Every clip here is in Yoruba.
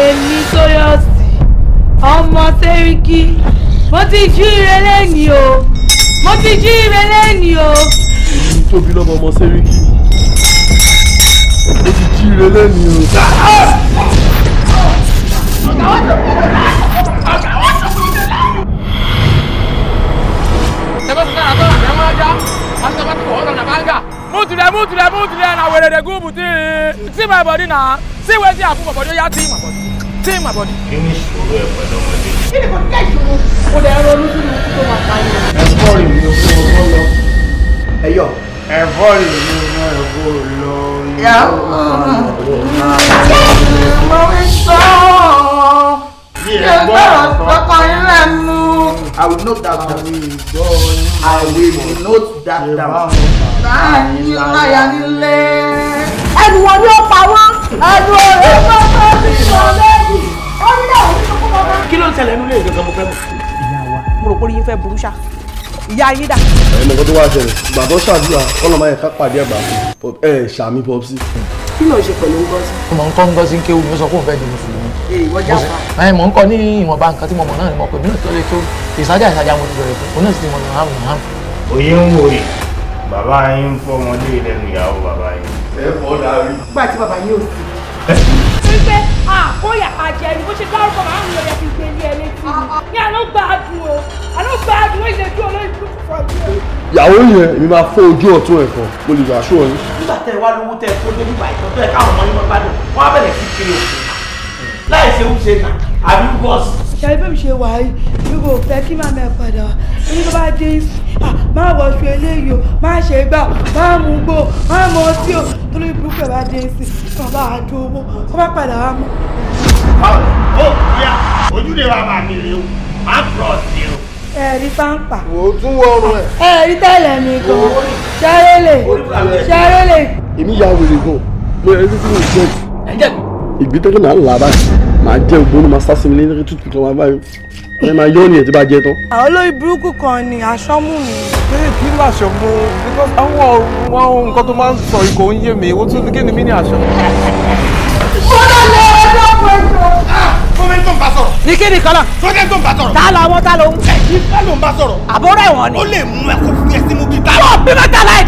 èmi Tóyọ̀sí ọmọ Sẹ́ríkí mo ti jí ire lẹ́nìí o mo ti jí ire lẹ́nìí o. èyí tóbi lọ́mọ ọmọ Sẹ́ríkí mo ti jí ire lẹ́nìí o. ọ̀gá wọ́n tó kúrò náà ọ̀gá wọ́n tó kúrò náà. ṣé bá ti dára tó àná máa já àti ṣe bá ti kọ̀ ọ́ lọ́nà máa ń gà move to there move to there move to there na were dey go buti see my body na see wetin happen for body oya see my body see my body. kí ni ìṣòro ẹ pẹ̀lú ọmọdé. kí ni kò ní jẹ́ ìṣòro kò dẹ̀ ẹ̀rọ olójú ni kò tó máa pa yẹn. ẹ fọ́ọ̀rì mi ò fún ọgbọ́n lọ. ẹ yọ. ẹ fọ́ọ̀rì mi ò fún ọgbọ́n lọ. yà á mọ̀ mi sọ̀rọ̀. I will note that down. I will note that down. Ẹnu wọn ni ó pa wọ́n, ẹnu ọ̀rẹ́ tó tó ti sọ lẹ́yìn, ó ní àwọn oníṣòwò kọ́kọ́ bá. Kí ló ń ṣẹlẹ̀ nínú ilé ìgbọ̀ngàn mo fẹ́ mọ̀? Ìyá wa, mo rò pé orí yín fẹ́ burú ṣá ìyá yín dà. ẹnì kan tó wá ṣẹlẹ̀ bàbá ṣàdúrà ọlọ́mọ yẹn ká pàdé ẹ̀ bá ẹ̀ ṣàmì pọ́psì kí ló ń ṣe pẹ̀lú ngọ́sí. mo ń kọ́ ngọ́sí ń kéwù mi ó sọ pé òun fẹ́ di mùsùlùmí. ìwọ jáfa. ẹ mò ń kọ ní ìwọ̀nba nǹkan tí mo mọ̀ náà ni mo pè mí náà tó lè tó ìsájà ìsájà mo ti bẹ̀rẹ̀ fún òun náà sì ti mọ̀ náà hàn hàn. òye ń wòye bàbá yín ń fọmọdé lẹ́nu ìyàwó bàbá yín. ẹ fọ́ darí. gbà tí bàbá yín ò sí. wípé àkóyà àjẹni bó ṣe dárúkọ màá ń mi àná gbàdùn bad. àná gbàdùn o ìṣẹ́jú olóyìn tó fọ́ mi o. ìyàwó yẹn èmi máa fọ́ ojú ọ̀tún ẹ̀ kan mo lè gbà ṣó ọ yín. nígbà tẹ wá lówó tẹ kó débi bá ìtọ́jú ẹ káwọn ọmọ yín máa gbádùn wọn á bẹ̀rẹ̀ sí kiri òkú láì ṣe ń ṣe nà àbí bọ́ọ̀sì ṣàbí bẹ́ẹ̀ mi ṣe wà yìí mi kò fẹ́ kí màmá ẹ̀ padà wá ní bá bá dé máa wọṣọ eléyìí o máa ṣe gbà máa mú gbó máa mọ ọtí o torí burúkú ẹ̀ bá dé sí kàn bá a dún owó kó bá padà wá mú. ó yá ojúde wa máa mi o máa pọ̀ sí o. ẹ̀rí pàǹpà. wò ó tún wọ ọrùn ẹ̀. ẹ̀rí tẹ̀lẹ̀ mi gan. ṣárélè ṣárélè. èmi ya wèrè gan mo yẹ kí n jẹ ìgbítẹ́kẹ́ náà ń là báyìí máa jẹ́ ògbónú máa sásìmí lé nítorí tútù kan máa báyìí ẹ máa yọ ni ẹ ti bá jẹ tán. àwọn olórí burúkú kan ni aṣọ mú mi. bẹ́ẹ̀ kí n láṣọ mu because àwọn àwọn nǹkan tó máa ń sọ ikọ̀ ń yé mi ó tún kí ni mí ní aṣọ. bọ́dà lọ ọjọ́ pẹ̀lú. Ah, fúnmi tó ń bá sọ̀rọ̀. ní kí ni kọ́lá. sọ́jà tó ń bá sọ̀rọ̀. tá làwọn tá ló ń. ẹ kí tá ló ń bá sọ̀rọ̀. àbúrò ẹ̀wọ̀n ni. ó lè mú ẹkọ fún yẹn mú bí tá. yóò bí mẹ́ta láì ẹ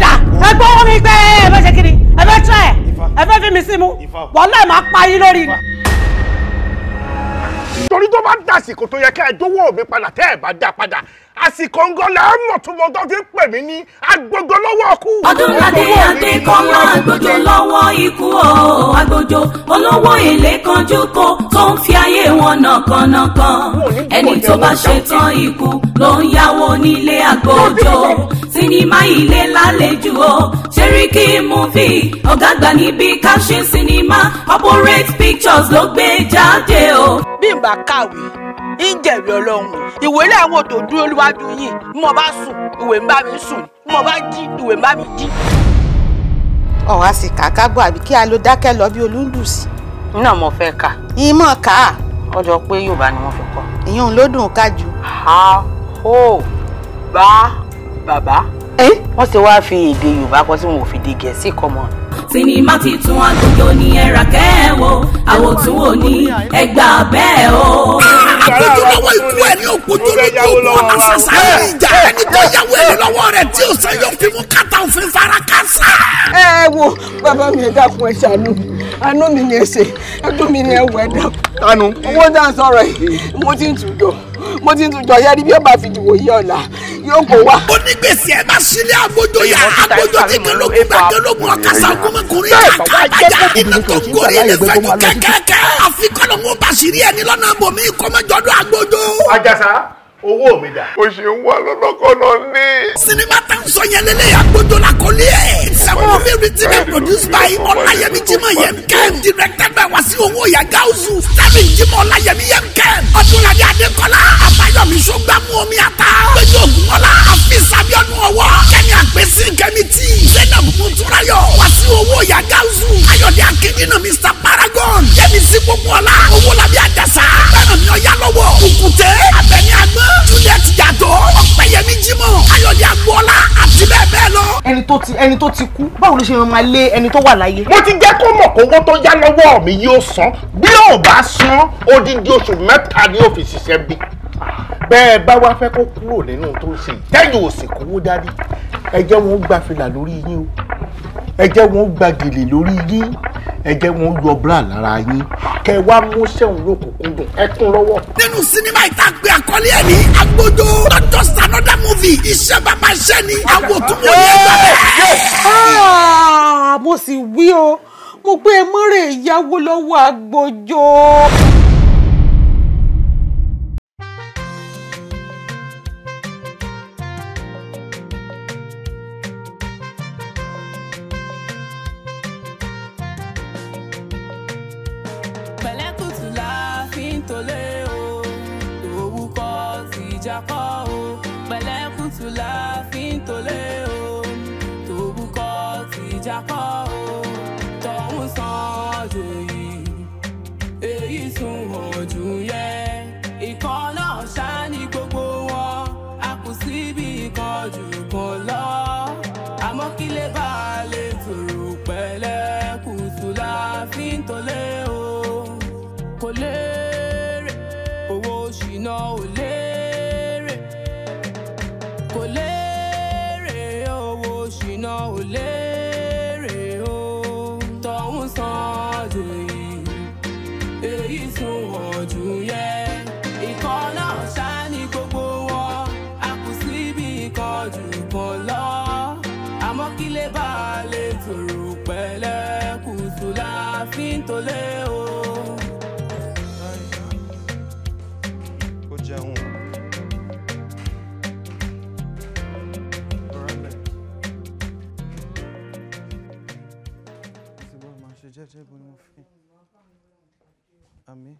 gbọ́ wọn mi gbẹ́ ẹ fẹ́ ṣe kiri ẹ fẹ́ tẹ́ ẹ fẹ́ fi mi sí mu wọ́n máa pa yín lórí torí tó bá dàsìkò tó yẹ kẹ́ ẹ dówó mi padà tẹ́ ẹ bá dá padà àsìkò ń gọlẹ̀ ẹ mọ̀ tó mọ tó fi ń pè mí ní agbójó lọ́wọ́ ikú. ọdúnládé adékọ́lá agbójó lọ́wọ́ ikú o agbójó olówó èlé kanjú kó tó ń fi ayé wọn nàkànnàkàn ẹni tó bá ṣetán ikú ló ń yáwó nílé agbójó sinimá ilé lálejò o ṣeríkì múfì ọ̀gá àgbà níbi káṣí sinimá operate pictures ló gbé jáde o bí n bá kàwé ń jẹ̀bi ọlọ́run ìwé làwọn tó dúró níwájú yìí mo bá sùn ìwé ń bá mi sùn mo bá jí ìwé ń bá mi jí. ọ̀rọ̀ a sì kàkà gbọ́ àbí kí a lo dákẹ́ lọ bí olúndùsì. iná mo fẹ́ kà. ìmọ̀ kà á. ọjọ́ pé yorùbá ni wọ́n fi kọ́. ìyẹn ló dùn ká jù. a ó bá bàbá Eh? wọ́n ti wá fi èdè yorùbá kọ́ tí wọn ò fi di gẹ̀ẹ́sì kọ́ sinimá ti tún àdúgbò ní ẹ̀rà kẹ́ẹ̀wò àwọn tún wò ní ẹgbà bẹ́ẹ̀ o. àpèjọlọ́wọ́ ikú ẹ̀ ní òkútu lójú òkú àṣàṣà ní ìjà ẹni tó yàwó ẹ̀ lọ́wọ́ rẹ̀ tí ò sẹ́yọ̀ fi mú kàtà òfin fara kásá. ẹ wo bàbá mi ẹ dákun ẹ ṣàánú àánú mi ni ẹ ṣe ẹdún mi ni ẹ wọ ẹ dákun mo ti tún jọ yẹri bí ó bá fi dìbò yí ọ̀la yóò kó wa. onígbèsè ẹ máa sílẹ̀ àgbójọ yà àgbójọ tí kẹlógún bá kẹlógún ọ̀kasà ọkùnrin àkàbàjá tó ń gorí ilé àfikún ọ̀hún bá sírí ẹni lọ́nà bòmí ìkọ́mọ́jọ́dún àgbójọ. ajásá owó mi dà. o ṣe ń wá lọ́lọ́kọ́lọ́ ní. sinimá tá sọ yẹn lélẹ̀ àgbọ̀dọ̀ la kọ́lé ẹ̀. sẹ́wọ́n mi written and produced by ọláyẹmí jimoh yẹn kẹ́m. directed by wàsíù owó yẹn gáúsù. sẹ́mi jimoh ọláyẹmí yẹn kẹ́m. ọdúnladé adékọ́lá àbáyọ̀mí sọgbàmù omi ata. péjọ ògùnmọ́lá àfi sàbíọ́nù ọwọ́. kẹ́mi àgbèsí kẹ́mi tí. zainab muturayọ wàsíù owó yẹn gáúsù. ayọ̀dẹ akíndínà mr paragon. kẹ́mi sí gbogbo ọ̀la owó làbí àjàsà. fẹ́ràn mi ọ̀yá lọ́wọ́ òkùté Juliet Jàdó Ọ̀pẹ̀yẹmí Jímọ̀ Ayọ̀dé Agboola àti bẹ́ẹ̀ bẹ́ẹ̀ lọ. ẹni tó ti ẹni tó ti kú báwo ló ṣe máa lé ẹni tó wà láyé. mo ti jẹ́ kó mọ̀ kówó tó já lọ́wọ́ mi yóò san bí ò bá san odidi oṣù mẹ́ta ni ó fi ṣiṣẹ́ bí bẹ́ẹ̀ bá wá fẹ́ kó kúrò nínú tó ṣe tẹ́jú òsì kówó dání ẹ jẹ́ wọn ó gba fìlà lórí yín o ẹ jẹ́ wọn ó gba gèlè lórí yín ẹ jẹ́ wọn ó yọ bra lára yín kẹ wá mú sẹ́wọ̀n lókùnkùn dùn ẹ kún lọ́wọ́. nínú sinimá ìta àkọlé ẹ̀ ní agbójó not just another movie iṣẹ́ bàbá iṣẹ́ ni àwọn òtúmọ̀ yẹn gbà bẹ́ẹ̀. Ah, mo sì wí o mo pé e mọ́rẹ̀ ìyàwó lọ́wọ́ agbójó. to lie.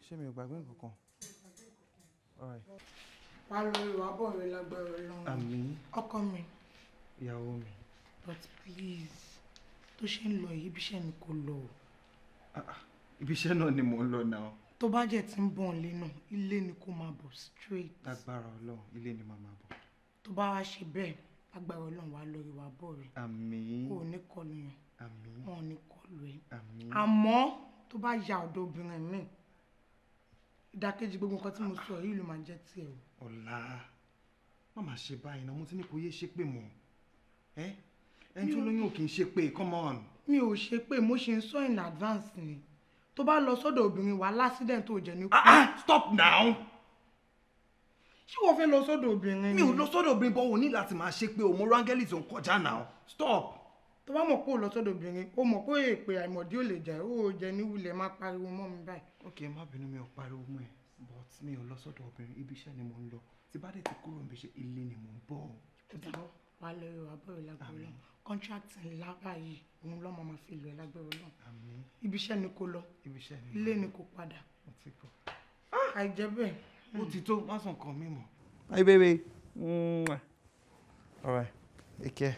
ṣé mi ò gbàgbé nǹkan kan. wàá ọkọ mi. ìyàwó mi. but please tó ṣe ń lọ yìí ibiṣẹ́ ni kò lọ o. Ah, ah. ibiṣẹ́ náà ni mò ń lọ náà. tó bá jẹ́ tí ń bọ̀ ilé náà ilé ni kó máa bọ̀ straight. lágbára Ọlọ́run ilé ni màá máa bọ̀. tó bá wá ṣe bẹ́ẹ̀ lágbára Ọlọ́run wàá lọ ìwà bọ̀ rẹ. àmín. kò ní kọlu yàn. àmín. wọn ò ní kọlu ẹ. àmín. àmọ́ tó bá ya ọ̀dọ̀ obìnrin míì ìdákejì gbogbo nǹkan tí mo sọ yìí ló máa jẹ́ tiẹ̀ o. ọ̀la má máa ṣe báyìí náà mo ti ní kò yé ṣépè mọ́ ẹ ẹni tó lóyún ò kì í ṣépè come on. mi ò ṣépè mo ṣe ń sọ in advance ni tó bá lọ sọ́dọ̀ obìnrin wa lásìdẹ̀ǹt tó jẹ ní kú. Ah, ah, stop now. ṣé wọ́n fẹ́ lọ sọ́dọ̀ obìnrin ni. mi ò lọ sọ́dọ̀ obìnrin bọ́ òní láti máa ṣépè o mo rángẹ́lì tó ń kọjá now stop tó bá mọ̀ pé ò lọ́sọ̀dọ̀ obìnrin ó mọ̀ pé èpè àìmọ̀dí ò lè jẹ́ ó jẹ ní wulẹ̀ má pariwo mọ́ mi báyìí. ok má bínú mi ò pariwo mọ́ ẹ but mi ò lọ́sọ̀dọ̀ obìnrin ibi iṣẹ́ ni mo ń lọ tí bá dẹ̀ ti kúrò níbi iṣẹ́ ilé ni mo ń bọ̀. wà á lọ rẹ wà á bọ̀rọ̀ lágbèrè lọ contract ńlá báyìí òun lọ́mọ máa fi lọ lágbèrè lọ ibi iṣẹ́ ni kò lọ ilé ni kò padà ah! àìjẹ́ bẹ́ẹ̀ ó ti tó má sùn kàn mí mọ́. ayé bèbè all right take care.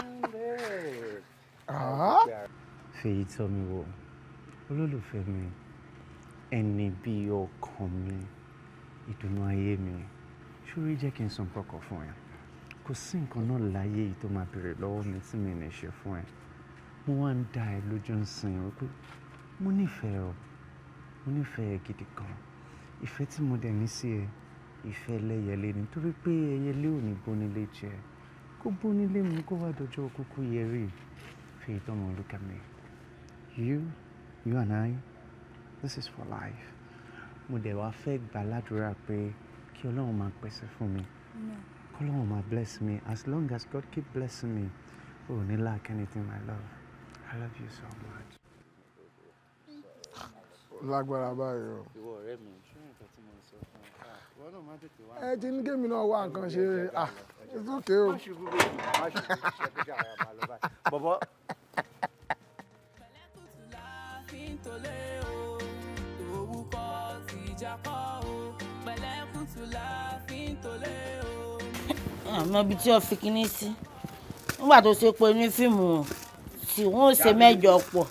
fèyí tọ́ mi wò olólùfẹ́ mi ẹni bí ọkàn mi ìdùnnú ayé mi ṣúrí jẹ́ kí n sọ nǹkan kan fún ẹ kò sí nǹkan náà láyé yìí tó máa bèrè lọ́wọ́ mi tí mi ní ṣe fún ẹ mo wá ń dá ẹ lójú ń sìn wípé mo nífẹ̀ẹ́ ọ mo nífẹ̀ẹ́ gidi gan ìfẹ́ tí mo dẹ̀ ní sí ẹ ìfẹ́ ẹlẹ́yẹlé nítorí pé ẹyẹlé ò ní bónílé jẹ́ ẹ kó bó nílé mi kó wá dọjọ́ kúkú yẹrí fi ìtọ́mọ look at me you you and I this is for life mo dẹ̀ wá fẹ́ gbàládùra pé kí ọlọ́run máa pèsè fún mi kọ́lọ́run máa bless me as long as God keep blessing me o ò ní lack anything my love I love you so much. lágbára báyìí o. ìwọ ọ̀rẹ́ mi ẹ ti ní gémi náà wá nǹkan ṣe ah it's okay o. bọ̀bọ̀. àmọ́ ah, ibi tí wọ́n fi kinní sí nígbà tó ṣe pé ní fíìmù tí wọ́n ṣe mẹ́jọ pọ̀.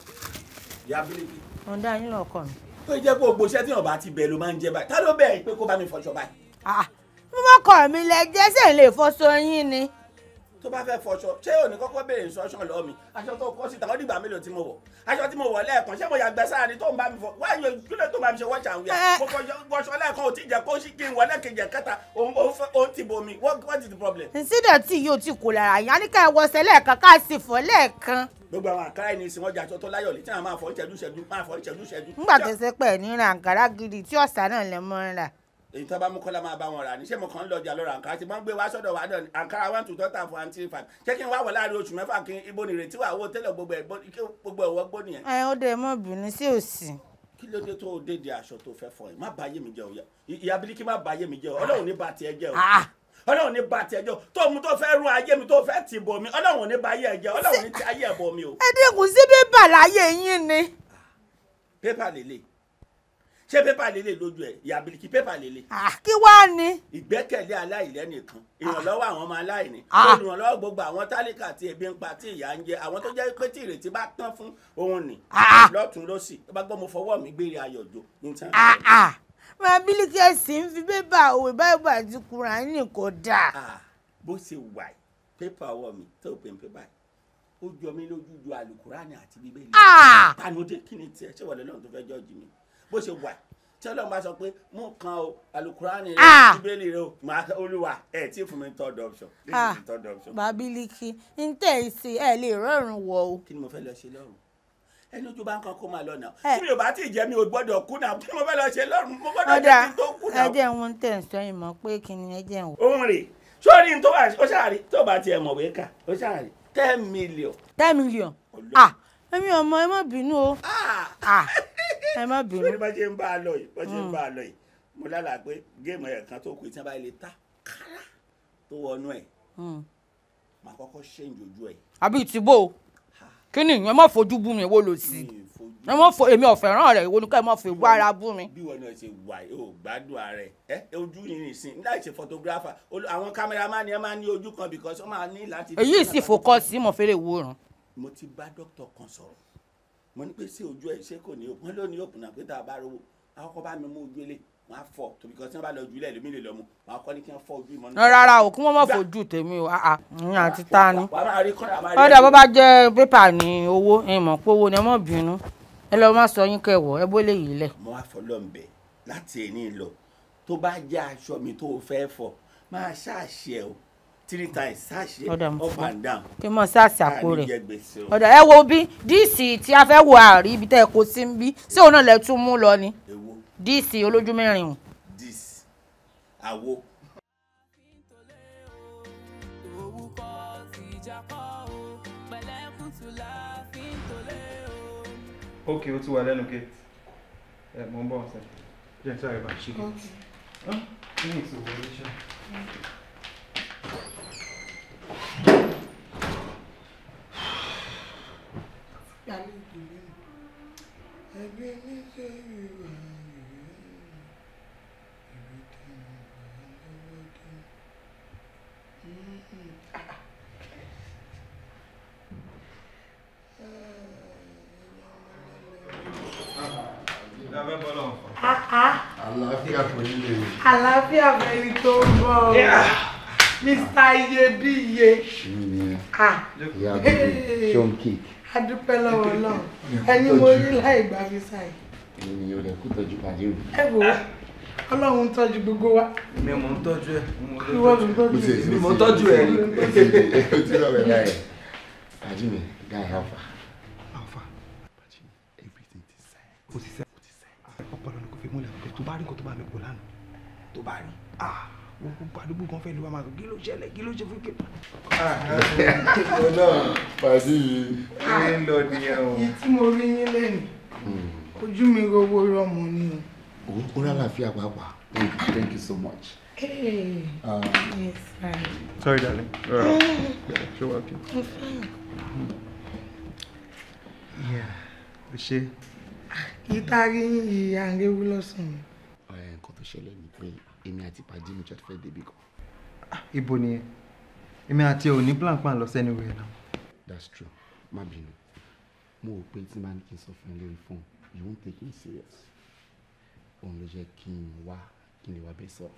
ọ̀dà yín lọ́kọ̀ mi pé jẹ́ kó gbogbo iṣẹ́ tí yàn bá ti bẹ̀ ló máa ń jẹ báyìí tá ló bẹ̀ pé kó bá mi fọṣọ báyìí. Ah, mo mọ̀ kọ́ mi lẹ jẹ́ sẹ́yìn lè fọṣọ yín ni tó bá fẹ́ fọṣọ ṣé òní kọ́kọ́ béèrè instruction lọ́ọ́ mi aṣọ tó kọ́ síta ó dìgbà mélòó tí mo wọ̀ aṣọ tí mo wọ̀ lẹ́ẹ̀kan ṣé mo yàgbẹ́ sára ni tó ń bá mi fọ wáyé kílẹ̀ tó bá mi ṣe watch and wear eh. mo fọṣọ lẹ́ẹ̀kan ò tí jẹ́ kó ṣí kí n wọlé kejì ẹ̀kẹta òun ti bò mí what is the problem. nsídà tí yóò ti kò lára yá ní ká wọṣẹ lẹ́ẹ̀kan ká sì fọ lẹ́ẹ̀kan gbogbo àwọn àkàrà ẹni ìsìn ọjà tó láyọ̀ létí àwọn máa fọ ìṣẹ́jú máa fọ ìṣẹ́jú ìṣẹ́jú. nígbà tó ní ra àǹkárá gidi tí ọ̀sán náà lè mọ́ ra èyí tó bá mú kọ́lá máa bá wọn rà ní ṣé mo kàn ń lọjà lọ́rọ̀ àǹkárá tí wọ́n gbé wá sọ́dọ̀ wá dọ̀ni àǹkárá one two three four and three five ṣé kí n wá wọ̀ láàrin oṣù mẹ́fà kí n ibo nìrètí wà owó tẹ́lẹ̀ gbogbo ẹ̀wọ́ gbó nìyẹn. ẹ ó dẹ mọ bìnní sí òsì. kí ló dé tó o dédé aṣọ tó fẹ́ fọ ẹ̀ má bàyé mi jẹ́ o ìyá Bílíkì má bàyé mi jẹ́ o Ọlọ́run ní bá tiẹ̀ jẹ́ o ah! ọlọ́run ní ba tiẹ̀ jọ tó mu tó fẹ́ run ayé mi tó fẹ́ tì bọ̀ mi ọlọ́run ní ba ayé ẹ̀ jẹ́ ọlọ́run ní ti ayé ẹ̀ bọ̀ mi o. ẹ dẹ́kun sí bébà yín ni. pépà ah! lélẹ̀ ṣé pépà lélẹ̀ lójú ẹ̀ ìyàbìlìkì pépà lélẹ̀. kí wàá ní. ìgbẹ́kẹ̀lé aláìlẹ́nìkan ìrànlọ́wọ́ àwọn ọmọ aláìní olùrànlọ́wọ́ gbogbo àwọn tálíkà tí ebi ń pa tí ìyà ń jẹ àwọn tó jẹ́ pé tí ìrètí bá tán fún òun nì lọ́tún lọ́sì tó bá gbọ́ mo fọwọ́ mi gbére ayọ̀jọ ní tán máa bílíkì ẹ̀sìn ń fi pépà òwe báyìí àti kùránì kò dáa. bó ṣe wà pépà ọwọ́ mi tó pè ń pépà yìí ó jọ mí lójú ju àlùkùránì àti bíbélì. tanudé kí ni tiẹ̀ ṣé wọlé lóhùn tó fẹ́ jọ́ọ̀jì mi bó ṣe wà tí ọlọ́run bá sọ pé mú kan o alukurani rẹ bíbélì rẹ o ah! máa olúwa ẹ tí fún mi third option this is ń tẹ̀ ẹ́ sí ẹ lè rọrùn wọ o. kí ni mo fẹ́ lọ ṣe lọ́rùn ẹni ojú bá ń kan kó máa lọ náà eh. tí mi ò bá tí ì jẹ́ mi ò gbọ́dọ̀ kú náà kí mo fẹ́ lọ ṣe lọ́rùn mo gbọ́dọ̀ jẹ́ kí n tó kú náà. ẹ jẹ́ ń wọ́n tẹ̀ ń sọ́yìn mọ́ pé kí ni ẹ jẹ́ ń wọ́n. òun rè sórí tó bá ó ṣàárì tó bá tiẹ̀ mọ̀ wéka ó ṣàárì ten million. ten million ah èmi ọmọ ẹ má bínú o. ah. ah! ẹ má bínú. sori bá ṣe ń bá a lọ yìí bá ṣe ń mm. bá a lọ yìí mo lálàá pé géèmù ẹ̀ kan tó kù tí wọ́n bá lè ta kárá tó wọnú ẹ̀ mm. màá kọ́kọ́ ṣe ìjòjú ẹ̀. àbí ìtìbò kí ni ìyẹn má fojú bú mi wo lò sí ẹ má fo èmi ọ̀fẹ́ràn rẹ̀ ìwọ ni ká ẹ má fo ìwọ ara bú mi. bí wọn náà ṣe wà ó gbádùn ààrẹ ẹ ojú yìí nìsín nígbà tí ṣe àwọn cameraman ni ẹ máa ní ojú kan because wọn máa ní láti. èyí sì fòkọ́sì mo fẹ́rẹ̀ wòran. mo ti bá dókítà kan sọ̀rọ̀ mo ní pé sí ojú ẹ ṣé kò ní òpin wọn ló ní òpin pé tá a bá rówó àkọ́kọ́ bá mi mú ojú ilé wọn á fọ tòbí kan tí wọn bá lọ ojú ilé lómi lè lọ mu wọn á kọ́ ní kí wọn fọ ojú ìmọ̀ náà. rárá o kí wọ́n mọ̀ fojú tèmi o àà ah, ah, ní àti ta ni ọ̀dà bó bá jẹ́ pépà ní owó ìmọ̀ pé owó ni ẹ mọ̀ bínú ẹ lọ má sọ yín kẹwọ ẹ bó lè yìí lẹ. mo wá fọ lọ́nbẹ̀ láti èní lọ tó bá jẹ́ aṣọ mi tó fẹ́ fọ máa ṣáàṣì ẹ o three times ṣáṣe up and down. kí n mọ ṣáàṣì àpò rẹ̀ ọ̀dà ẹ wo bí díìsì tí a fẹ́ wo àárí ibi tẹ́ ẹ kó sí bí ṣé òun náà lẹ tún mú lọ ni díìsì olójú mẹ́rin o. díìsì àwo. ok o ti wà lẹ́nu gate ẹ mọ̀ ń bọ̀ ọ̀sẹ̀ jẹ́ sáré bá ṣe gate. Hm? Gàlígìlì ẹbí ní ṣe ìwà ìwé ìwé tí mo wà lọ́wọ́ dé. Mm-hmm. Àlàáfíà kò ní lè. Àlàáfíà bẹ̀rẹ̀ tó ń bọ̀. Mr. Iyebíye. Ṣé o ẹ? Ṣé o ń kíkì? adúpẹ́ lọ́wọ́ ọlọ́run ẹni mo rí láì gba visa yìí. èmi ni yóò rẹ kó tọ́jú pàdé òbí. ẹ wò ó ọlọ́run ń tọ́jú gbogbo wa. mi mò ń tọ́jú ẹ. ìwọ mi tọ́jú ẹ. mi mò ń tọ́jú ẹ. o ti rọ bẹ báyìí. pàdé mi guy alpha. alpha pàdé mi everything ti sẹ́. o ti sẹ́. ọpọlọ ni kò fi múlẹ̀ tó bá rí nǹkan tó bá mi pò lánàá tó bá rí. ah gbogbo àdúgbò kan fẹ́ ló wá máa sọ kí ló ṣẹlẹ̀ kí ló ṣe fún kí. ọlọ́run pàdé yìí ṣé ń lọ nìyẹn o. iye tí mo rí yín lẹ́nu hmm. ojú mi rówó rọmọ ni o. òun kúrò àlàáfíà pàápàá thank you so much. Hey. Eh, um, ah. yes, Sorry, darling. Uh, yeah, you're welcome. I'm fine. Yeah, o ṣe. Ìtàrí yìí à ń léwu lọ́sàn-án. nǹkan tó ṣẹlẹ̀ ni pé èmi àti pàdé mi church fẹ́ débi kan. Ah, ibo ni èmi àti ẹ ò ní plan lọ sẹ́ni wẹ̀ náà. that's true má bínú mo rò pé tí màá ní kí n sọ fún ẹ lórí fóònù you won't take me serious òun ló jẹ́ kí n wá kí n lè wá bẹ́ẹ̀ sọ̀rọ̀.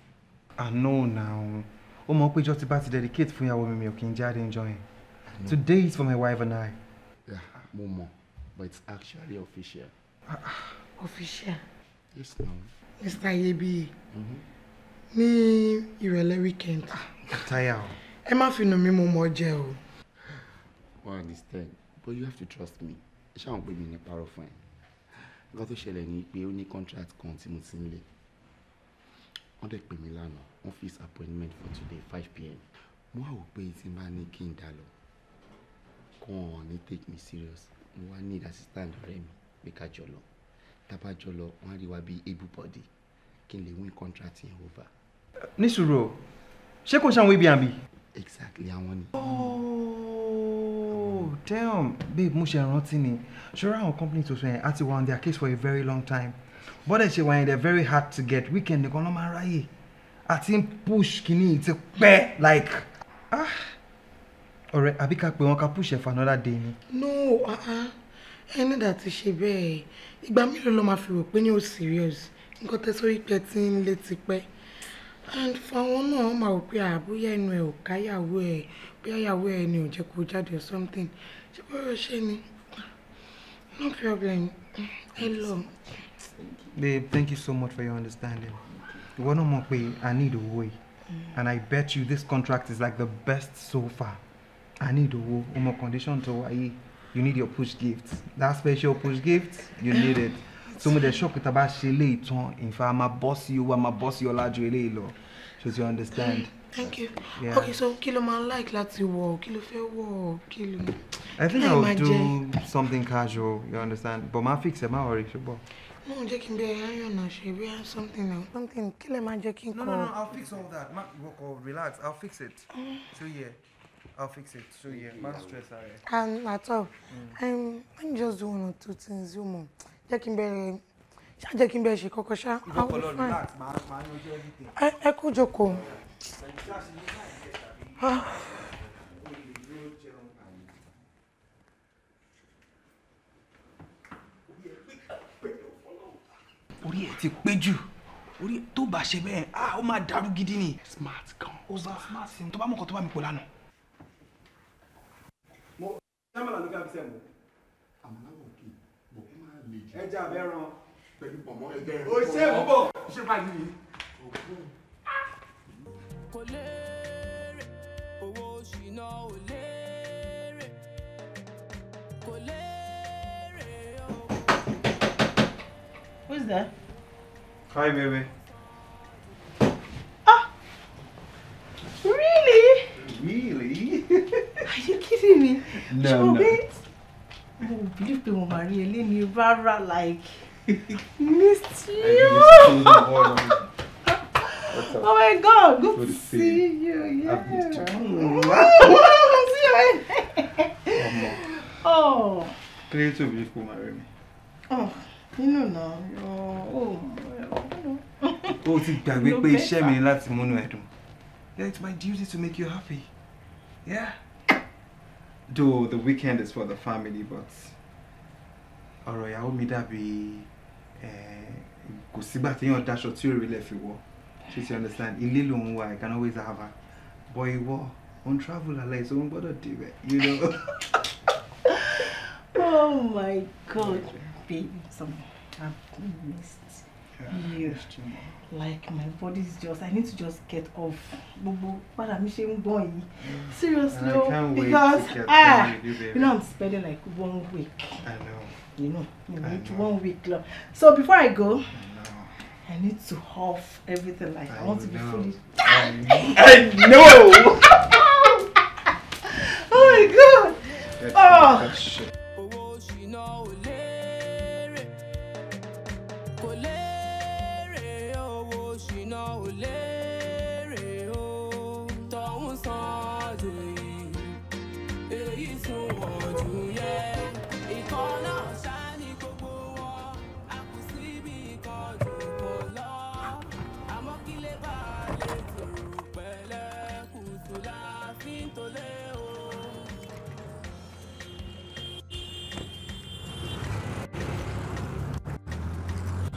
àná ònà òun ó mọ̀ pé ìjọ ti bá ti dedicate fún ìyàwó mi mi ò kì í jáde enjoy it today is for my wife and I. mo mọ̀ but it's actually official. Ah, ah. official. yes ma'am. mr yebi. Mm -hmm ní ìrẹ̀lẹ̀ weekend. àtàyà ah, o. ẹ má fi nù mí mo mọ̀ jẹ́ o. one understand but you have to trust me ṣáà ń pè mí ní parọ́ fún ẹ nǹkan tó ṣẹlẹ̀ ni pé ó ní contract kan tí mo ti ń lé wọ́n dẹ̀ pè mí lánàá wọ́n appointment for today five pm mo wá wò pé tí n bá ní kí n dà lọ kàn án ní take me serious mo wá need assistant ọ̀rẹ́ mi pé ká jọ lọ tá a bá jọ lọ wọ́n á rí wa bí able body kí n lè win contract yẹn over ní sùúrù o ṣé kò ṣàwọn ibi àbí. exactly àwọn ni. oh damn babe mo ṣe rántí ni ṣọ́ra àwọn company tuntun yẹn á ti wà on their case for a very long time bọ́dẹ̀ ṣe wà yẹn they're very hard to get weekend nìkan ló máa ń ráyè àti push kìíní ti pẹ́ like ah ọ̀rẹ́ àbí ká pè wọ́n ká push ẹ̀ for another day ni. no ẹni dà ti ṣe bẹ́ẹ̀ ìgbà mélòó ló máa fi rò pé ní o serious nǹkan tẹ́ sórí pẹ́ tí ń lé ti pẹ́ and fáwọn náà wọ́n máa rò pé àbúyá ẹnu ẹ̀ ò káyàwó ẹ̀ pé àyàwó ẹ̀ ni ò jẹ́ kó jáde something ṣé bọ́ọ̀rọ̀ ṣe ni no problem hello. babe thank you so much for your understanding ìwọ náà mọ̀ pé i need owó yìí and i bet you this contract is like the best so far i need owó ọmọ condition tó wáyé you need your push gift that special push gift you need it so mo dẹ̀ ṣọ́ọ̀kì tá a bá ṣe eléyìí tán ìfà máa bọ́ sí owó a máa bọ́ sí ọlájú eléyìí lọ so you understand. thank you yeah. okay so kí ló máa like láti wọ̀ kí ló fẹ́ wọ̀ kí ló. i think I'll do something casual you understand but máa fix it, máa worry ṣùgbọ́n. no jẹ́ kí n bẹ na ṣe bí something na something kí lè máa jẹ́ kí no no no i'll fix all that ma wọkọ relax i'll fix it mm. so yeah. I'll fix it. So yeah, man stress are. And um, at all, mm. um, let just doing one or two things, you know. Jẹ́ kí be ṣáàjẹ́ kí n bẹ́ẹ̀ ṣe kọ́kọ́ ṣá ẹ kú jókòó. orí ẹ ti pé jù orí tó bá ṣe bẹ́ẹ̀ ah ó máa dàrú gidi ni. smart gan ó sọ smart sim. tó bá mọ̀kàn tó bá mi pò lánàá. mo ṣé àmàlà ló ká fi sẹ́mu. àmàlà wò kí ẹja abẹ́ràn who's there? hi baby. ah really. really. are you kidding me. no Show no. Oh, mo believe pé mo máa like missed you. oh my God, good to see, you. Yeah. I see you. oh. Play to be for marry me. Oh, you know now. Oh, oh. O ti gbàgbé pé iṣẹ́ mi ni láti múnú Yeah, it's my duty to make you happy. Yeah. Though the weekend is for the family, but alright, I ọ̀rọ̀ ìyàwó mi dàbí Eh, kò sígbà téèyàn daṣọ tí ò rí lẹ̀ fi wọ̀ ṣe ti understand ilé lòun wà I can always have her but ìwọ on travel alẹ́ so òun gbọ́dọ̀ débẹ̀ you know. oh my god babe I've missed yeah, you like my body is just I need to just get off gbogbo padà mi ṣe ń gbọ́n yìí seriously o because ah you, you know I'm spending like one week. I know. you know you need know. one week long so before i go i need to have everything like i, I want to be fully i know oh my god oh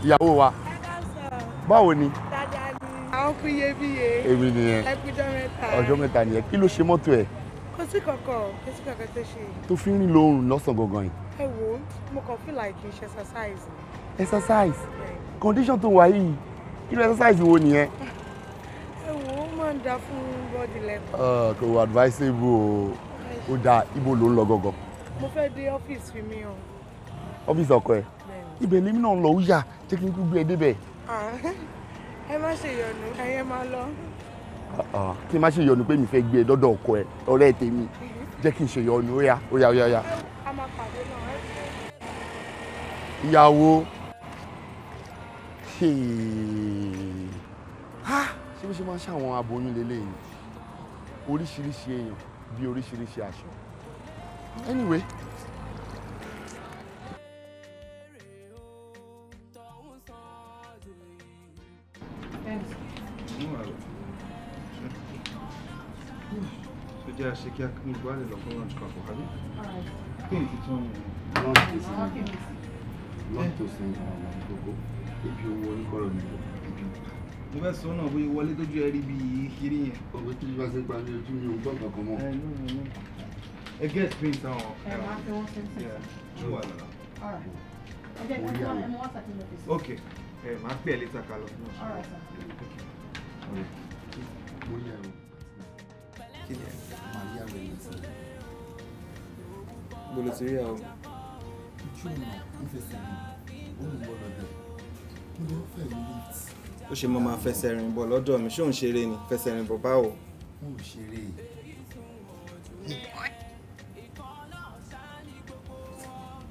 ìyàwó wa báwo ni. àwọn kú iyebíye èmi nìyẹn ẹkújọ́ mẹ́ta ọjọ́ mẹ́ta nìyẹn kí ló ṣe mọ́tò ẹ̀. kò sí kọ̀kọ̀ kò sí kọ̀kọ̀ tó ṣe. tó fi ń rìn lóorùn lọ́sàn gangan yìí. ẹ wo mo kàn feel like kì í ṣe exercise. exercise condition tó wà yìí kí ló exercise wo nìyẹn ń da fún bọ́ọ̀dì lẹ́kọ̀ọ́. kò wá advisable o ó dáa ibo ló ń lọ gangan. mo fẹ́ dé ọ́fíìsì mi o. ọ́fíìsì ọkọ ibẹ̀ lèmi náà lọ ó yà jẹ́ kí n kú gbé ẹ débẹ̀. Ah, ẹ má ṣe yọnu ẹyẹ má lọ. Ah, ah, kí n má ṣe yọnu pé mi fẹ́ gbé ẹ dọ́dọ̀ ọkọ ẹ ọ̀rẹ́ tèmi mhm. jẹ́ kí n ṣe yọnu ó yà ó yà ó yà. a máa pàdé náà ẹ fẹ́. ìyàwó ṣé bí ṣe máa ń ṣàwọn aboyún lélẹ́yìn oríṣiríṣi èèyàn bí oríṣiríṣi aṣọ anyway mú àrò tó jẹ́ àṣẹ kí a kí gbọ́ àlè lọ́kọ́ wọn kan kò hàbí kí n ti tún un lọ́tòsí ọmọ gbogbo ibi owó oníkọ́rọ̀ nígbà mo fẹ́ sọ náà bóyá wọlé tójú ẹ rí bí kiri yẹn. òwe tí bá ṣe gba mi ojú mi ò gbọ́ kankan mọ́. ẹ gẹ́ ẹ̀sìn ìta ọ̀ ẹ máa fi wọ́n Eh, ẹ máa pè ẹ́ létà ká lọ fún ọ̀sán. mo yẹ o kí ni màá yà wẹ̀ lẹ́sìn. mo lè ti rí àwọn. ojú ọ̀nà ìfẹsẹ̀ mi ó ń bọ̀ lọ́dọ̀ mo lọ fẹ́ mi létí. ṣe mo máa fẹsẹ̀ rìn bọ̀ lọ́dọ̀ mi ṣé òun ṣeré ni fẹsẹ̀ rìn bọ̀ báwo.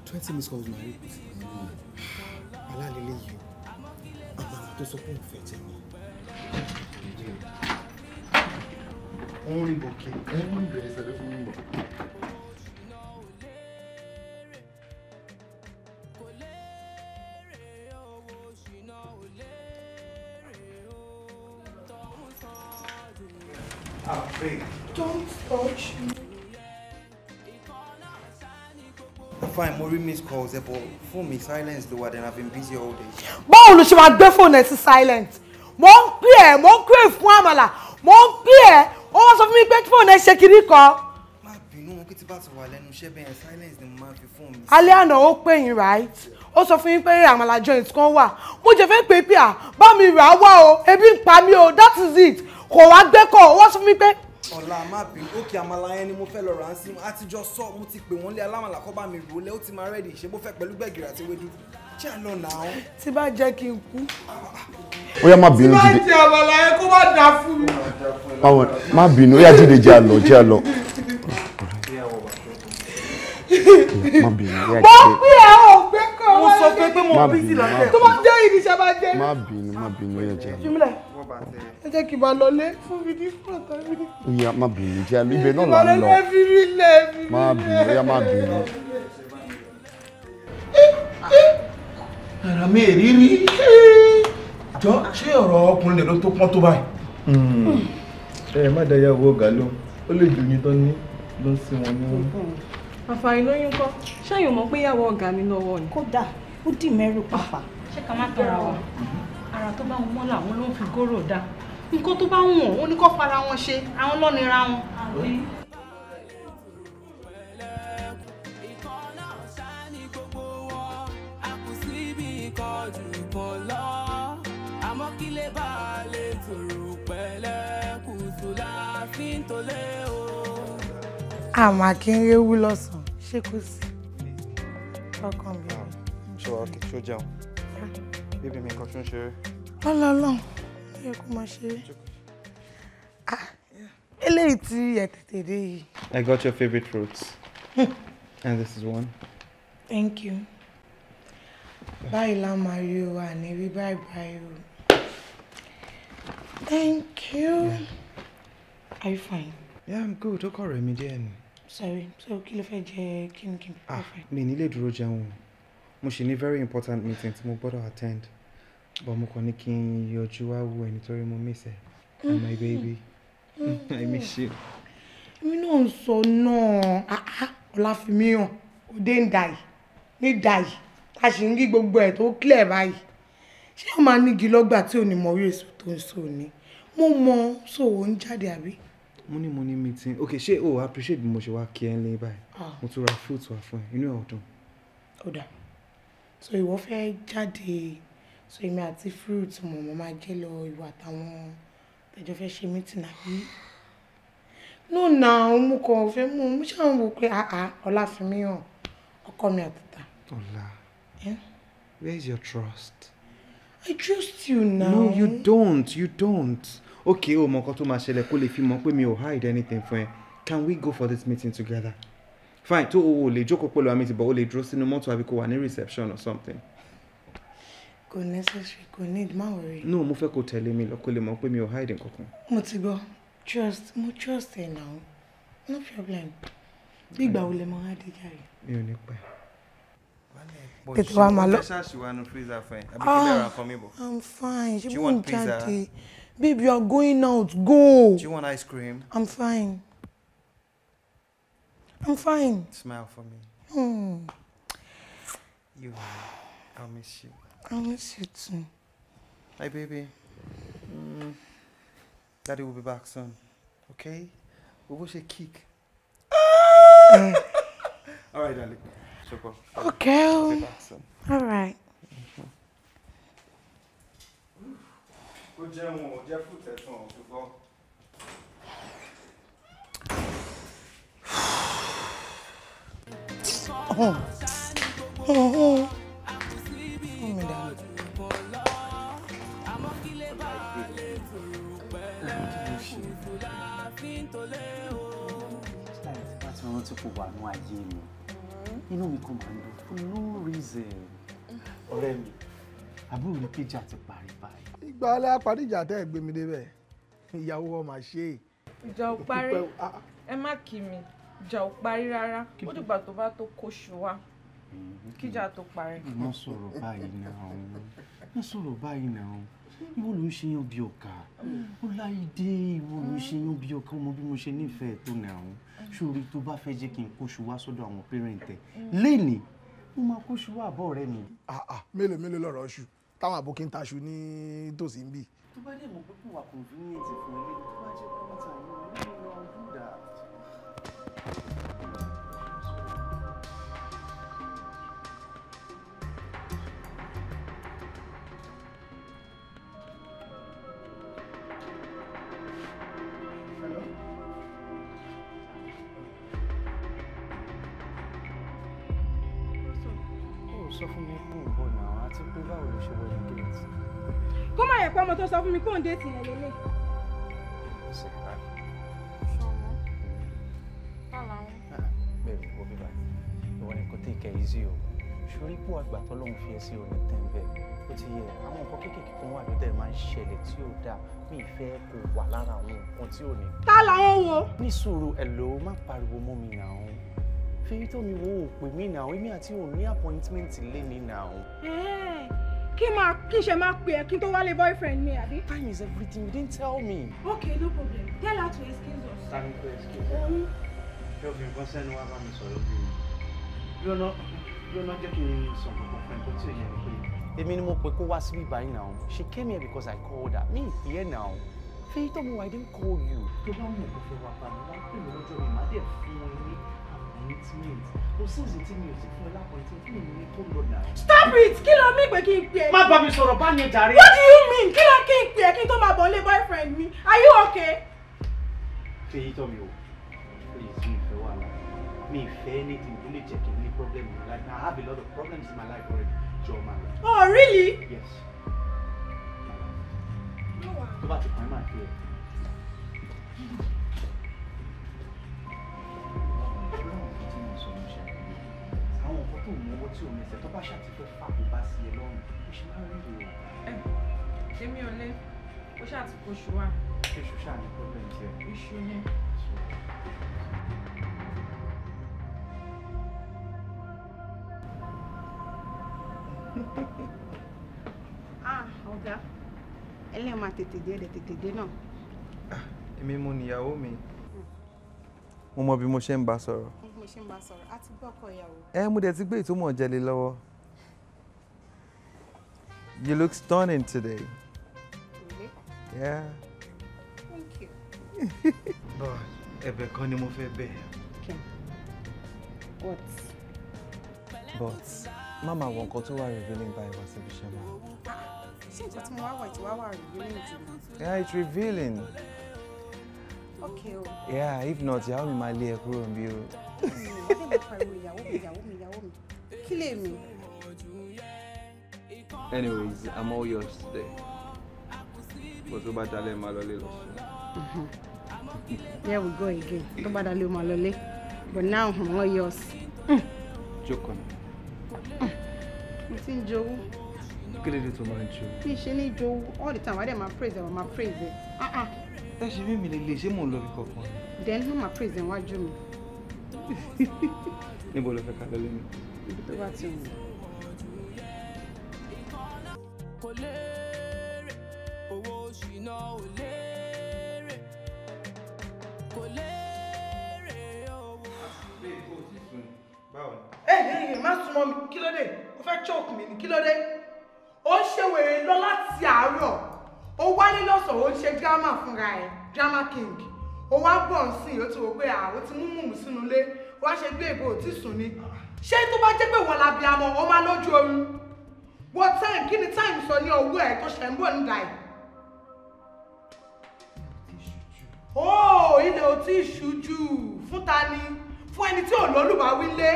twenty minutes calls my rate. alalele yìí tó sọ pé òun fẹ́ tẹ̀mí. òun rìn bọ̀ kí ẹ mú mi bọ̀. Ah, babe, don't touch me. fine mo rí miss calls ẹ but fún mi silence ló wà then i've been busy all day. báwo ló ṣe máa gbé fóònù ẹ sí silent mo ń pè ẹ mo ń pè fún àmàlà mo ń pè ẹ ó wá sọ fún mi pé fóònù ẹ ṣe kiri kan. má bínú kí tí bá ti wà lẹ́nu iṣẹ́ bẹ́ẹ̀ silence ni mo máa fi fóònù alẹ́ àná ó pè yín right ó sọ fún yín pé àmàlà joint kan wà mo jẹ fẹ́ pè pé à bá mi rà á wá o ebi ń pa mí o that is it kò wá gbẹ́kọ̀ ó wá sọ fún mi pé ọ̀la má bí òkè àmàlà yẹn ni mo fẹ́ lọ rà mu àtijọ́ sọ mo ti pè wọ́n lé alámàlà kọ́ bá mi rò lẹ́ ó ti máa rẹ́ẹ̀dì ṣé mo fẹ́ pẹ̀lú gbẹ̀gìrì àti ewédú ṣé lọ nà tí bá jẹ́ kí n kú. ó yá má bínú jíde. tí bá jẹ àmàlà kó má dà fún mi. má bínú ó yá jíde jẹ́ àlọ́ jẹ́ àlọ́. má bínú ó yá jíde. mo pè é ò gbé mo sọ pé pé mo bí sí lọ́tẹ̀. tó má jẹ́ àlọ́ nọ́mbà tẹ. ẹ jẹ́ kí n máa lọ lé fún mi ní fún ọ̀tá mi. ìyá má bínú jẹ́ ibẹ̀ náà là ń lọ. ìbálẹ̀ fi mí lẹ̀ fi mí lẹ̀. má bínú ẹ̀yà má jọ ṣé ọ̀rọ̀ ọkùnrin rẹ̀ tó pọ́n tó báyìí. Hmm. ẹ má dá ìyàwó ọ̀gá ó lè jù yín tán ní ló ń sin wọn ní wọn. Hmm. àǹfààní lóyún kọ́ ṣé èèyàn mọ̀ pé ìyàwó ọ̀gá mi lọ́wọ́ ni. kódà ó dì mẹ́rù pàpà. Ah. ṣé ká má tọrọ wa ara tó bá wọn mọ́ làwọn ló ń fi gòrò dá nǹkan tó bá wọn wọn ní kó fara wọn ṣe àwọn lọ́nira wọn. àmọ́ kí lọ́sàn-án ṣé kò sí ọkàn mi. ṣé kí ṣó jẹun bébí mi nǹkan tó ṣe rẹ. lọ́lọ́ lọ́hùn ó yẹ kó máa ṣe é. Ah, eléyìí tí ẹ dé yìí. I got your favourite fruits hmm. and this is one. Thank you. báyìí la máa rí o àní rí báyìí báyìí o. Thank you. Yeah. Are you fine? Yeah, I'm good. Ó kọ̀ rẹ̀ mi díẹ̀ ni. Sorry, so kí ló fẹ́ jẹ kí n kí n pẹ́ ah, fẹ́? Mi nílé dúró jẹun o mo ṣì ní very important meeting tí mo gbọ́dọ̀ attend. But mo kàn ní kí n yọjú wá wo ẹ nítorí mo miss ẹ. And my mm-hmm. baby, I miss you. Èmi náà ń sọ náà, ah, ah, Ọláfimíhàn, òde ń dà yìí, ní dà yìí, tá a sì ń rí gbogbo ẹ̀ tó clear báyìí. Ṣé o máa nígi lọ́gbà tí ò ní mọ orí èso tó ń so ni? Mo mọ sòwò ń jáde àbí? Mo ní mo ní meeting. Okay, ṣé o appreciate bí mo ṣe wá kí ẹ lé báyìí? Ah. Mo tún ra fruit wá fún ẹ, inú ẹ ò dùn. Ó dà. So ìwọ fẹ́ jáde so èmi àti fruit mo mo máa jẹ lọ ìwà àtàwọn tẹjọ fẹ́ ṣe meeting àbí no na mo kàn fẹ́ mú mo ṣáà ń wò pé àá ọlá fi mí hàn ọkọ mi àtàtà. ọlá where is your trust. i trust you now. no you don't you don't okay o mọ nǹkan tó máa ṣẹlẹ̀ kó lè fi mọ̀ pé mi ò hide anything fún ẹ can we go for this meeting together fine tó o ò lè jókòó pẹ̀lú àmì ìtìbọ̀ o lè dúró sínú mọ́tò àbí kó wà ní reception or something kò necessary kò need má worry. no mo fẹ́ kó tẹ̀lé mi lọ kó lè mọ̀ pé mi ò hide nǹkankan. mo ti gbọ́ trust mo trust ẹ̀ náà no problem bí ìgbà wo lè mọ adé jáde. mi ò ní pẹ́. tètè wá máa lọ. ah i'm fine ṣé mo ń jáde babe you are going out go. do you want ice cream. i'm fine. i'm fine. smile for me. Hmm. you i miss you. I miss you too. Hey, baby. Mm. Daddy will be back soon. Okay? We watch a kick. uh. All right, darling. Super. Okay. I'll be oh. back soon. All right. kó jẹ́ wọn ò jẹ́ Oh. oh fún mi dànù. láti wọn tí kò wà ní ayé mi inú mi kò máa ń dùn for no reason ọ̀rẹ́ mi àbúrò mi péjà ti parí báyìí. ìgbà alẹ́ parí ìjà tẹ́ ẹ̀ gbé mi débẹ̀ ìyàwó ọmọ àṣẹ. ìjà ò parí ah, ah. ẹ má kí mi ìjà ò parí rárá ó dìgbà tó bá tó kóṣù wa kíjà tó parí. wọ́n sọ̀rọ̀ báyìí náà wọ́n sọ̀rọ̀ báyìí náà ìwọ ló ń ṣe yan bí ọkà ó láyé dé ìwọ ló ń ṣe yan bí ọkà ọmọ bí mo ṣe nífẹ̀ẹ́ tó nà ọ̀hún ṣòro tó bá fẹ́ jẹ́ kí n kóṣù wá sọ́dọ̀ àwọn pẹ́rẹ́ǹtẹ̀ lẹ́nìí mo máa kóṣù wá àbọ̀ rẹ mi. Ah, ah, mélòó mélòó lọ̀rọ̀ ọṣù táwọn àbókí ń taṣu ní tòsí ń bì. tó bá dẹ̀ mọ̀ pé fún mi pé òun déètì yẹn lélẹ̀. ṣọmọ bàlá wọn. bẹ́ẹ̀ni wo bíbá ìwọ ni kò tèkẹ easy o sórí pò àgbà tó lóun fi ẹ sí òní tẹ̀m̀bẹ̀ ó ti yẹ àwọn nǹkan kéékèèké kan wà lóde máa ń ṣẹlẹ̀ tí ó dáa mi ìfẹ́ kò wà lára àwọn nǹkan tí ò ní. ta làwọn wo. ní sùúrù ẹ lò ó má pariwo mọ́ mi nà án fẹ́yìntàn mi wo òpè mi nà án èmi àti òun appointment lé mi nà án kí máa kí ṣe máa pè ẹ́ kí n tó wálé boyfriend mi àbí. time is everything you didn't tell me. okay no problem tell her to excuse us. tani ko excuse ẹ yóò fi nǹkan sẹ́nu wá bá mi sọ̀rọ̀ bí mi lọ́nà lọ́nà jẹ́ kí n sọ nǹkan fún ẹ kó tí ò yẹ pé. èmi ni mo pè kó wá síbí báyìí now she came here because I called her me here now fẹ́yìntàn mo wà I didn't call you. tó bá mú òkú fẹ́ wá bá mi wá pè mí lọ́jọ́ mi má dẹ̀ fún un ní appointment mo sínsìn tí mi ò sì fún ẹ lápọ̀ntì tí mi ní kó lọ stop it Kill ló mí pé kí n pè é. mi sọ̀rọ̀ bá yẹn jàre. what do you mean kill ló kí n pè é kí n tó boyfriend mi are you okay. fèyí tọ́ mi o please me. ìfẹ́ wà lára mi ìfẹ́ anything tó lè jẹ́ kí n problem in my life i have a lot of problems in my life already jọ ma oh really. yes. Ah. tó bá ti pọ́n ẹ máa fi ẹ. àwọn nǹkan tó mú owó tí ò mẹsẹ̀ tó bá ṣàtìfẹ́ fàkó bá sí ẹ lọ́rùn ó ṣe máa ń rí o. èmi ò lé ó ṣàtìkó ṣù wá. iṣu ṣáà ní problem tiẹ. iṣu ni. ah ọ̀gá ẹlẹ́yìn máa tètè dé ẹ̀dẹ̀ tètè dé náà. Ah, èmi mo níyàwó mi hmm. mo mọ bí mo ṣe ń bá sọ̀rọ̀. Hmm mi ṣe ń sọ̀rọ̀ àti gbọ́ ìyàwó. ẹ mú dẹ ti gbé ìtumọ̀ jẹlé lọ́wọ́ you look stunning today. Really? Yeah. Thank you. But ẹ̀bẹ̀ kan ni mo fẹ́ bẹ̀. what. but mama wọ nǹkan tó wà revealing báyìí wá síbi iṣẹ́ máa. ṣé nǹkan tí mo wá wà tí wàá wà revealing jù mí. yeah it's revealing. Okay. Oh. Yeah, if not, ìyàwó mi máa lé ẹ kúrò níbí o. Kí lèmi? Anyways, I'm all yours today. Bó tó bá dalẹ̀ máa lọlé There uh-huh. we go again. Tó bá dalẹ̀ máa lọlé. But now I'm all yours. Mm. Joke on. Mm. Mo Joe. ń jowú. Kí Joe. dé tó máa All the time, wà á my máa praise ẹ̀ wà máa praise ẹ̀. Uh-uh. Ẹ ṣe bí mi lè lè ṣé Then, who my praise ẹ̀ wájú mi. níbo ló fẹ́ ká lọ lẹ́nu. ibi tó bá ti wù. kò léèrè owó ṣìnà ò léèrè kò léèrè owó. bẹ́ẹ̀ kò tí sùn báwo. ẹ ẹ ẹ má king ó wá bọ̀ ń sìn ó ti wò pé àwọn ti mú mùmù sínú ilé wá ṣe gbé ìbò tí sùn ni ṣé tó bá jẹ́ pé wọ́n la bí amọ̀ ó máa lójú oorun wọ́n time kí ni time sọ ní ọwọ́ ẹ̀ tó ṣẹ̀ ń bọ̀ nídà ẹ̀. ó ilẹ̀ ò tí ì ṣújú fún ta ni fún ẹni tí ò lọ́lùbáwí lé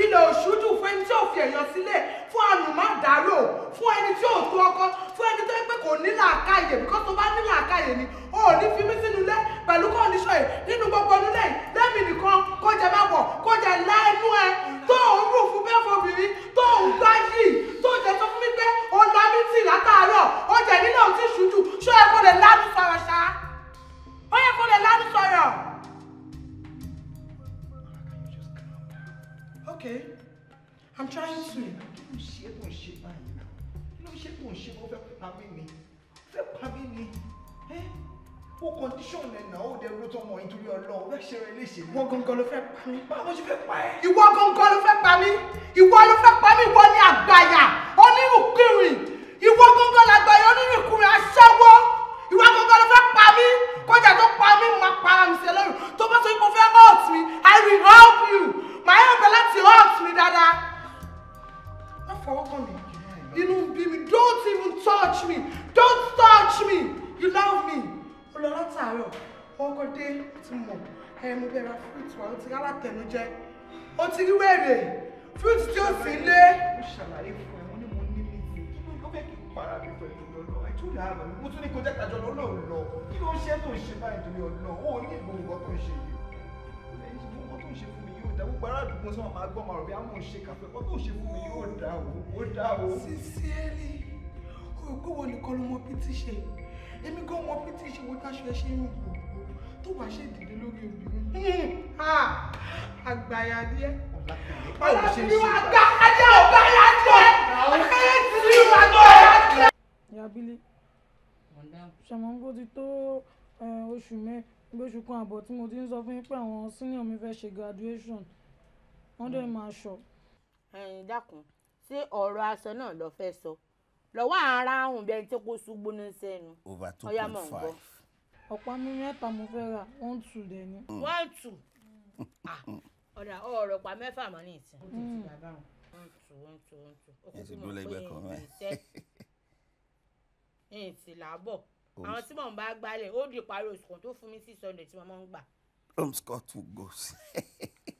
ilẹ̀ òṣùdù fún ẹni tí ò fi èèyàn sílẹ̀ fún àlùmọ́dàrò fún ẹni tí ò tó ọkọ fún ẹni tó ń pè kò ní làákàyè bí kò tó bá ní làákàyè ni ò ní fi mí sínú ilé pẹ̀lú kọ́ndíṣọ̀ yìí nínú gbogbo onílẹ̀ yìí lẹ́mì nìkan kó jẹ má bọ̀ kó jẹ lá ẹnu ẹ tó òun rù fún bẹ́ẹ̀ fobìnrin tó òun gbá yìí tó jẹ tó fún mi pé ó lá mi tì látàárọ̀ ó jẹ nílẹ̀ òun ṣùjú ṣó ẹ kó lè lánú sọ̀rọ̀ ṣá ó yẹ kó lè lánú sọ̀rọ̀. okay i'm trying to. kí ló ń ṣe kó ń ṣe báyìí náà kí ló ń ṣe kó ń ṣe kó fẹ́ pa mí ni fẹ́ pa mí ni ó condition ẹ̀ náà ó dẹ̀ ló tọ́ ọmọ nítorí ọlọ́run bẹ́ẹ̀ ṣe rẹ̀ léṣe. ìwọ gangan ló fẹ́ pa mí. báwo ló ṣe fẹ́ pa ẹ́. ìwọ gangan ló fẹ́ pa mí ìwọ ló fẹ́ pa mí ìwọ ni àgbàyà onírùnkùnrin ìwọ gangan làgbàyà onírùnkùnrin aṣẹ́wó ìwọ gangan ló fẹ́ pa mí kọjá tó pa mí máa para mi sílẹ̀ lọ́rùn tó bá sọ pé mo fẹ́ hurt me i will help you màá yàn pé láti hurt mi dáadáa. wọ́n fọwọ́ kàn mí inú bí mi don't even touch me don't touch me you love me. ó lọ látàárọ̀ wọ́n dé ti mọ̀ ẹ mo bẹ̀rẹ̀ fruit wa ti rárá tẹnujẹ ti rí wèrè fruit tí ó sì lé. mo ṣàlàyé fún ẹ wọn ni mo ní mi kí ló fẹ́ kí n para mi pẹ̀lú lọ́nà ìtura àmì mo tún ní kó jẹ́ kájọ lọ́nà ò lọ kí ló ń ṣe tó ń ṣe báyìí torí ọ̀nà ó ní ìgbòho tó ń ṣe yìí tẹ gbogbo ará àdúgbò sọ máa gbọ́ máa rò bí àwọn òṣè kàfẹ́ wọn tó ṣe fún mi yóò dá o ó dá o. sincerely ògbówó nìkan ló mọ bí ti ṣe èmi gan mọ bí ti ṣe wo táṣọ ẹ ṣe ń wò ó tó wàá ṣe ìdílé lórí obìnrin hmm, ah, àgbàyà díẹ̀ ọlọ́pàá wa gbà ajá ọgbà yá jẹ ẹ ti rí ìwàgbọ yá jẹ. ìyá abílé ṣàmọ́ngbó ti tó eh, oṣù mẹ́ oṣù kan àbọ̀ tí mo ti ń sọ fún yín pé àwọn senior mi fẹ́ ṣe graduation wọ́n lè hmm. máa sọ. ẹyin dákun ṣé ọ̀rọ̀ aṣọ náà lọ fẹ́ sọ lọ́wọ́ ara àrùn bẹ́ẹ̀ tí kò ṣubú ní sẹ́nu ọ̀yá mọ̀ ń bọ̀. ọ̀pá mi mẹ́ta mo fẹ́ rà one two dẹ̀ ni. Hmm. one two ah, ọ̀dà ọ̀rọ̀ pa mẹ́fà mọ́ ní ìsìn. Hmm. one two one two one two. ẹ ti dúró lẹ́gbẹ̀ẹ́ kan mẹ́rin. ẹ̀yìn ti làbọ̀ àwọn tí mò ń bá gbálẹ̀ ó di ìparí oṣù kan tó fún mi six hundred tí mo máa ń gbà. home scott will go.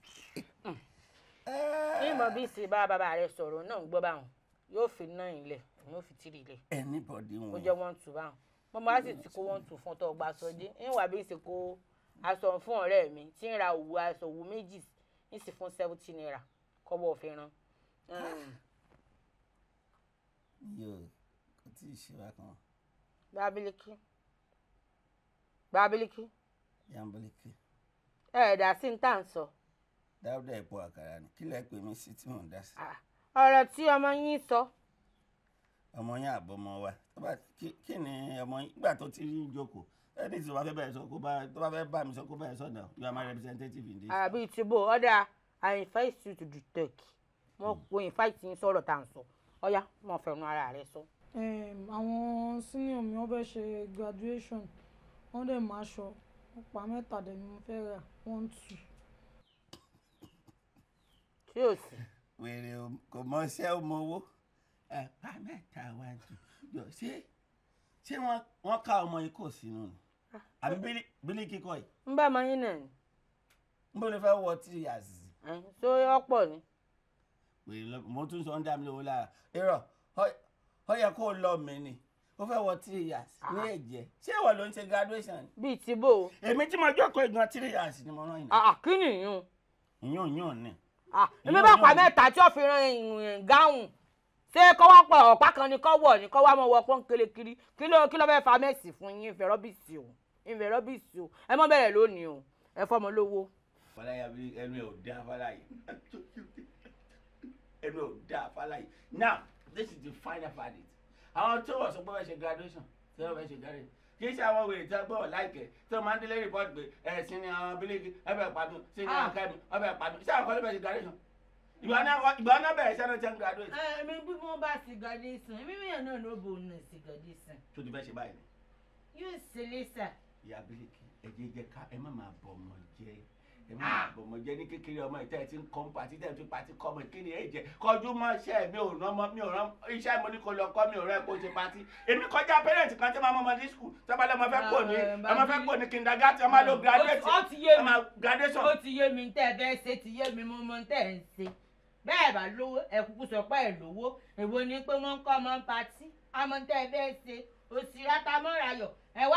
nímọ̀ bí sì bá bàbá rẹ sọ̀rọ̀ náà ń gbọ́ báwọn yóò fi ná ilẹ̀ yóò fi tìrì ilẹ̀. anybody wọn. ó jẹ́ wọ́n tù báwọn mo máa sì ti kó wọ́n tù fún tọ́ ọgbà sọdí níwà bí sì kó aṣọ fún ọ̀rẹ́ mi tí ń ra òwú aṣọ òwú méjì ń sì fún seventy naira kọ́bọ̀ fi ran. Ah! yóò kò tí ì ṣe wá kan. bábílíkì bábílíkì. yambílíkì. ẹ̀ẹ́dà sí ń tà ń sọ. So dáúdà epo àkàrà ni kí lẹ́ẹ̀ pè mí sí tí mò ń dá sí. Ah, ọ̀rọ̀ tí ọmọ yín sọ. ọmọ yín àbọ̀mọ wa kí ni ọmọ yín gbà tó ti rí jókòó ẹni tí wọ́n fẹ́ bẹ̀rẹ̀ sọ kó bá tó bá fẹ́ bá mi sọ kó bá ẹ sọ náà you are my representative in this. àbí ah, ìtúbọ̀ ọ̀dà I invite you to the turkey mo hmm. kò invite yín sọ̀rọ̀ tá à ń sọ ọ̀yá mo fẹ̀ràn ara rẹ sọ. àwọn senior mi wọ́n fẹ́ ṣe graduation wọ́n dẹ̀ máa ṣọ ọ̀pá mẹ́tàdínlẹ́mú fẹ́ rà one two tí ò sí. wèrè kò mọṣẹ́ ọmọ owó ẹ̀pá mẹ́ta wá jù ṣé ṣé wọ́n ká ọmọ yìí kò sínú ni ah. àbí bílí kíkọ yìí. ń bá mayín náà ni. ń bó lè fẹ́ wọ tí àzìzì. ṣé ọ̀pọ̀ ni. wèrè mo tún sọ ń dá mi lówó lára irọ́ ó yẹ kó lọ mí ni ó fẹ́ wọ three years ní ah. ẹ̀jẹ̀ ṣé ìwọ ló ń ṣe graduation. bíi ti bò. èmi tí mo jókòó ìgbọ̀n three years ni mo rán yìí. àkínní yún. yún yún ni ẹbí ah, bá pa mẹ́ta tí ó fi gáhùn ṣé kọ́ wá pọ̀ ọ̀pá kan ni kọ́ wọ̀ ni kọ́ wá mọ̀ wọ pọ́n kelekiri kí ló kí ló fẹ́ fa mẹ́sì fún yín ìfẹ́ rọ́bìsì o ìfẹ́ rọ́bìsì o ẹ mọ́ bẹ̀rẹ̀ lónìí o ẹ fọ́ ọmọ lówó. fàlàyé abirí ẹnu ẹ ò dá fàlàyé ẹnu ẹ ò dá fàlàyé now this is the final verdict àwọn tó wọ̀ sọ pé wọ́n ṣe graduation tí wọ́n ṣe graduation kì í ṣe àwọn wèrè tí wọ́n gbọ́ láìkẹ́ máa ń délé report pé ẹ̀sìn ni àwọn bíléèkì ọbẹ̀ pàmì sí ni àwọn kẹ́mi ọbẹ̀ ṣé àwọn kọ́lé ti graduation ìgbà náà bẹ̀rẹ̀ iṣẹ́ náà ti ń graduate. Eh, èmi bí wọ́n bá ti graduation èmi mìíràn náà ló bò ní sí graduation. tó ti fẹ́ ṣe báyìí. yóò ṣe lé sà. ìyá bíléèkì ẹ jẹ́ ká ẹ má máa bọ̀ ọmọ jẹ́ èmi àbọ̀mọ̀jẹ́ ah! ní kékeré ọmọ ìtẹ́ ẹ ti ń kọ́ ń pàtí tẹ́ ẹ ti pàtí kọ́ ọmọ ìkéde ẹ jẹ́ kọjú mọ́ iṣẹ́ mi ò rán ọmọ mi ò rán iṣẹ́ mo ní kó lọ kọ́ mi ò rán ẹ̀kọ́ ṣe pàtí èmi kọjá pẹ́rẹ́ǹtì kan tí máa mọ ọmọ ní skul tọ́ba lọ́mọ fẹ́ pò ní ah, ọmọ fẹ́ pò ní kindergarten ọmọ ló graduate graduation. ó ti yé mi tẹ́ ẹ bẹ́ẹ̀ ṣe ti yé mi mo mọ tẹ́ ẹ ń ṣe bẹ́ẹ̀ bá lówó ẹ̀kúkú sọ pé ẹ̀ lówó èwo ni pé wọ́n ń kọ́ ọmọ patí àmọ́ tẹ́ ẹ bẹ́ẹ̀ ṣe òsì rátámọ́rayọ̀ ẹ̀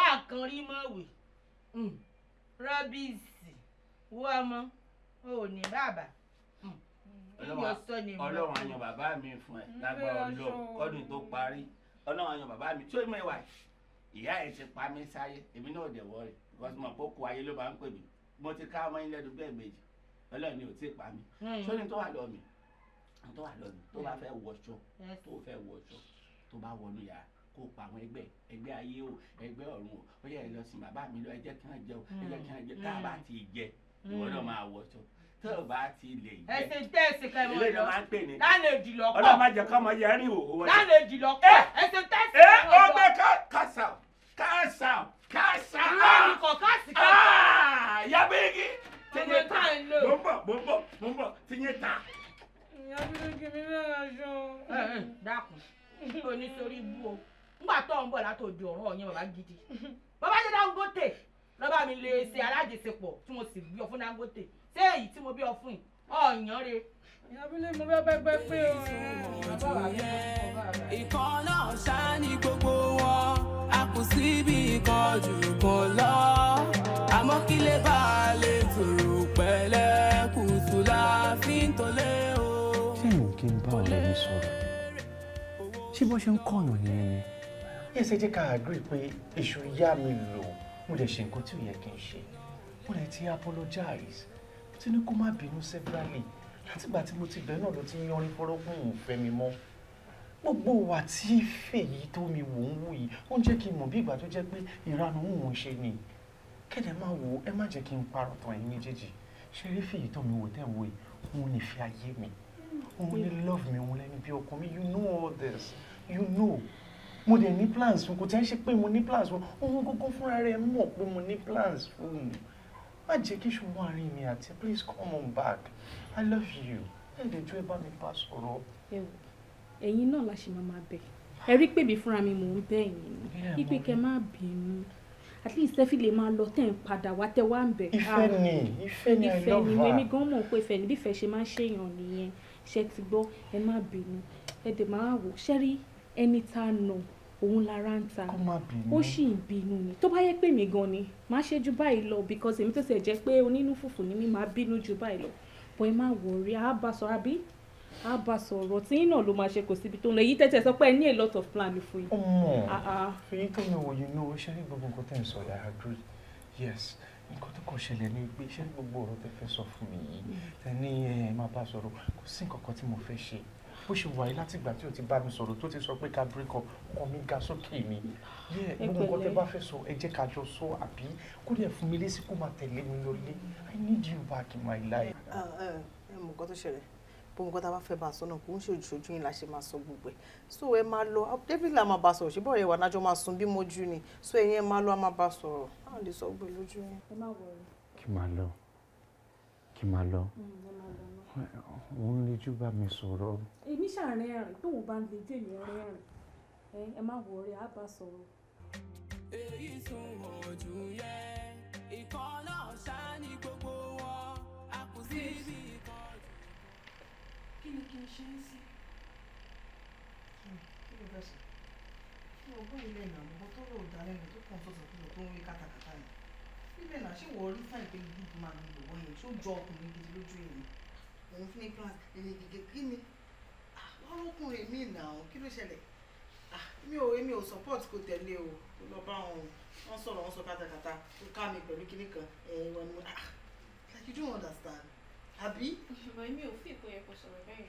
wo ọmọ o ò ní bàbá hmm. ọlọ́run àyàn bàbá mi fún ẹ lágbára ọlọ́run kọ́dún tó parí ọlọ́run àyàn bàbá mi tí ó mọ̀ ìwà ìyá ẹ̀ ti pa mí sáyé èmi náà dẹ̀ wọ́ rẹ̀ because mo àpò kó ayé ló máa ń pè mí mo ti ká ọmọ yín lẹ́nu bẹ́ẹ̀ méjì ọlọ́run ni ò tí ì pa mí sórí hmm. tó wà lọ́ọ̀ mi tó wà lọ́ọ̀ mi tó bá hmm. fẹ́ wọṣọ tó fẹ́ wọṣọ tó bá wọnú yàrá kó pa àwọn ẹgbẹ́ ẹgbẹ́ ayé o ẹgbẹ́ ọ̀run o ó yẹ ẹ lọ sin bàbá mi lọ ẹ jẹ́ kí wọ́n jẹ o ẹ jẹ́ kí wọ́n jẹ ká bá ti jẹ ìwọ náà hmm. máa wọ tó tó o bá ti lè jẹ ẹsìn tẹ ẹsìn kan ìwọ náà ìdìlọ kọ ọlọ́run má jẹ kọmọ yẹn rìn òwò eh! ẹ dáná ìdìlọ kọ ẹsìn tẹ ẹsìn kan ìwọ náà. ọgbẹ kásá kásá kásá. ìwọ ni kò kásì kásá. yabirigi tinye ta mo ń bọ̀ mo ń bọ̀ mo ń bọ̀ tinye ta. yabirigi mi náà yọ. Eh, eh, dákun onítorí bú o ńgbà tó ń bọ̀ látòjú lọ́ba mi lè ṣe alájẹsẹpọ̀ tí mo sì bí ọ fún Dangote ṣé èyí tí mo bí ọ fún yìí ọ̀yàn re. ìyábílẹ̀ mo fẹ́ pẹ́pẹ́ pé o. ìkan náà ṣáá ni gbogbo wọn a kò síbi ìkan jù kan lọ àmọ́ kí lè bá a lè tòrò pẹ̀lẹ́ kùtù láàfin tó o. ṣé ìwọ̀n kí n bá ọ̀rẹ́ mi sọ̀rọ̀ ṣé bó ṣe ń kọ̀yàn nìyẹn ni. yẹ́sẹ̀ jẹ́ ká agree pé èṣù yá mi lò mo dẹ̀ ṣe nǹkan tí ò yẹ kí n ṣe mo dẹ̀ ti apologize mo ti ní kó má bínú severally látìgbà tí mo ti bẹ̀ náà ló ti yanrí fọ́rọ́gùn òfẹ́ mi mọ́ gbogbo wa tí fèyí tó mi wò ń wù yìí ó ń jẹ́ kí n mọ̀ bí ìgbà tó jẹ́ pé ìranu ń wò ń ṣe ni kẹ́dẹ̀ máa wò ẹ má jẹ́ kí n parọ́ tán ẹ̀yin méjèèjì ṣe rí fèyí tó mi wò tẹ̀ wò yìí òun ní fi ayé mi òun ní love mi òun lẹ́ni bí ọkàn mi you know all this you know mo dẹ̀ ní plans fún kò tẹ́ ń ṣe pé mo ní plans fún ohun gógó fúnra rẹ̀ mọ̀ pé mo ní plans fún má jẹ́ kí ṣùgbọ́n àárín mi àti please come on back i love you ẹ̀ẹ́dẹ̀ jọ ẹ bá mi bá sọ̀rọ̀. ẹ̀yin náà la ṣe máa máa bẹ̀ ẹ rí pé mi fúnra mi mò ń bẹ̀ yín ni ipe kẹ́ má bínú at least ẹ fi lè máa lọ tẹ̀ ń padà wá tẹ wá ń bẹ̀. ìfẹ́ ah, ni ìfẹ́ ni i love her ìfẹ́ ni wẹ́mi gan mọ̀ pé ìfẹ́ ni bí ìfẹ́ ṣe máa ń ṣèyàn nìyẹn ṣe ti gbọ́ ẹ má bínú ẹ dẹ̀ máa wò ṣẹ́rí ẹni tá a nà òun lára ń ta ó sì ń bínú ni tó bá yẹ pé mi gan ni má ṣe ju báyìí lọ because èmi tó ṣe jẹ́ pé onínú fùfù ni mi máa bínú ju báyìí lọ bọ́ ẹ má wọrí á bá sọ àbí á bá sọ̀rọ̀ tí iná ló máa ṣe kò síbi tó ń lọ èyí tẹ́tẹ́ sọ pé ẹ ní a lot of plan fún yín. ọmọ fìyín tó ní òye ní ṣe ní gbogbo nǹkan tẹ̀ ń sọ yàrá agree yes nǹkan tó kàn ṣẹlẹ̀ ni pé ṣé gbogbo ọ̀rọ̀ tẹ fẹ́ sọ fún mi yìí tẹ mm. ní ẹ máa bá sọ̀rọ̀ kò sí nǹkan kan tí mo fẹ́ ṣe bó ṣe wà yìí láti ìgbà tí o ti bá mi sọ̀rọ̀ tó ti sọ pé ká break up ọkàn mi ga sókè mi yẹ gbogbo nǹkan tẹ bá fẹ́ sọ ẹ jẹ́ ká jọ sọ àbí kó dẹ̀ fún mi lésì kó máa tẹ̀lé mi lọlé I need you back in my life. ẹ ẹ ẹ mọ nǹkan tó ṣẹlẹ̀ bóun kọ́ta bá fẹ́ bá a sọ náà kò ń ṣojú ṣojú yín la ṣe máa sọ gbogbo ẹ̀ so ẹ máa lọ definitely a máa bá a sọ̀rọ̀ ṣùgbọ́n ẹ̀wà nájọ́ máa sun bí mojú ni so ẹ̀yin ẹ máa lọ a máa bá a sọ̀rọ̀ a lè sọ gbé lójú yín. kí máa lọ kí máa lọ. Mm, òun lejú bá mi sọ̀rọ̀. èmi ṣàárín ẹ̀rìn tóun bá ń lejú èmi ẹ̀rìn ẹ̀rìn ẹ má wọrí á bá sọ̀rọ̀. èyí sunwọ̀n jù yẹn ikọ̀ náà ṣáá ní gbogbo wọn a kò sí ibi ikọ̀ jù. kí ni kí n ṣe é sí? kí ló fẹ́ sọ? kí ọgbọ́n ilé ìnáwó bọ́ tó lò dá lẹ́nu tó kàn sọ̀sọ̀ kúrò tó ń rí kátàkátà yìí. ilé ìnáwó ṣé wọ́n rí fáìpé gbígbó máa ń lò òun fún ní plans èmi gègé kí ni ah, wọ́n lókùnrin mi nà ó kí ló ṣẹlẹ̀ ah, mi ò èmi ò support kò tẹ̀lé o kò lọ bá wọn wọn sọ̀rọ̀ wọn sọ kátàkátà kó ká mi pẹ̀lú kíní kan ẹ̀wọ̀n ni ah like you don't understand àbí. ṣùgbọ́n èmi ò fi ìkóyẹ kò sọ̀rọ̀ bẹ́ẹ̀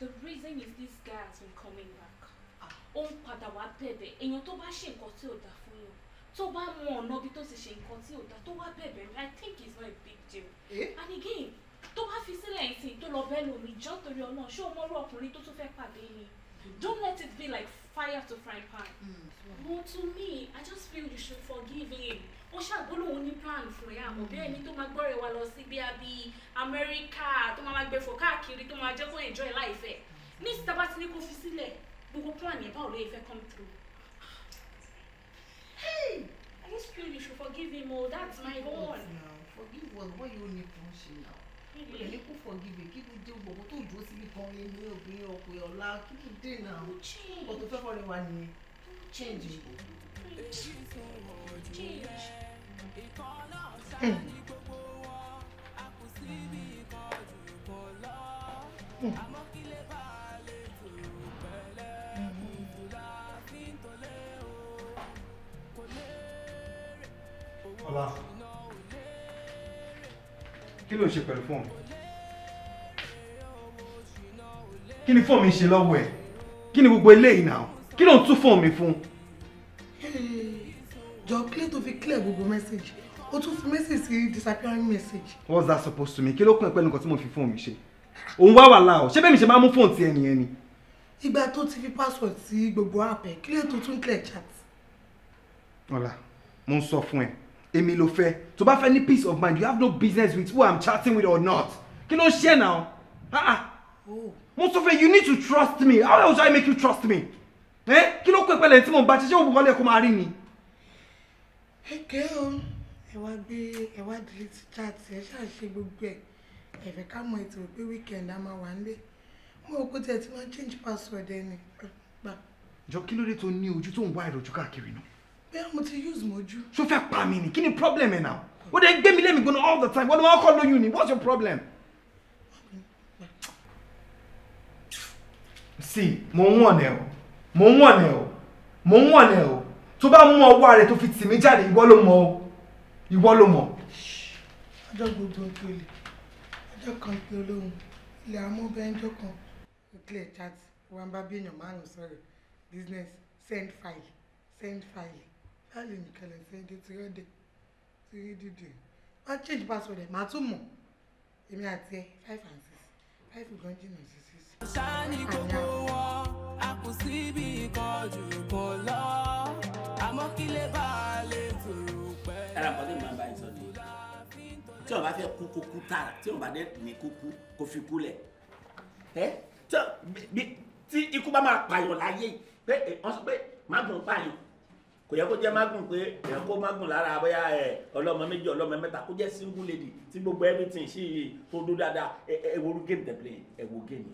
the reason is this guy has been coming back ah. ó ń padà wá bẹ̀bẹ̀ èèyàn tó bá ṣe nǹkan tí ò dáa fún yàn tó bá mọ ọ̀nà bí tó ti ṣe nǹkan tí ò dáa tó wá bẹ̀bẹ̀ I think it's not a big deal eh? and again Just torí ọlọ́run ṣé o mọ́rú ọkùnrin tó tún fẹ́ pàdé ni don't let it be like fire to fry pan. mo hmm. to me i just feel you should forgive him ó ṣàgbọ́n òun ní plan fún ẹ àmọ́ bí ẹni tó máa gbọ́ rẹ̀ wá lọ sí bíi abí amẹ́ríkà tó máa gbé fò káàkiri tó máa jẹ́ kó enjoy ẹ̀ láìfẹ́ ní ìsìta bá ti ní kó fi sílẹ̀ gbogbo plan yẹn báwo ló yẹ fẹ́ come through. hey i just feel you should forgive him o oh, that's my own. forgive what what you need to ṣe now mo lè ní kí ló dé gbogbo tó dúró síbi kan ní obìnrin ọkùnrin ọ̀la kí ló dé náà ọkọ̀ tó fẹ́ fọ́ni wa nìyẹn change. Mm. Mm. Olá. Kilo ló ń ṣe pẹ̀lú fóònù kí mi ṣe lọ́wọ́ ẹ̀ kí ni gbogbo eléyìí náà kí ló ń tún mi fún. jọ clear to fi clear gbogbo message o tún fi message sí disappearing message. what's that supposed to mean Kilo ló kún ẹ pẹ̀lú mo fi fóònù mi ṣe òun wá wàhálà o ṣé bẹ́ẹ̀ mi ṣe máa mú fóònù ti ẹnìyẹn ni. ìgbà tó ti fi password sí gbogbo app ẹ clear tó tún clear chat. ọ̀la mo ń sọ fún ẹ èmi to fẹ́ any peace of mind you have no business with who i'm chatting with or not kí ló ṣe now Ah, oh, ah. fẹ́ you need to trust me how else i make you trust me Eh? ló pẹ́ pẹ́lẹ́ tí mo bá ṣiṣẹ́ òògùn kọ́lé ẹ̀kọ́ máa rí ni. ẹ o ẹ gbé ẹ wá chat ẹ ṣáà ṣe gbogbo ẹ ẹ ká mọ ètò pé weekend a máa wà nílé mo rò pé tẹ̀ tí wọ́n change password ẹ ní jọ kí ló dé tó ní ojú tó ń wá ìrọ̀jú káàkiri náà bẹ́ẹ̀ mo ti use mojú. ṣó fẹ́ pa mi ni kí ni problem ẹ̀ náà ó dẹ̀ gbé mi lẹ́mìí gbóná all the time wọ́n ló máa kọ́ lóyún ni what's your problem. sí mo ń wọ̀n ẹ̀ o mo ń wọ̀n ẹ̀ o mo ń wọ̀n ẹ̀ o tó bá mú ọwọ́ rẹ̀ tó fi tì mí jáde ìwọ ló mọ̀ o ìwọ ló mọ̀. ọjọ́ gbogbo ń pèlè ọjọ́ kan pé olóhùn ilẹ̀ amúbẹ́ńjọ́ kan clear chat wàá bá bí èèyàn márùn-ún sọ̀rọ̀ business send file send file láàlè nìkan lè fẹ́ dé tí rẹ́dẹ̀ tí rí dìde wọ́n change password ẹ̀ màá tún mọ̀ èmi àti ẹ five and six five gan jìnnà sí six. sáni gbogbo wọn a kò síbi ìkọjù kò lọ àmọ́ kí lè bá a lè tòrò pẹ́. ara kan ní bá ìsọ ni tí wọn bá fẹ́ kú kó kú tí wọn bá dé ní kú kó fi kú lẹ ẹ tí ikú bá máa pààyàn láyé pé ọ pé má gbọ́n pààyàn kò yẹ kó jẹ́ magun pé èèyàn kó magun lára bóyá ẹ ọlọ́mọ méjì ọlọ́mọ mẹ́ta kó jẹ́ single lady tí gbogbo everything ṣì tó dó dáadáa ẹ woru game tẹ̀ ẹ wo game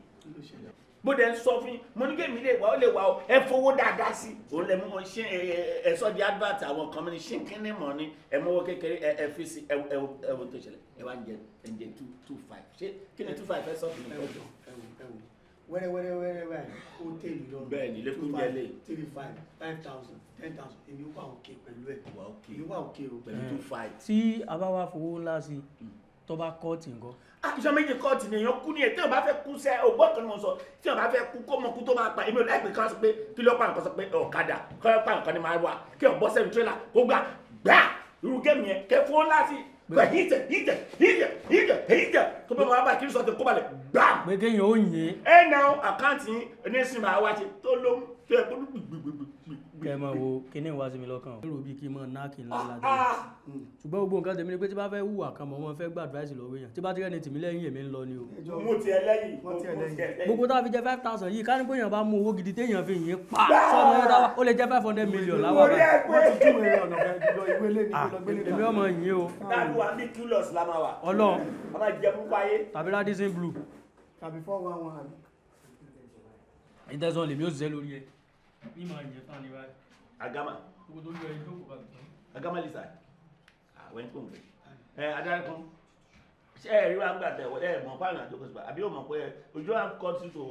bó dẹ̀ ń sọ fún yín mo ní géèmì lè wá ó lè wá ó ẹ fowó dáadáa sí i òun lè mú wọn ṣe ẹ sọ di advert àwọn kan mi ní ṣé kíní mọ̀ ni ẹ mọ́wọ́ kékeré ẹ fi sí ẹ ẹ ẹ wo tó ṣẹlẹ̀ ẹ wá ń jẹ ẹ ń jẹ two two five ṣé kíni two five ẹ sọ fún mi. ẹ wò ẹ wò wẹ́rẹ́ wẹ́rẹ́ wẹ́rẹ́ wẹ́rẹ́ ó tẹ̀ mí lọ. bẹ́ẹ̀ni lẹkùn jẹ lé. three five five thousand ten thousand èmi wà òkè pẹ̀lú ẹ̀ èmi wà òkè o pẹ̀lú two five. tí a bá wá fowó ńlá sí hmm. tó bá kọ́ọ̀tì nǹkan. Ah, iṣan méjì kọ́ọ̀tì ni èèyàn kú ni ẹ̀ tí wọ́n bá fẹ́ kú sẹ́ ọgbọ́n kan ni wọ́n sọ tí wọ́n bá fẹ́ kú kó mọ kú tó máa pa èmi ò láìpẹ́ kan sọ pé kí ló pa nǹkan sọ pé ọ̀kadà kí ló pa nǹkan ni máa wà kí ọ̀ bọ́ sẹ́nu tírélà kó gbà gbà irú gẹ́mi yẹn kẹ́ fowó ńlá sí pé yíjẹ yíjẹ yíjẹ yíjẹ yíjẹ tó bẹ wọn bá kiri sọ ti kó balẹ̀ gbà. pé kéèyàn ó yé. ẹ na àkáǹtì ní sinmi àwa ṣe tó ló ń fẹ́ kó gbìgbìgbì kẹ mọ wo kíní wá sí mi lọ́kàn o. èrò bíi kí n mọ náàkì ńlá ah, ládé ah. hmm. ṣùgbọ́n gbogbo nǹkan tèmi ni pé tí bá fẹ́ hùwà kan mọ̀ wọ́n fẹ́ gba advice lọ́wọ́ èèyàn tí bá ti rẹ́ni tèmi lẹ́yìn èmi ń lọ ni o. mo ti ẹ lẹ́yìn mo ti ẹ lẹ́yìn. gbogbo tá a fi jẹ five thousand yìí ká ní pé èèyàn bá mú owó gidi téèyàn fi yìn pa ah! sọ́nà owó dáwà ó lè jẹ́ five hundred million láwa bẹ́ẹ̀. wọ́n ti tún ìwé ọ̀nà ìwé lé ní ìlọgbẹ́lẹ́ náà. èmi ọmọ yìí o. táàbù wa ní kí ní máa yẹ tán ni báyìí. agama. gbogbo tó yọ ẹjọ́ kò bá tó. agama lisa àwọn ẹni pòǹgẹ ẹ adarikun ṣé ẹ rí wa ń gbà tẹ wọlé ẹ mọ fáwọn àjọkọ síbà àbí ó mọ pé ojú à ń kọ sí to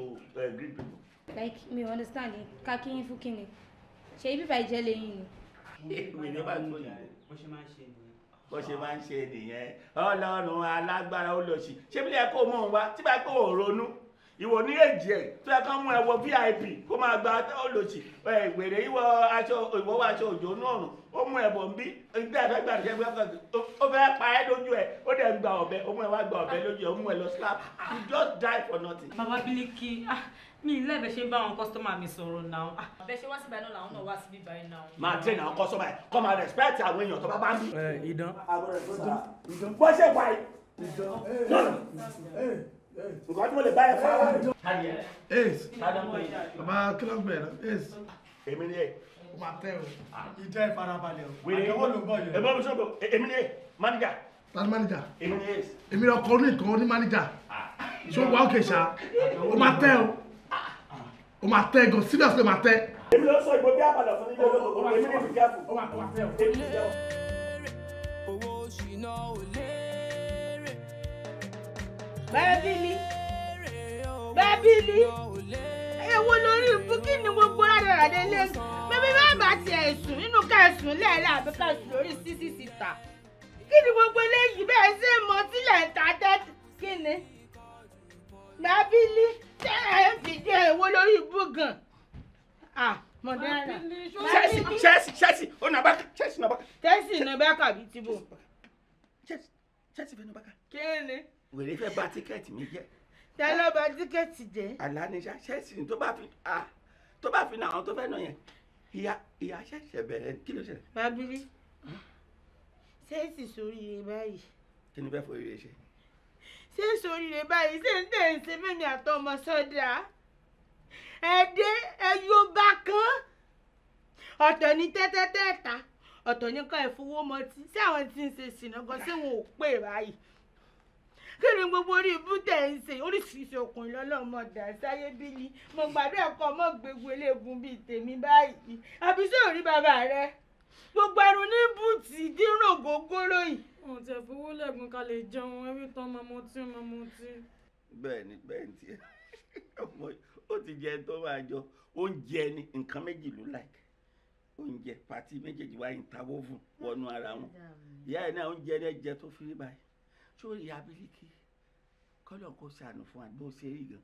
e, green people. like me, ò understand ká kí yín fún kíni ṣe ibi bá ìjẹ́ lẹ́yìn ni. èmi ni bá tó yìí. bó ṣe máa ń ṣe nìyẹn. bó ṣe máa ń ṣe nìyẹn ọlọ́run alágbára ó lọ sí ṣé bí kó mọ̀ wá tí bá kó ronú ìwọ ní èjì ẹ tó yẹ kán mú ẹ wọ vip kó máa gba olòṣì ẹ wèrè ìwọ aṣọ ìwọ aṣọ òjò ní ọrùn ó mú ẹ bọ̀ ń bí nígbà tó gbà tó gbà ó fẹ́ pa ẹ lójú ẹ ó dẹ̀ ń gba ọ̀bẹ ó mú ẹ wá gba ọ̀bẹ lójú ẹ ó mú ẹ lọ slap you just die for nothing. bàbá Bílíkì ah, mi ilé ẹ̀bẹ̀ ṣe ń bá àwọn kọ́sítọ́mà mi sọ̀rọ̀ náà. Ah, bẹ́ẹ̀ ṣe wá síbẹ̀ náà làwọn náà wá síbí báyìí náà. máa tẹ̀ náà kọ́sọ́mà ẹ̀ kọ́ máa respect àwọn èèyàn tó bá bá ń bí. ìdán bó ṣe wà yìí nǹkan tí mo lè bá ẹ fà á. ace baba kílọ̀ bẹ̀rẹ̀ ace. èmi ni ẹ. o que tẹ o ìjẹ́ ìfarabalẹ̀ o àtẹwọ́ ló ń bọ̀ yẹn. manager. tani manager. èmi ni ace. èmi lọ kọ ní nǹkan ní manager. so wa ó kè sa o ah. ma tẹ o o ma tẹ gan serious o ma tẹ. èmi ló sọ ìbò bí abalẹ̀ fún mi lọ́wọ́ èmi ni ìfìyàfù. o ma tẹ bẹ́ẹ̀bílì bẹ́ẹ̀bílì èwo lórí ibú kí ni gbogbo rádaràdé lé bẹ́ẹ̀bí bá bá tiẹ̀ sùn nínú kẹsùn lẹ́ẹ̀lẹ́ àbí kẹsùn lórí sísí síta kí ni gbogbo eléyìí bẹ́ẹ̀ ṣe mọ sílẹ̀ ń ta tẹ́ kí ni bẹ́ẹ̀bílì tẹ́ ẹ̀ ń fìdí èwo lórí ibú gan chelsea chelsea chelsea o na baka chelsea na baka. chelsea na baka bi ti bo. chelsea chelsea fẹ́ na baka. kí ni wèrè fẹ́ bà tíkẹ́ẹ̀tì mi jẹ́. ta ló bà tíkẹ́ẹ̀tì jẹ́. àlàníṣà ṣẹ́ẹ̀sì tó bá fi tó bá fi nà àwọn tó fẹ́ nà yẹn ìyá ìyá ṣẹ̀ṣẹ̀ bẹ̀rẹ̀ kí ló ṣẹlẹ̀. babili ṣẹ́ẹ̀sì sórí báyìí. kí ni bẹ́ẹ̀ fọ ire ṣe. ṣé sórí báyìí ṣé ń tẹ̀ ń ṣe fẹ́mi àtọmọ sọ́dà ẹ̀ẹ́dẹ́ ẹ̀yọba kan ọ̀tọ̀ ní tẹ́tẹ́tẹ́ta ọ̀tọ̀ ní kan ẹ̀fowómọtí sí àwọn tí ń ṣe sìnàgọ́ sí wọn ò pè báyìí kí ni gbogbo orí ibú tẹ̀ ń ṣe oríṣiríṣi ọkùnrin lọ́lọ́mọ dà sáyé bílí mo gbàdúrà kọ́ mọ́ gbogbo eléegun bíi tèmi báyìí àbí ṣé ò rí bàbá rẹ gbogbo ẹrù ní bùtì dírò gógóró yìí. wọn tẹ fowó lẹgùn ká jẹun ẹbí tán máa mọ máa mọ tí. bẹ́ẹ̀ni bẹ́ẹ̀ni tiẹ ó ti jẹ tó máa jọ oúnjẹ ni nǹkan méjì ló láìka oúnjẹ pàtí méjèèjì wáyé ń tawó fún wọnú ara wọn ìyá ẹ náà oúnjẹ rẹ jẹ tó fi rí báyìí tó ìyá bílíkì kọ́lọ̀ kó ṣàánú fún wa bó ṣe rí gan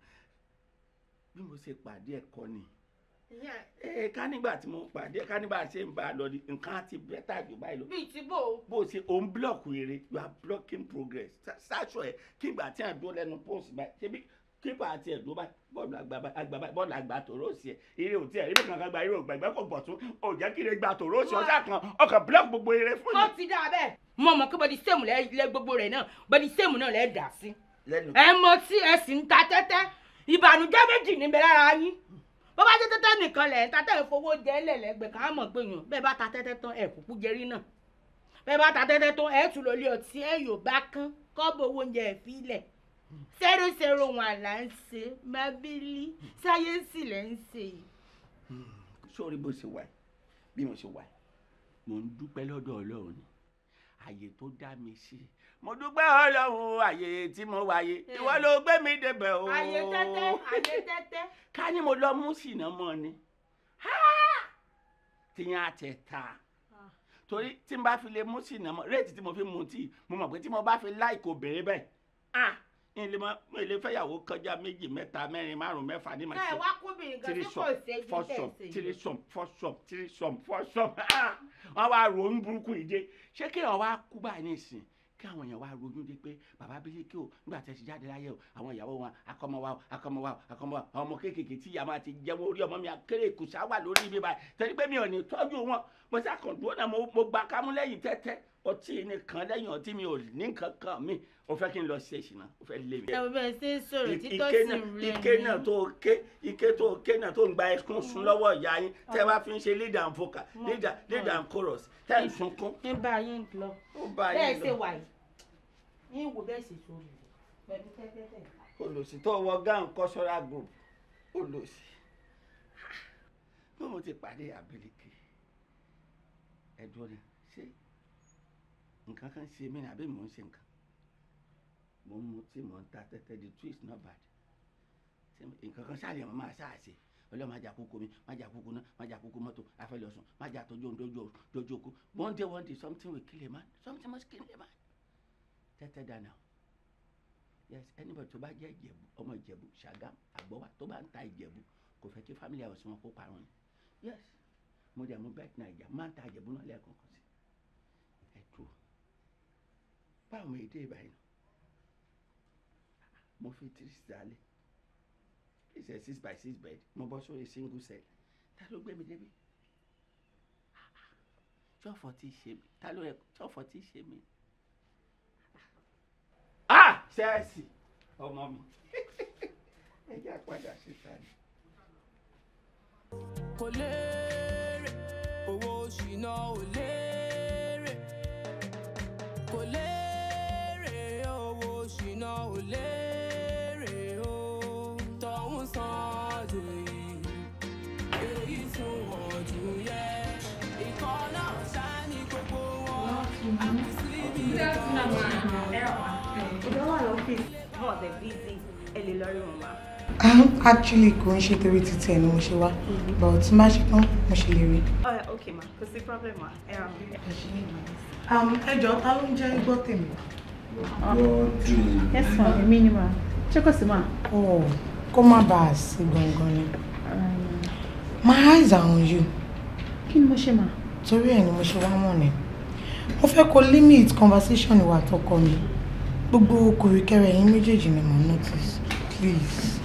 bí mo ṣe pàdé ẹ̀kọ́ ni ẹ ká nígbà tí mo pàdé ká nígbà ṣe ń bá a lọ nǹkan àti bẹ́tà jù báyìí lọ. bíi ti bò. bó o ṣe o ń búlọ̀kù eré you are blocking progress ṣáṣọ ẹ kí ìgbà tí à ń dúró lẹ́nu báyìí ṣe bí kípa àti ẹ̀dùn báyìí bọ́ọ̀lù àgbà báyìí bọ́ọ̀lù àgbà tòró sí ẹ̀ eré ò tí ẹ̀ eré kankan gba eré ò gbàgbẹ́ kò gbọ̀tún ò jẹ́ kí eré gba tòró sí ọjà kan ọkàn bílọ̀kì gbogbo eré fún mi. ó ti dáa bẹ́ẹ̀ mo mọ̀ pé bọ́dí sèmù lẹ́ gbogbo rẹ̀ náà bọ́dí sèmù náà lẹ́ dà sí. ẹ mọ tí ẹ sì ń ta tẹ́tẹ́ ìbànújẹ́ méjì níbẹ̀ lára yín bó bá jẹ́ tẹ́tẹ́ nìkan lẹ̀ ń ta tẹ́ ìfowó jẹ́ lẹ̀lẹ́gbẹ̀ ká mọ̀ pé yàn bẹ́ẹ̀ bá ta tẹ́tẹ́ tán ẹ̀ kúkú jẹrí náà bẹ́ẹ̀ bá ta tẹ́tẹ́ tán ẹ̀ tún lọ lé ọtí ẹ̀ yóò bá kán kọ́ bó owó oúnjẹ ẹ̀ fi lẹ̀ zero zero one là ń ṣe mábílí sáyẹ́nsì lẹ́ ń ṣe yìí. sórí bó ṣe wà bí mo ṣe wà mo ń dúpẹ́ lọ́dọ̀ ọlọ́run ni àyè tó dá mi sí mo dúpẹ́ ọlọ́run àyè tí mo wáyé eh. ìwọ ló gbé mi débẹ̀ o. àyè tẹ́tẹ́ àyè tẹ́tẹ́. ká ní mo lọ mú sínà mọ́ ni tìyẹn àtẹ̀ta ah. torí tí n bá fi lè mú sínà mọ́ réètì tí mo fi mú tíì mo mọ̀ pé tí mo bá fi láì bẹ̀rẹ̀ bẹ́ẹ̀ ah, n lè mọ mo lè fẹ́yàwó kọjá méjì mẹ́ta mẹ́rin márùn mẹ́fà ní màá ṣe. ẹ wá kóbìnrin gan tí kò ṣẹ́jú tẹ̀sí. tírísọ̀m fọ́sọ̀m tírísọ̀m fọ́sọ̀m wọ́n wá ro ń burúkú ìdè ṣé kí wọ́n wá kú báyìí nísìn kí àwọn èèyàn wá ronú dé pé bàbá Bílíkì o nígbà tí ẹ ti jáde láyé o àwọn ìyàwó wọn akọmọ wa o akọmọ wa o akọmọ wa ọmọ kéékèèké tí ìyá máa ti jẹun orí ọmọ mi akéré ìkùsà wà lórí mi báyìí torí pé mi ò ní tọ́jú wọn mo sá kàn dúró náà mo gba kámú lẹ́yìn tẹ́tẹ́ ọtí nìkan lẹ́yìn ọtí mi ò ní nǹkan kan mi o fẹ́ kí n lọ ṣe ìṣìnà o fẹ́ lé mi. ẹ bẹ ṣe sọ̀rọ̀ títọ́ sí rẹ ni ike náà tó ké ike tó ké náà tó ń gba ẹkún sun lọ́wọ́ ìyá yín tẹ́ wá fi ń ṣe lead and vocal lead and and chorus tẹ́ ń sunkún. ní bá yín lọ bẹ́ẹ̀ ṣe wà yìí ní ìwò bẹ́ẹ̀ ṣe tó rè pẹ̀lú tẹ́tẹ́tẹ́. olùsí wọ gown cultural group olùsí mo ti pàdé àbílíkì ẹ̀dùn rẹ̀ ṣé nǹkan kan ṣe mí ni àbí mò ń ṣe nǹkan mo ń mutí mo ń ta tẹ́tẹ́ the two is not bad nǹkan kan sáà lè mọ́ máa sáà ṣe ọlọ́run ajá kúkú mi májà kúkú náà májà kúkú mọ́tò afẹ́lẹ́sùn májà tọ́jú ohun dojú okú one day one day something will kill a man something must kill a man tẹ́tẹ́ dáná yes anybody tó bá jẹ́ ìjẹ̀bú ọmọ ìjẹ̀bú ṣàgám àgbọ̀wá tó bá ń ta ìjẹ̀bú kò fẹ́ kí family house wọn kó parun ni yes mo dẹ̀ mo bẹ́ẹ̀ tẹ̀ nàìjà máa ń ta ìjẹ̀bú náà lẹ́ẹ̀kọ̀ọ̀kan sí ẹ̀ tó báwọn èdè ìbáyìí mo fi three dálẹ̀ it's a six by six bed mo bọ́ sórí single cell ta ló gbé mi débi ṣọ́ọ̀fọ̀ tí ì ṣe mi ta ló yẹ ṣọ́ọ̀fọ̀ ṣe mi ah ṣẹ́ẹ̀sì ọmọ mi ẹ jẹ́ àpàdà síta ni. kò lérè owó ṣìnà ò lérè. they're busy ẹ lè lọ rí wọn um, actually going to ṣe torí títí ẹni mo mm-hmm. but tí má ṣe tán mo ma What's the problem ma ẹ ràn mí. How jọ do you ń jẹ́ gbọ́ tèmi. yes ma èmi ni ma ṣé kò sí ma. kó má bàa sí gangan ni. my eyes are on you. kí ni mo ma. Sorry, I'm ni mo ṣe wá mọ̀ ni mo limit conversation you are talking. Mm -hmm gbogbo kòríkẹrẹ yín méjèèjì ni mo notice please.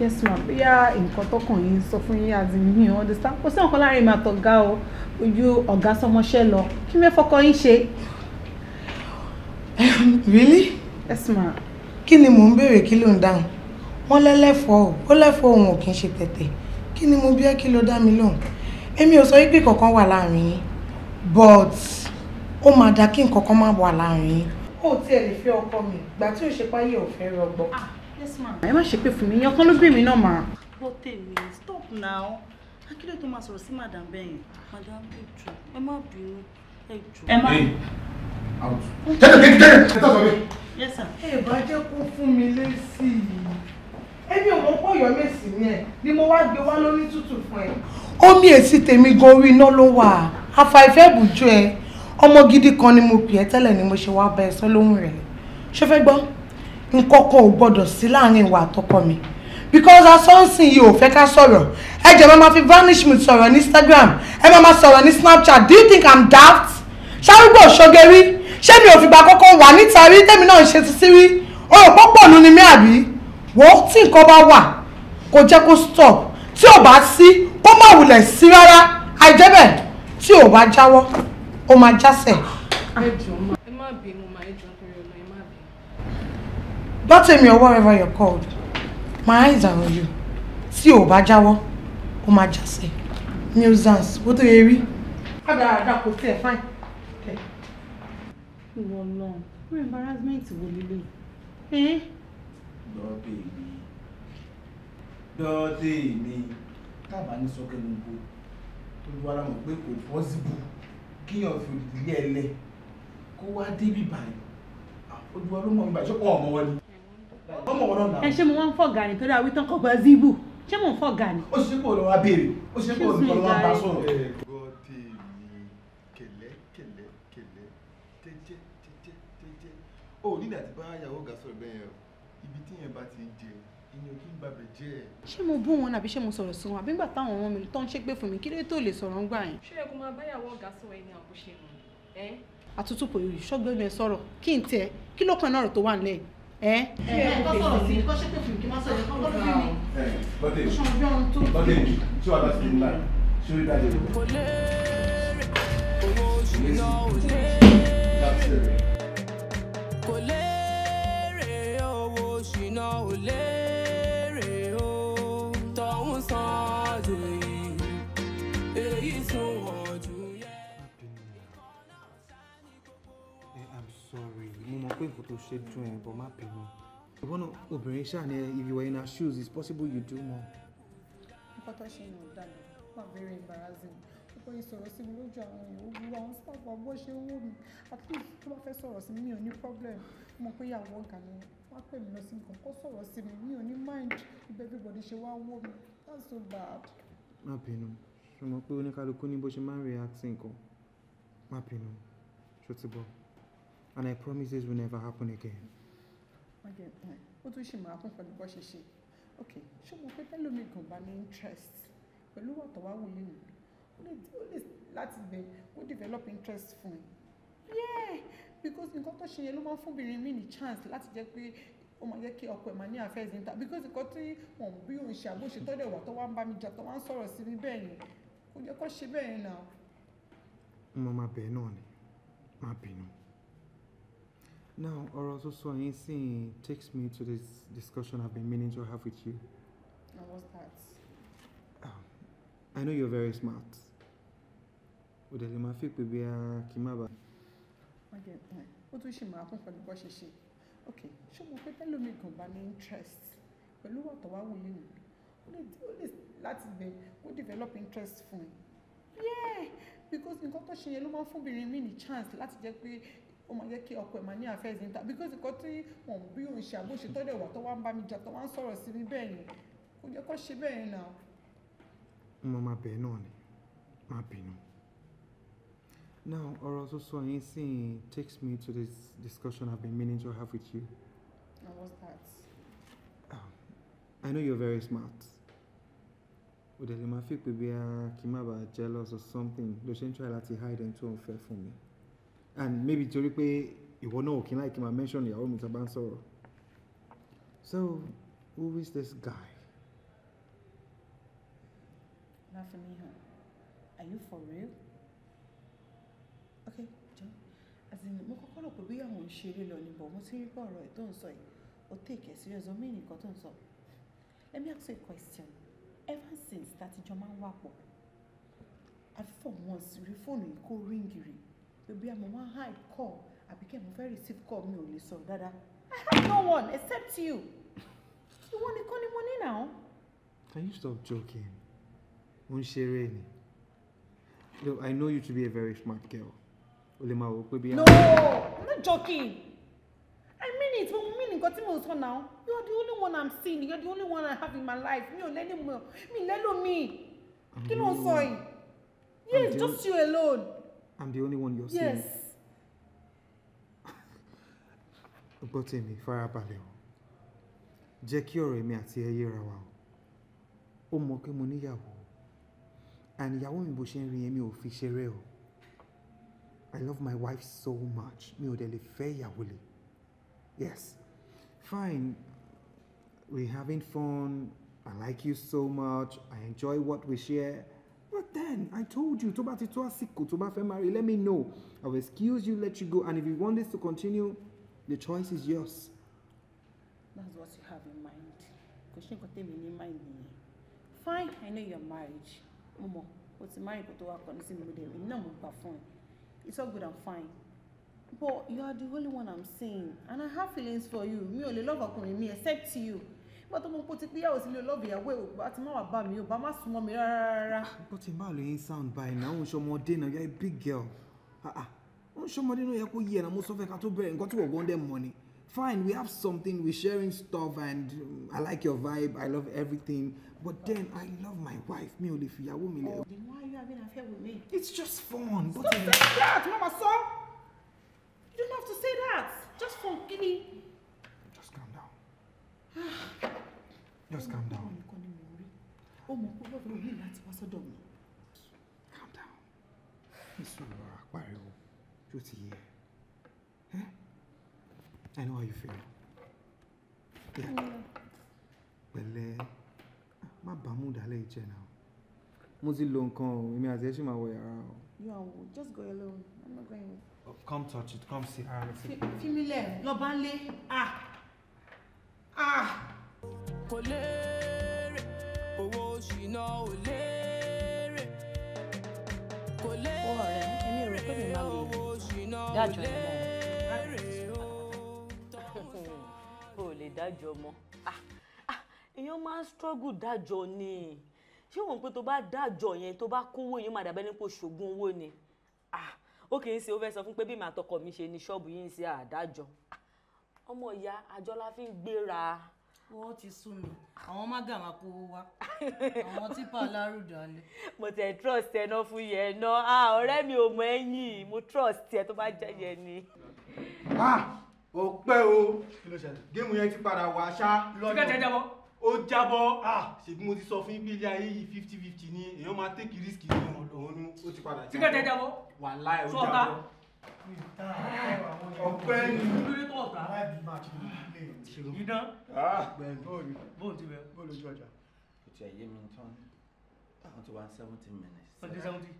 yes ma bóyá nǹkan tọkàn yín sọ fún yín àti mi ò understand kò sí nǹkan láàrin mi àtọ̀gá o ojú ọ̀gá sọmọṣẹ́ lọ kí mẹ́ fọkọ yín ṣe. really. yes ma. kí ni mò ń béèrè kí ló ń dáhùn wọ́n lẹ́lẹ́fọ̀ọ́ ó lẹ́fọ̀ọ́ òun ò kì í ṣe tẹ̀tẹ̀ kí ni mo bí ẹ́ kí ló dá mi lóhùn èmi ò sọ wípé kankan wà láàrin yín but ó máa dá kí nǹkan kan má wà láàrin yín. ó tiẹ̀ lè fẹ́ ọkọ mi ìgbà tí ò ṣe páyé ò fẹ́ rọgbọ. Ah, ẹ má ṣe pé fún mi ìyẹn kan ló bí mi náà mà. gbọ́ tèmi stop now akílẹ̀ tó máa sọ̀rọ̀ sí madam bẹ́yìn madam ẹjọ́ ẹ má bínú ẹjọ́. ẹ má. jẹ́jẹ́ kí jẹ́jẹ́ ẹ tọ́ sọ mi. ẹ bá jẹ́ kó fún mi lésì ẹbí ò mọ̀ pé ọ̀yọ́ mèsì ni ẹ̀ ni mo wá gbé wá lórí tútù fún ẹ. ó mi èsì tèmi gan orí iná ló wà àfàìfẹ́ bùjú ẹ ọmọ gidi kan ni mo pè ẹ́ tẹ́lẹ̀ ni mo ṣe wá bá ẹ sọ lóhùn rẹ̀ ṣé fẹ́ gbọ́ nǹkan kan ò gbọ́dọ̀ sí láàrin ìwà àtọkọ mi because asọ́nsìn yìí ò fẹ́ ká sọ̀rọ̀ ẹ jẹ́ máa fi vanishment sọ̀rọ̀ ní Instagram ẹ máa máa sọ̀rọ̀ ní Snapchat do you think I'm daft ṣárúgbó ṣogeri ṣé mi ò fìgbà kọ́kọ́ wà níta rí tẹ́mi náà ń ṣe ti sí rí orò pọ́pọ̀ nu ni mí àbí wò ó tí nǹkan bá wà kò jẹ́ kó stop tí ò bá sí kó má wulẹ̀ sí rárá àìjẹ́bẹ̀ tí ò bá jáwọ́ ó máa jásẹ̀. don't take me or whatever you're called my eyes are on you tí ò bá jáwọ́ ó máa jásẹ̀ nuisance ó tó yẹ rí. kábàá àdá kò tiẹ̀ fáìn. ìwọ lọ fún embarrassment wo lílé. lọ́ọ̀dẹ̀ mi lọ́ọ̀dẹ̀ mi tábà ní sọ́kẹ́ ló ń bọ̀ tó wá láwọn pé kò possible kíyàn fi òdìdí ẹlẹ kó wá débi báyìí ojú ọlọ́mọ mi báyìí ṣé ọmọ wọn ni ọmọ wọn náà. ẹ ṣé mo máa ń fọ̀gà ni torí àwítán kọ́ gba zibu ṣé mo ń fọ̀gà ni. ó ṣe kó lọ wá béèrè ó ṣe kó lọ wá bá sọ̀rọ̀. ẹ gbọ́ tèmi kẹ̀lẹ́kẹ̀lẹ́ kẹ̀lẹ́ tẹ́jẹ́ tẹ́jẹ́ tẹ́jẹ́ ó nígbà tí bá yàwó gà sọ̀rọ̀ bẹ́ẹ̀ ibi tí yẹn bá ti jẹ ìyẹn kí n bàbẹ̀ jẹ́ ẹ̀ ṣé mo bú wọn àbí ṣé mo sọ̀rọ̀ sí wọn àbí nígbà táwọn ọmọ mi tó ń ṣépè fún mi kí lóye tó lè sọ̀rọ̀ ń gbà yẹn. ṣé ẹ kò máa báyàwó ọ̀gá sọ̀rọ̀ ẹni àkóṣe mi ẹ́. àtútù kò yòòyì ṣọ́gbẹ́ mi sọ̀rọ̀ kí n tẹ kí ló kan náà tó wà nílẹ̀ ẹ́. ẹ ẹ kọ́ sọ̀rọ̀ sí kọ́ ṣépè fún mi kí n má sọ̀rọ̀ kọ́ ló bí mi. ẹ bọ́dẹ̀ tí wàá bá ti ń la ṣé ó rí dájú rẹ̀. kò lérè owó ṣìnà ò lérè. pé nǹkan tó ṣe dùn ẹ̀ bọ́ má bínú ìwọ náà obìnrin ṣáà ni if you were in her shoes it's possible you do more. nǹkan tó ṣe yàn dànù wà very embarrassing ó yẹ sọ̀rọ̀ sí mi lójú àwọn èèyàn ogun àwọn staff àbọ̀ ṣe ń wò mí at least tó bá fẹ́ sọ̀rọ̀ sí mi mi ò ní problem mo pé ìyàwó ọ̀gá ni wọ́n á pè mí lọ sí nǹkan kó sọ̀rọ̀ sí mi mi ò ní mind ibẹ̀ everybody ṣe wá wò mí that's so bad. má bínú ṣùgbọ́n pé oníkálukú ní bó ṣe máa ń react nǹkan má bínú ṣó ti bọ̀ and I promise this will never happen again. Eh, ó tún ṣì máa kún pẹ̀lú bó ṣe ṣe ok ṣé mo pé tẹ́lómi to bá ní interest pẹ̀lú ọ̀tọ̀ wá wò lè nù ó lè láti bẹ develop interest fún ẹ yeah because nǹkan tó you yẹn ló máa ń fúnbìnrin mi ní chance láti jẹ́ pé ó máa jẹ́ kí ọkọ ẹ̀ máa ní affairs níta because nǹkan tí wọ́n bí òun ṣe àbóṣe tọ́lẹ̀ wà tó wá ń bá mi jà tó wá ń sọ̀rọ̀ sí mi bẹ́ẹ̀ yẹn kò jẹ́ kó ṣe bẹ́ẹ̀ yẹn náà. mo máa bẹ̀ẹ́ náà ni máa bínú. Now, ọ̀rọ̀ tó sọ takes me to this discussion I've been meaning to have with you. And what's that? Um, I know you're very smart. Òdèlè máa fi pè bí a kì í má bàa. Ọ̀gẹ̀ ẹ̀ ó tún ṣì máa kún pẹ̀lú bó ṣe ṣe. Ok, ṣé mo pé interest pẹ̀lú ọ̀tọ̀ wá wò lẹ́nu? Ó lè ó lè láti develop interest fún ẹ. Yeah, because nǹkan tó ṣe yẹn ló máa ń fún chance let's jẹ́ ó máa jẹ́ kí ọkọ ẹ̀ máa ní affairs níta because nǹkan tí wọ́n bí òun ṣe àbóṣe tó dẹ̀ wà tó wá ń bá mi jà tó wá ń sọ̀rọ̀ sí mi bẹ́ẹ̀ yẹn kò jẹ́ kó ṣe bẹ́ẹ̀ yẹn náà. mo máa bẹ̀ẹ́ náà ni máa bínú. now ọ̀rọ̀ tó yín sí takes me to this discussion I've been meaning to have with you. and what's that. Um, I know you're very smart. Òdèlè máa fi pè bí i kí n má bàa jealous or something ló ṣe ń try láti hide ẹni tó ń fẹ́ fún mi and maybe torí pé ìwọ náà ò kí n láì kí n máa mention ìyàwó mi tá a bá ń sọ̀rọ̀ so who is this guy. Láfẹ́míhàn are you for real? okay jọ àzìmí mo kọ́kọ́ rò pé bí àwọn ń ṣeré lọ níbọ̀ mo ti rí bọ́ ọ̀rọ̀ ẹ̀ tó ń sọ yìí ó take it serious omi nìkan tó ń sọ let me ask you a question ever since that máa ń wà pọ̀ àfi for once rí fóònù yìí kó ríngì ríngì pé bí àmọ́ wọ́n hide call àbí kẹ́ mo fẹ́ receive call mi ò lè sọ̀rọ̀ dáadáa I have no one except you ìwọ nìkan ni mo ní náà. Can you stop joking? Ó ń ṣeré ni. Look, I know you to be a very smart girl. O lè máa wò pé bí. No, I'm not joking. I mean it, mo mean nǹkan tí mo sọ náà. You are the only one I'm seeing, you are the only one I have in my life. Mi ò lẹ́nu mi, mi lẹ́nu mi. Kí ló ń sọ yìí? Yes, just you alone. I'm the only one you're yes. seeing. Yes. Gbọ́ tèmi farabalẹ̀ o. Jẹ́ kí ọ̀rọ̀ èmi àti ẹ yéra wa o. Ó mọ pé mo níyàwó. And ìyàwó mi bó ṣe ń rin èmi ò fi ṣeré o. I love my wife so much. Mi ò dẹ̀ lè fẹ́ ìyàwó lè. Yes. Fine. We're having fun. I like you so much. I enjoy what we share. But then I told you, tó bá ti tó àsìkò, tó bá fẹ́ marry, let me know. I will excuse you, let you go. And if you want this to continue, the choice is yours. That's what you have in mind. Kò ṣe nǹkan tèmi ní mind nìyẹn. Fine, I know your marriage. Mo mọ̀, the marriage marry kó tó wá kọ́ni sí mi lóde mi, náà mo It's all good and fine. But you are the only one I'm seeing and I have feelings for you. Mi ò lè love ọkùnrin mi except you nígbà tó mọ pé ó ti pínyàwó sílé olóòbí ìyàwó ẹ̀ òbá ti má wà bá mi òbá má súnmọ́ mi rárá. Ah, bó ti máa lóyún sound báyìí náà òun ṣọmọdé náà yẹ big girl òun ah, ah, ṣọmọdé náà yẹ kó yẹ náà mo sọ fẹ́ ká tó bẹ̀rẹ̀ nǹkan tí wọ́n gbọ́n dẹ̀ mọ́ ni fine we have something we sharing stuff and um, I like your vibe I love everything but then I love my wife mi ò lè fìyàwó mi lẹ. Oh, then why you having affair with me. it's just fun. stop saying that mama sọ you don't have to say that just fun kini. Just calm down. Ó mọ̀ pé bọ́ọ̀lù yìí láti wá sọ́dọ̀ mi. Calm down. Ìṣòro àpariwo Just ti yẹ. I know how you feel. Yeah. má bàá mú ìdálẹ́ ìjẹ́ náà. Mo ti lo nǹkan o, èmi àti ẹ̀ ṣì You are old. Just go alone. I'm not going with. Oh, come touch it. Come see her. Fimile, lọ bá ń Ah! dájọ́ ẹ̀ mọ́. o lè dájọ́ mọ́ ah, ah, èèyàn máa ń struggle dájọ́ ni ṣé wọn pé tó bá dájọ́ yẹn tó bá kówó yẹn máa dàbẹ́ nípò ṣògùn owó ni ah, ó kì í ṣe ó fẹ́ sọ fún pé bí màá tọkọ mi ṣe ni ṣọ́ọ̀bù yìí ń ṣe àdájọ́ ọmọ ìyá àjọ la fi ń gbéra ó ti sú mi àwọn mága máa kó owó wá àwọn tipa alárùdà mo tẹ trust ẹ náà fún yẹn náà ọ̀rẹ́ mi ò mọ ẹ̀yìn mo trust ẹ tó bá jẹ yẹn ni. ó pẹ́ o géèmù yẹn ti padà wá ṣá lọ́dọ̀ ó jábọ́ ṣèbí mo ti sọ fún ilé ayé yìí fifty fifty ni èèyàn máa tẹ́kì rísíkì ní ọ̀dọ̀ ọ̀run ó ti padà jábọ́ wàhálà ẹ̀ ó jábọ́ ọpẹ́ ni lórí tó ọ̀tá láìbí máa ti lè ìdán bẹ́ẹ̀ni bóun ti bẹ bóun lójú ọjà. kò tí ẹ yé mi tán àwọn tó wá seventy minutes. ọdún seventy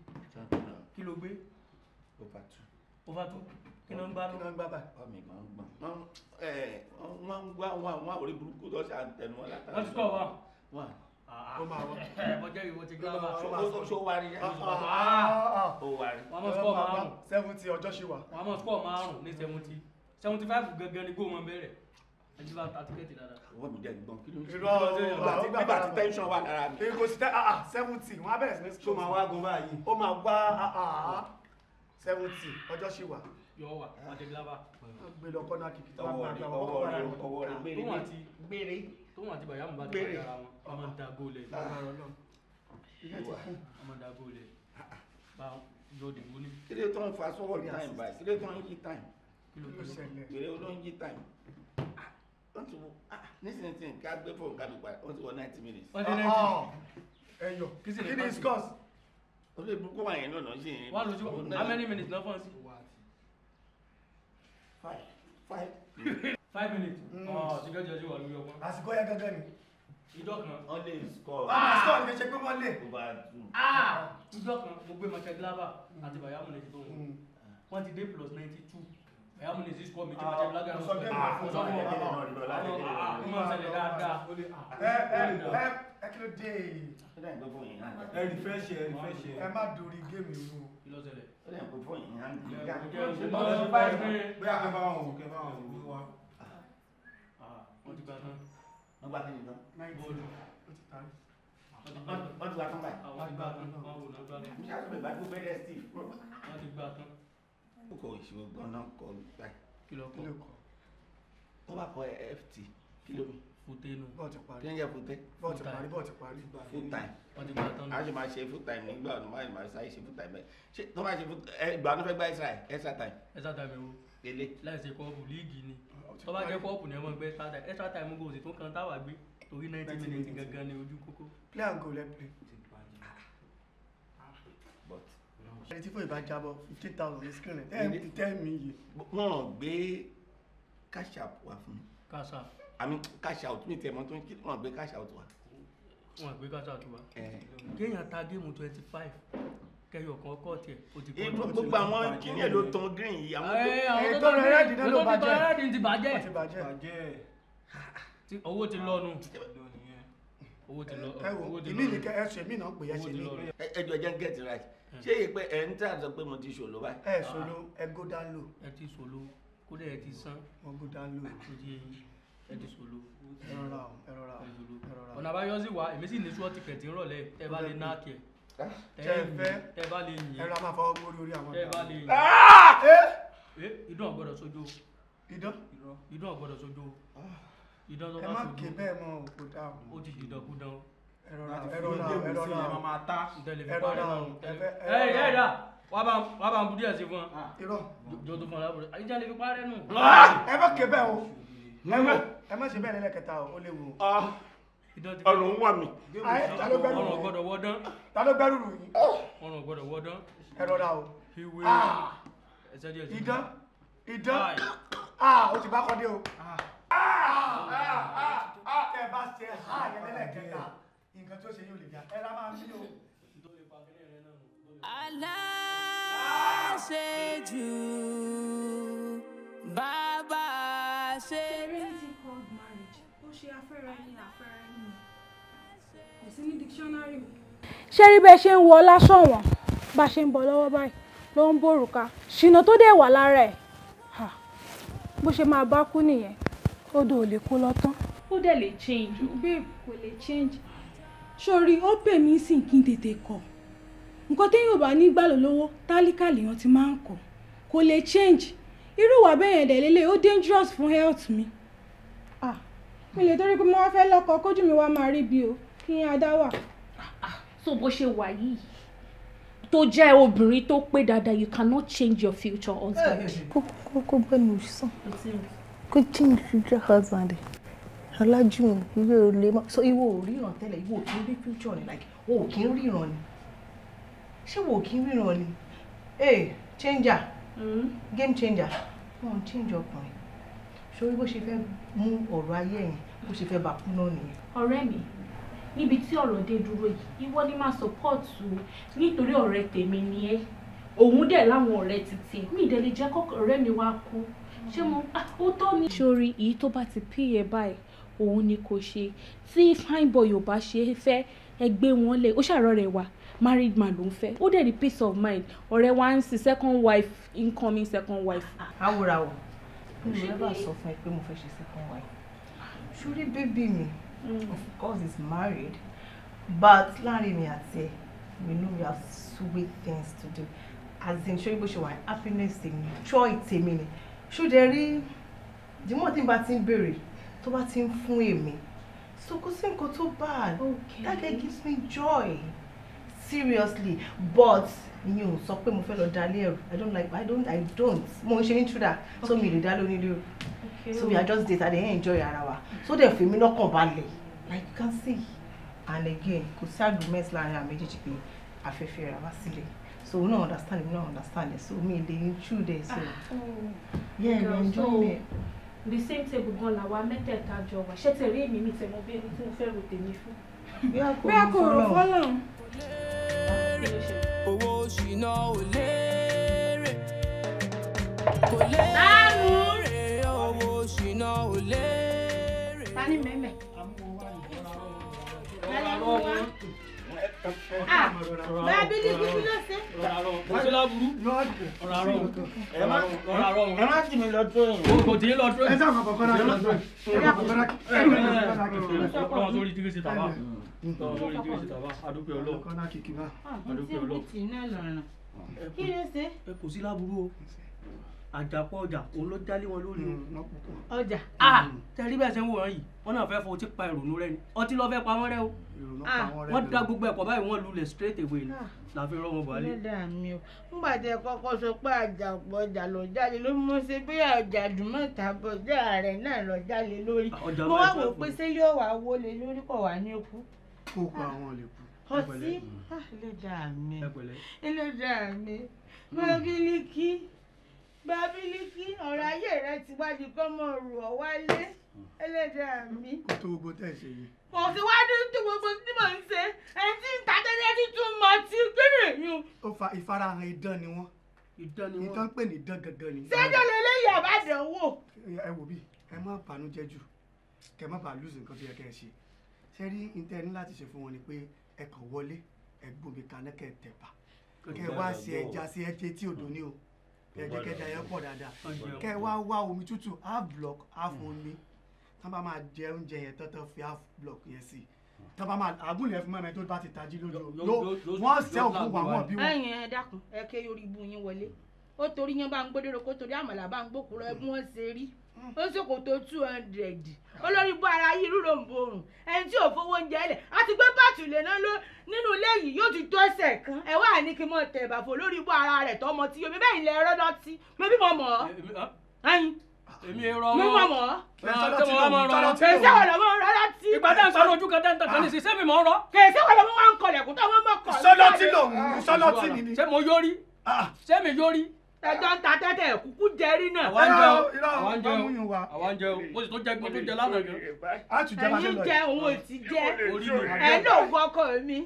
kí ló gbé. over two. over two kí ló ń gbá ló. kí ló ń gbá báyìí. ọmọ ìgbà ń gbọ̀n. wọ́n ń gbá wọn àwọn orí burúkú tó ṣe àtẹnuwọ́n látara. wọ́n ti kọ́ wa. one ọjọ́ ah, ìwọ ah. ti gbá wa ṣó wa rí ah, ó wa rí. wọ́n mọ̀ sọ́ọ̀ márùn-ún seventy ọjọ́ ṣe wà. wọ́n mọ̀ sọ́ọ̀ márùn-ún ní seventy seventy five gangan ni góòmọ̀ bẹ̀rẹ̀ ẹjú bá ta tíkẹ́ẹ̀tì dáadáa. ọwọ́ mi jẹ́ gbọ́n kí ló ń ṣe. irọ́ nígbà tí tẹ́ńsán wà lára mi. èkó sí seventy wọ́n á bẹ̀rẹ̀ sí ní sọ́ọ̀. ó máa wá gan báyìí. ó máa wá seventy ọjọ́ ṣe wà yọ wà adélábà. gbé lọ kọ́nà kìkì. ọwọ́ rẹ ọwọ́ rẹ gbére tó wọn àti bàyá mú bá ti bàyá ara wọn ọmọ ń dago lẹ ọmọ ń dago lẹ bá yọ dìbò ní. kílé tó ń fa sọ́wọ́ ní àìsàn báyìí kílé tó ń yí táìmù kílé tó ṣẹlẹ̀ kílé tó ń yí táìmù wọ́n ti wọ nísìnyí tí nǹkan gbé fún nǹkan mi pa wọ́n ti wọ ninety minutes. wọ́n ti ah, ninety ẹyọ ah. eh, kí ni discuss. o lè burúkú wà yẹn náà náà ṣe yẹn. wọ́n lójú how many minutes lọ́fọ̀ọ́sì. five five. five minutes. àtijọ́ hmm. ah, jẹ́ sí wà lórí ọgbọ́n. àsìkò yẹn gángan ni. ìjọ kan. wọ́n lè score. ah score ni ṣe pé wọ́n lè. kò bá dùn. ah ìjọ kan mo gbé mọ̀ṣẹ́ gíláàbà hmm. àti bàyá múlẹ̀ ti tó wọn. Hmm. wọ́n ti dé plus ninety two bàyá múlẹ̀ ti score méjì mọ̀ṣẹ́ gíláàbà. mo sọ pé ah, mo sọ pé mo sọ pé mo sọ pé ẹ kí ló dé ẹ eh, refresh ẹ refresh ẹ má dorí géèmì inú ìlọsẹlẹ ó lè kó fún yìnyín hàn eh, kí n gbà. bóyá kẹfà wọn wò kẹfà wọn wò wá wọ́n ti gba tán. wọ́n gba kí ni tán. bọ́ọ̀lù ó ti tán. wọ́n ti gba tán báyìí. àwọn ti gba tán náà wọ́n wò náà gba tán. mo ṣáà tún bẹ̀ gbàgbó bẹ́ẹ̀ steve. wọ́n ti gba tán. ó kọ ìṣòro kọ báyìí. kí ló kọ kọ ft kí ló mi. fute nù. bọ́ọ̀ ti parí. kíni jẹ́ fute. bọ́ọ̀ ti parí bọ́ọ̀ ti parí. full time. wọ́n ti gba tán náà. a ṣe máa ṣe full time nígbà ọdún máa máa ṣe ṣe full time ẹ ṣe tó máa ṣe full gbà ló fẹ́ gba tó bá jẹ́ kọ́ọ̀pù ni ẹ mọ̀ gbé extra time extra time goals tó kan táwa gbé torí ninety minutes gangan ni ojú kókó. play and go let play. Ah. but ẹni tí fún ìbájábọ̀ fifteen thousand ní screen rẹ̀ tẹ́ mi yìí. wọ́n gbé cash app wá fún mi. cash app. cash out mi tẹ̀ mọ́ tó ń kí wọ́n gbé cash out wá. wọ́n gbé cash out wá. kéèyàn ta géèmù twenty five kẹyọ kan kọ tiẹ o ti kọ tiẹ. gbogbo àwọn kìnìún ló tan green yìí. àwọn tó tán green tó tó tán rẹ́ẹ̀dì ti bàjẹ́. owó ti lọ́nu owó ti lọ owó ti lọ ìmí nìkan ẹ ṣe mí náà pè é ṣe mí. ẹjọ jẹ get right ṣé yìí pé ẹ ń tà sọ pé mo ti ṣòlò báyìí. ẹ ṣòlò ẹ go down low. ẹ ti ṣòlò kódà ẹ ti san. mo go down low. o ti yẹn ẹ ti ṣòlò. ẹ rọra o ẹ rọra o ẹ rọra o. ọ̀nà àbáyọ sì wá èmi sì ní sọ́ọ̀tì kẹ̀tì ń rọ̀lẹ́ ẹ bá lè náà kẹ̀ tẹ́ẹ̀fẹ́ tẹ́ẹ̀bá lè yìn ẹ̀rọ máa fọwọ́ mórí orí àwọn tẹ́ẹ̀bá lè yìn ẹ́ ah! eh! eh, idán ọ̀gbọ́dọ̀ sójó idán idán ọ̀gbọ́dọ̀ sójó ah! idán tó bá sójó ẹ má ké bẹ́ẹ̀ mọ́ òkú dá o ti fi ìdọ̀kú dán ẹ̀rọ náà ẹ̀rọ náà ẹ̀rọ náà ẹ̀rọ máa tá ẹ̀rọ náà ẹ̀rọ náà ẹ̀rọ wà bá ń bu díẹ̀ sí fún wa ah! jọ tó fún wa lábúrò àyíjá lè fi parẹ́ nù. ẹ má ké bẹ́ẹ̀ o ẹ má ṣe bẹ́ẹ̀ lẹ́lẹ́kẹta o ó léwu o ọ̀rọ̀ ń wà mí. ọ̀rọ̀ gbọ́dọ̀ wọ́dán. ọ̀rọ̀ gbọ́dọ̀ wọ́dán. ẹ o. ìwé ah! idán idán ah, o ti bá kọ́ dé o. Ah. ẹ bá ṣe ha yẹn lẹ́lẹ́kẹta nǹkan tó ṣe ní afẹ́rẹ́ sí ní dictionary mi. ṣé rí bẹ́ẹ̀ ṣe ń wọ lásọ̀wọ̀n bá a ṣe ń bọ̀ lọ́wọ́ báyìí ló ń bòrùka ṣìnà tó dẹ̀ wà lára ẹ̀ bó ṣe máa bá kú nìyẹn odò ò lè kú lọ́tán. ó dẹ̀ lè change o. babe kò lè change sórí ó pè mí sìn kí n tètè kọ̀ nǹkan téèyàn ò bá ní gbà tálíkà lèèyàn ti máa ń kọ̀ kò lè change irú ìwà bẹ́ẹ̀ yẹn dẹ̀ lélẹ̀ ó dangerous fún health mi. Ah! mi lè torí pé mo wá fẹ́ lọ́kọ kójú mi wá máa rí bí o kí adá wà. Ah, so bó ṣe wà yìí tó jẹ́ obìnrin tó pé dáadáa you cannot change your future husband. kókó eh, eh, eh. kó gbẹ́nu sàn kó change future husband alájú ìwé ò lè má. so ìwọ ò ríran tẹ́lẹ̀ ìwọ ò kí ń rí future ni like o ò kí ń ríran ni ṣé wo kí ń ríran ni ee changer hmm? game changer wọn change ọkùnrin ṣorí bó ṣe fẹ́ mú ọ̀rọ̀ ayé ẹ̀yìn bó ṣe fẹ́ bàkú náà nìyẹn. ọ̀rẹ́ mi níbi tí ọ̀rọ̀ dé dúró yìí ìwọ ni máa sọ́pọ́ọ̀tù nítorí ọ̀rẹ́ tèmi ni ẹ́ òun dẹ̀ láwọn ọ̀rẹ́ títí mi ìdẹ́lẹ̀ jẹ́ kọ́kọ́rẹ́ mi wá kú ṣé mo ó tọ́ ni. sórí èyí tó bá ti pín yẹn báyìí òun ni kò ṣe tí fine boy ò bá ṣe é fẹ́ ẹgbẹ́ wọn lẹ̀ ó ṣàrọ̀ rẹ̀ wá married man ló ń fẹ́ ó dẹ̀ ní peace of mind ọ̀rẹ́ wa ń sin second wife incoming second wife. àwòrán o mo ṣe bá sọ fún ẹ pé mo fẹ́ ṣe second wife ṣúrí bébí mi mm. of course he's married but láàrin mi àti ẹ we know we have sweet things to do as in show you ṣe wà happiness tèmi joy tèmi ni ṣó dẹ rí dìmọ̀ tí n bá ti ń béèrè tó bá ti ń fún so kò sí nǹkan tó bad okay. that guy gives me joy seriously but you so sọ mo fẹ́ lọ i don't like i don't i don't mo ń ṣe intruder so me lè dá lónílé o so we are just there, and enjoy our hour. so dẹ̀ fèmí lọ́kàn balẹ̀ like you can see and again kò sí agreement láàrin àwọn méjèèjì pé afẹ́fẹ́ ra wá sílẹ̀ so we no understand we no understand it so me dey chew there so ah, oh. yeah we enjoy it. the same table gan la wa mẹ́tẹ̀ẹ̀ta jọ wa ṣé tẹ̀rí èmi mi tẹ̀ mọ́ bí ẹni tí mo fẹ́ rò tèmi fún. bí a kò rò fọ́lọ̀. owó ṣìnà ò léèrè kò léèrè ṣìnà ò léèrè. ta ni mẹ́mẹ́. bẹ́ẹ̀ ah, bí ní kúkú náà ṣe. ọ̀rọ̀ àrọ̀ ọ̀rọ̀ àrọ̀ ọ̀rọ̀ àrọ̀ ẹ má sì mi lọ tó yìí. o kò tí ì lọ tó yìí. ẹ sọ kọ̀ọ̀kan náà lọ tó yìí. ẹ sọ kọ̀ọ̀kan náà lọ tó yìí lórí ìdílé ṣe tàbá adúpẹ́ ọlọ́ adúpẹ́ ọlọ́ kí ló ṣe. ẹ kò sí láburú o àjàpọ̀ ọjà òun ló dálé wọn lórí mm, ọjà mm. ah! a tẹ̀lé bẹ́ẹ̀ ṣe ń wòran yìí wọ́n náà fẹ́ fọ ọtí pa ìrònú rẹ ni ọtí lọ́ọ́ fẹ́ pa ah! wọ́n rẹ o wọ́n da gbogbo ẹ̀kọ́ báyìí wọ́n lulẹ̀ straight away ni ah! láfi rọ́ wọn balẹ̀. ọlọ́dà mi o nígbà tí ẹ kọ́kọ́ sọ pé àjàpọ̀ ọjà lọ jáde ló mú ṣe bí ọjà dùmọ̀tà bọ̀jà rẹ̀ náà lọ jáde lórí mo wá wò pé ṣé yóò wá wọlé lórí kọ̀ wá ní ikú. kó pa àwọn lè kú ọtí ẹlẹ́dàá mi ẹlẹ́dàá mi mọ́gílíkì. Hmm gba bílíkì ọ̀rọ̀ ayé rẹ ti wá di kọ́mọ rù ọ́ wálé ẹlẹ́dàá mi. kó tó gbogbo tẹ̀ ṣe yìí. kò sí wá ní tí gbogbo tí mò ń ṣe ẹni tí ń ta tẹ́lẹ̀ tí tún mọ ti gbére yun. ó fa ìfarahàn idán ni wọ́n. idán ni wọ́n idán pè ní idán gangan ni. sẹ́jọ́ lélẹ́yìí àbádàn wò. ẹ wò bí ẹ má bànújẹ́ jù kẹ má bàa lùsì nǹkan tó yẹ kẹ ẹ ṣe ṣe rí ntẹ ní láti ṣe fún wọn ni pé ẹ kàn wọlé ẹ gbómi kaná kẹ ẹ tẹ̀bà kẹ wá ṣe ẹja ṣe ẹjẹ tí odò ní o ẹ̀jẹ̀kẹ̀jẹ̀ yẹn pọ̀ dáadáa kẹ́ ẹ wá wá omi tútù half block half hmm. only tán bá máa jẹ oúnjẹ yẹn tán fi half block yẹn sí i tán bá máa àbúlé ẹ̀fún mẹ́rin tó bá ti tají lójú wọ́n sẹ́ òkú wà wọ́n bí wọ́n. ẹ̀yin ẹ dákun ẹ ké yorùbá yín wọlé ó torí yẹn bá ń gbódéró kó torí àmàlà bá ń gbókùrọ̀ ẹ bí wọ́n ṣe rí ó ṣòkòtò two hundred olórí bó ara yìí rúrò ń borùn ẹni tí ò fowó oúnjẹ lẹ̀ àti pé bàtù lè ná nínú ilé yìí yóò ti tó ẹsẹ̀ kan ẹ wá ní kí n mọ tẹ̀bà fò lórí bó ara rẹ̀ tọmọ tí yomi bẹ́ẹ̀ ilẹ̀ ẹ̀rọ lọ́tí mo bí mo mọ̀ ọ́ ẹyin èmi èrò ọmọ mo mọ̀ ọ́ kẹsẹ́ wọn lọ́mọ rọ kẹsẹ́ wọn lọ́mọ rọ láti. ìgbà tẹ́ ń sọ lójú kan tẹ́ ń tọ̀tọ̀ ní sísẹ́ mi mọ̀ ọ́ rọ. kẹsẹ́ wọn lọ́mọ wọn kọlẹ̀kùn tó wọn mọ̀ kọlẹ̀. sọlọ́tì lòun sọlọ́tì nìyí. ṣé mo yọrí ṣé mi yọrí. Ah ẹjọ́ ń ta tẹ́tẹ́ kúkú jẹrí náà. àwa jẹ o jẹ o jẹ o mo tó jẹ gbọ́n tó jẹ lánàá gan. ẹ̀yin jẹ òun ò ti jẹ ẹ ló ń gbọ́kọ̀ mi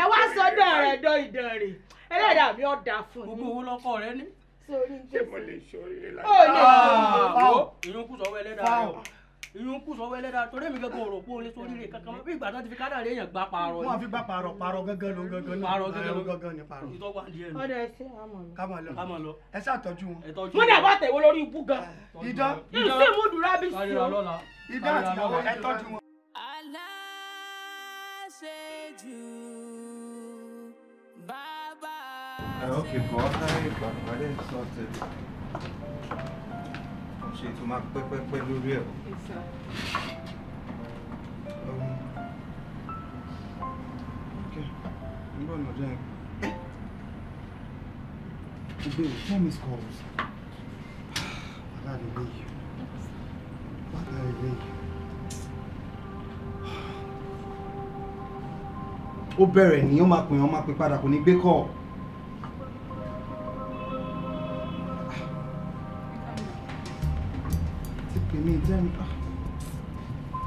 ẹ wá sọ́dọ̀ rẹ̀ dán ìdán rẹ̀ ẹlẹ́dàá mi ò dà fún mi. gbogbo owó lọ́kọ rẹ ní. sórí ń tẹ̀sí. ṣé lè ṣorí rẹ láti. ó lè ah, ṣorí rẹ. ìyókù sọ wẹ́lẹ́dàá rẹ ìyún kù sọ wẹ́lẹ́ dáa torí èmi gẹ́gẹ́ òrò pé orin sórí rè kankan bí ìgbà tó ti fi kádà lé èèyàn gba pààrọ̀ ni. wọ́n fi gba pààrọ̀ pààrọ̀ gángan ló ń gángan ní pààrọ̀ gángan ní pààrọ̀. ìtọ́wà ń di ẹnu. ọ̀dọ̀ ẹ sí àmọ̀ lọ. àmọ̀ lọ. ẹ sá tọ́jú wọn. mo ní àbá tẹ̀wé lórí ikú gan. ìdán. Ah, ìṣe mú dùrá bí sí o. ìdán àti ìyàwó ẹ tọ́jú wọn. aláṣejù bàbá. ẹ ó fi kọ́ ọ́ ṣe tó máa pẹ́ pẹ́ pẹ́ lórí ẹ̀. nígbà um, ọ̀nà jẹ́ ìgbé o four miss calls bàtà ilé yìí bàtà ilé yìí. ó bẹ̀rẹ̀ ní ó máa pè ọ́ máa pè padà kò ní gbé kọ́ọ̀. Give me ah.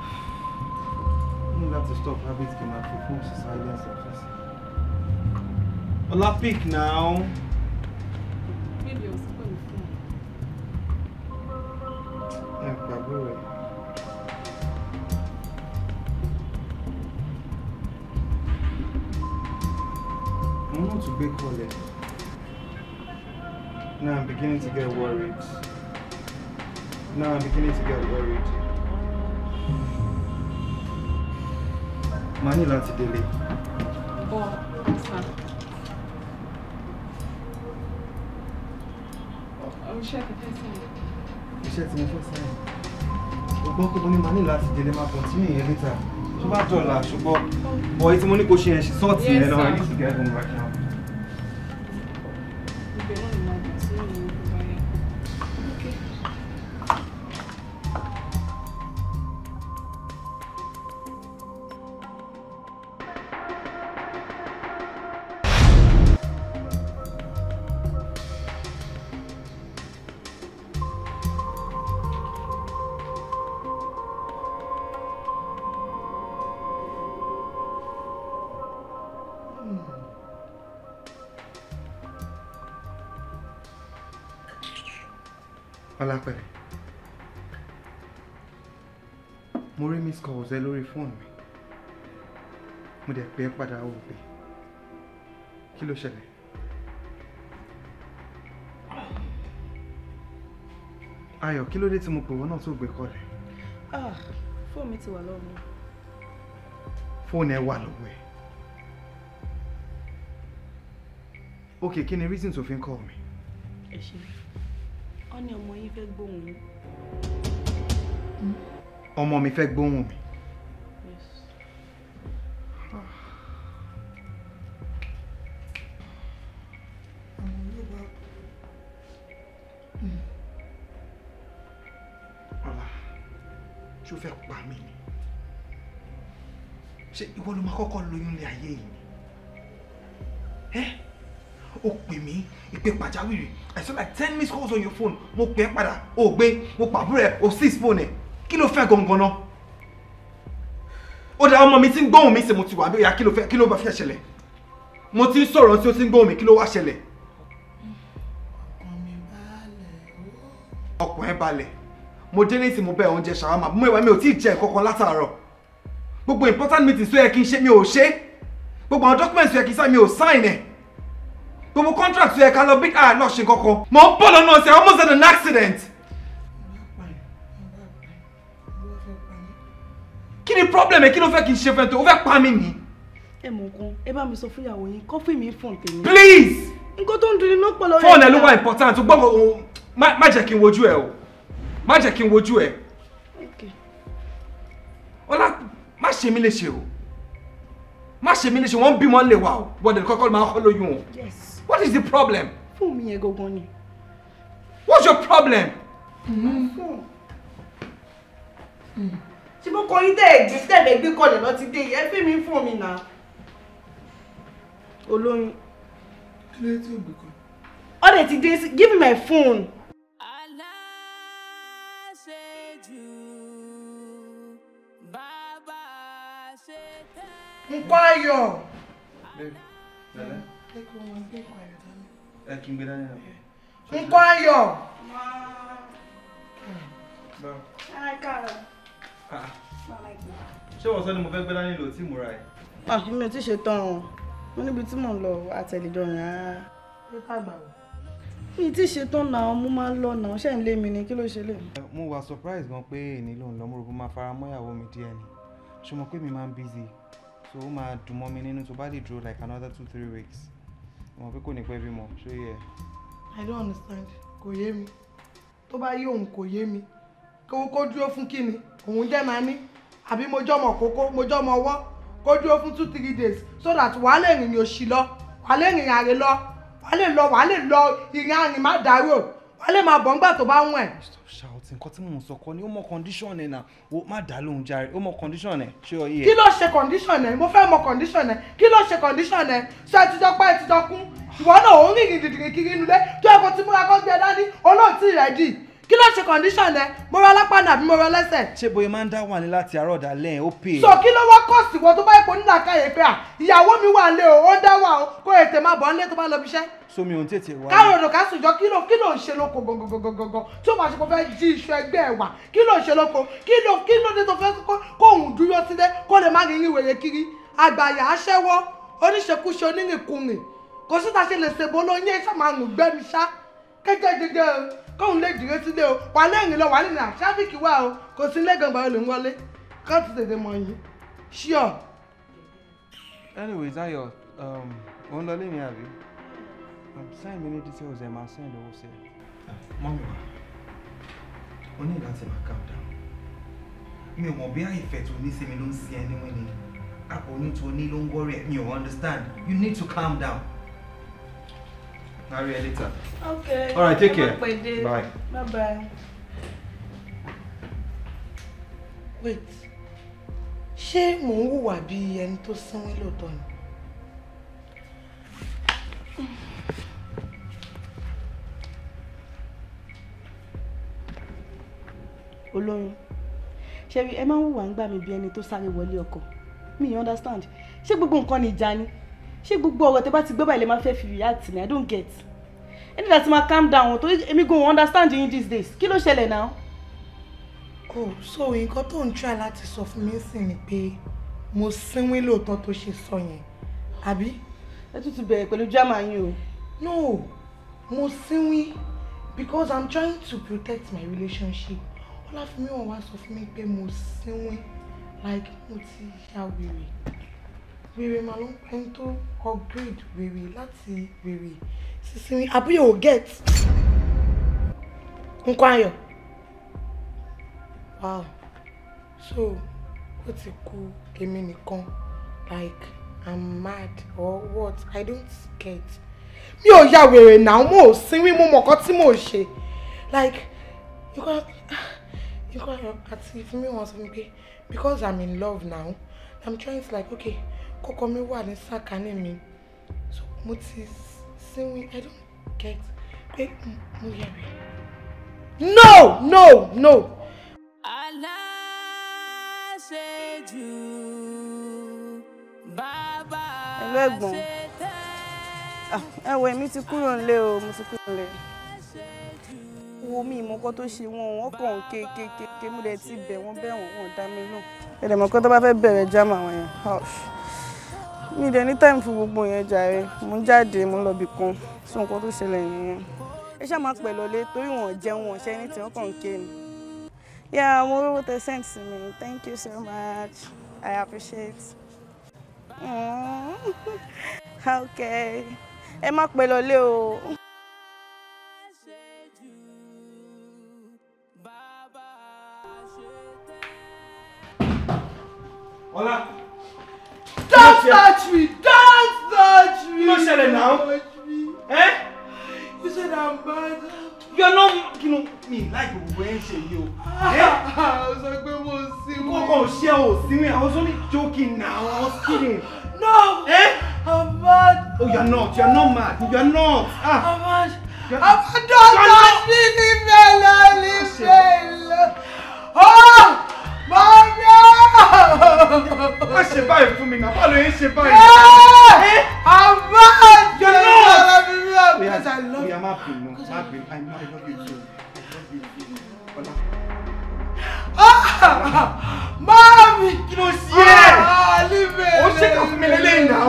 have to stop having to microphone to silence and face. Ola, pick now. I'll spoil I want to be calling. Now I'm beginning to get worried. No, I'm beginning to get worried. Money oh, ní láti délé. Oh. sá. Iṣẹ́ ti fẹ́ sẹ́yìn. Iṣẹ́ tí mo fẹ́ sẹ́yìn. O gbọ́ pé mo ní màá ní láti délé máa continue yẹn later. Tó bá dọ̀la ṣùgbọ́n bọ̀ èyí tí mo ní kó ṣe yẹn ṣe I need to get home right now. padà wò pé kí ló ṣẹlẹ̀. ayọ̀ kí ló dé tí mo pè wọ́n náà tó gbé kọ́lẹ̀. Ah, fóònù mi ti wà lọ́wọ́ fóònù ẹ wà lọ́wọ́ ẹ. ok kí ni reason tó fi ń call mi. ẹ ṣe ọ ní ọmọ yín fẹ́ gbóhùn mi. ọmọ mi fẹ́ gbóhùn mi. kọ́kọ́ lóyún lé ayé yìí ẹ o pè mí ìpè pàjáwìrì I saw like ten missed calls on your phone mo pè é padà o gbé mo pàbúrò ẹ o six phone ẹ kí ló fẹ́ gangan náà ó dáa ọmọ mi ti ń gbóhùn mi sí mo ti wà bí ìyá kí ló fẹ́ kí ló bá fẹ́ ṣẹlẹ̀ mo ti ń sọ̀rọ̀ tí ó ti ń gbóhùn mi kí ló wá ṣẹlẹ̀. ọkàn balẹ̀ mo dé ní ìsìn mo bẹ oúnjẹ ṣàwámà mo ìwà mi ò tí ì jẹ nǹkan kan látàárọ̀ gbogbo important meeting tó yẹ kí n ṣe mi ò ṣe gbogbo àwọn documents tó yẹ kí n sign mi ò sign ẹ̀ gbogbo contract tó yẹ ká lọ bí a lọ ṣe kankan mo ń bọ̀ lọ́nà ọ̀sẹ̀ almost had an accident. kí ni problem ẹ kí ló fẹ́ kí n ṣe fẹ́ tó o fẹ́ pa mí ni. ẹ mọ̀ nǹkan ẹ bá mi sọ fún ìyàwó yín kọ́ fún mi fún tèmi. please. nǹkan tó ń dun iná pọ̀ lọ́rẹ́ mi. fóònù ẹ ló wà important gbọ́dọ̀ má jẹ́ kí n wojú ẹ o má jẹ́ kí n wojú ẹ. ọlá má ṣe mí léṣe o má ṣe mí léṣe wọ́n bí wọ́n lè wà o bọ́dẹ̀ kọ́kọ́ máa họ́ lóyún o. yes. what is the problem. fún mi yẹn gangan ni. what's your problem. Mm-hmm. Mm-hmm. ṣé mo kọ yín tẹ́ ẹ̀ gbé tẹ́ ẹ̀ gbé kọlẹ̀ lọ́ti dé yìí ẹ fi mi fún mi nà. olóyún. kí ló dé tí o gbé kọ. ọ̀rẹ́ ti dé give me my phone. nǹkan ayọ̀. ẹ kí n gbé dání náà. nǹkan ayọ̀. ṣé wọ́n sọ ni mo fẹ́ gbé dání lò tí mo ra ẹ̀. àbí ah, mi ò tí ì ṣe tán o mo níbi tí mò ń lọ àtẹ̀lẹ́jọ́ yẹn rárá. pé ká gbà wò mi ti ṣetán náà mo máa ń lọ náà ṣe ń lé mi ni kí ló ṣe lè. mo wà surprise gan pé èyí ló ń lọ mo rò pé máa fara mọ́ ìyàwó mi díẹ̀ ni ṣùgbọ́n pé mi máa ń busy so ó máa dùn mọ́ mi nínú tó bá lè dúró like another two three weeks mo pé kò ní pẹ́ bímọ ṣó yẹ. I don't understand kò yé mi tó bá yé òun kò yé mi kó kó dúró fún kí ni òun jẹ́ màá ní àbí mo jọmọ kókó mo jọmọ ọwọ́ kó dúró fún two three days so that wàá lè rìnrìn òsì lọ wàá lè rìnrìn àrè lọ wàá lè lọ wàá lè lọ ìrìn àrìn má dárò wàá máa bọ̀ ńgbà tó bá wọ̀n ẹ̀ correct nǹkan tí mò mo sọ kọ́ ni ó mọ condition ẹ̀ náà ó má dá lóhùn jàre ó mọ condition ẹ̀ ṣé ọ kí ló ṣe condition ẹ mo fẹ́ mọ condition ẹ kí ló ṣe condition ẹ sọ ẹ ti jọ kún ìwọ náà ò ń rìn rìn rìn kiri inú ilé tó ẹ kó ti múra kó gbé dání olóòtú rẹ̀ dì kí ló ṣe condition ẹ mo rọ alápàdà àbí mo rọ lẹ́sẹ̀. ṣé bóyá máa ń dá wà ní láti àárọ̀ dalẹ́ ó pè é. sọ kí ló wá kọ́ sí wọn tó bá ipò nílà káyè pé à ìyàwó mi wà lé o ó dá wà o kó ètè máa bọ̀ nílé tó bá lọ bí iṣẹ́. sómi òun tètè wá. káàrò òdò ká sùn jọ kí ló kí ló ń ṣe lóko gọgọgọgọgọ tó máa ṣe kó fẹ́ jí iṣu ẹgbẹ́ ẹ̀ wà kí ló ń ṣe lóko kí ló kí ló dé tó fẹ́ kóhùn dúró sílẹ̀ kó lè kóun lè dìre sílé o wà lẹ́yìn lọ wà lẹ́yìn náà wà o kò sí lẹ́gànbà olè ń wọlé kó tètè mọ̀ yín ṣíọ. anyways ayọ um, òun lọ lé mi àbí um, sáìn mi ní details ẹ máa send owó sí ẹ. mọ́mí wa o ní láti máa calm down mi ò mọ̀ bí àìfẹ́ tó ní sí mi ló ń sí ẹ níwọ̀n àpò oyún tó ní ló ń wọ́rẹ̀ mi ò understand you need to calm down. I'll read later. Okay. All right, take care. Bye. Bye-bye. Wait. Ṣé mò ń hùwà bí ẹni tó sánwé lóòótọ́ ni? Olórin, ṣebí ẹ máa ń hùwà ń gbà mí bí ẹni tó sáré wọlé ọkọ. Mi understand. Ṣé gbogbo nǹkan ni ìjà ni? ṣé gbogbo ọ̀rọ̀ tẹ bá ti gbé báyìí lè máa fẹ́ fi react ni i don't get ẹ ní láti máa calm down torí èmi gan understand yín these days kí ló ṣẹlẹ̀ náà. oh so nǹkan tó ń try láti sọ fún mi sì ni pé mo sínwín lóòótọ́ tó ṣe sọ yẹn àbí. ẹ tún ti bẹ̀rẹ̀ pẹ̀lú drama yín o. no mo sínwín because i'm trying to protect my relationship ọláfínmi wọn wá sọ fún mi pé mo sínwín like mo ti ya wèrè mà ló ń pẹ́ tó upgrade wèrè láti wèrè sísinmi àbúyọ̀ ò get nǹkan ayọ̀ wow so ó ti kú èmi nìkan like i'm mad or what i don't get mi ò ya wèrè náà mo ò sinmi mo mọ̀ kan tí mo ṣe like nǹkan nǹkan ayọ̀ àti fún mi wọ́n sọ pé because i'm in love now i'm trying to like okay ọkọ mi wà ní sàkání mi so mo ti sinwi i don't get pé mo yẹ rẹ. no no no. aláṣejù bàbá ẹlẹ́gbọ̀n ah, ẹ̀wẹ̀ mi ti kúrò nílé o mo ti kúrò nílé wo mi ìmọ̀ tó ṣe wọn wọn kàn ń ké ké ké ké mo dẹ̀ ti bẹ̀ wọ́n bẹ̀ wọ́n dá mi náà. ẹ̀rẹ̀ mọ̀ kó tó bá fẹ́ bẹ̀rẹ̀ jáàmù àwọn yẹn mi dẹ̀ ní time fún gbogbo yẹn jàre mo ń jáde mo ń lọ bì kan sún nǹkan tó ṣẹlẹ̀ nìyẹn ẹ ṣáà máa pẹ̀ lọ́lé torí wọn jẹun wọn ṣe ní tí kàn ké ni. yeah mo rówó tẹ send sí mi thank you so much i appreciate. Mm. okay ẹ má pẹ̀ lọ́lé o. touch me! Don't touch me! Kí ló ṣẹlẹ̀ now. Eh? You said I'm bad. You're not kí ló me. Like gbogbo ẹ̀ ń ṣe yìí o. Ó sọ pé mo sí Oh, Kọ̀ọ̀kan ò ṣe ò sí I was only joking now, I was kidding. No! Eh? I'm mad. Oh, you're not, you're not mad, you're not. Ah. I'm mad. You're... I'm mad. Don't you're touch not... me, leave me alone, leave me alone. Oh! My má ṣe báyìí fún mi náà báwo ló ń ṣe báyìí. àbá àjọ ìjọba mi mi ò bí ẹ̀sà lọ. oya má bínú má bínú i know i love you too ah! ọlá. Máàmì kí ló ṣe é? Ah, ah, Ó ṣe kà fún mi lélẹ́yìn náà.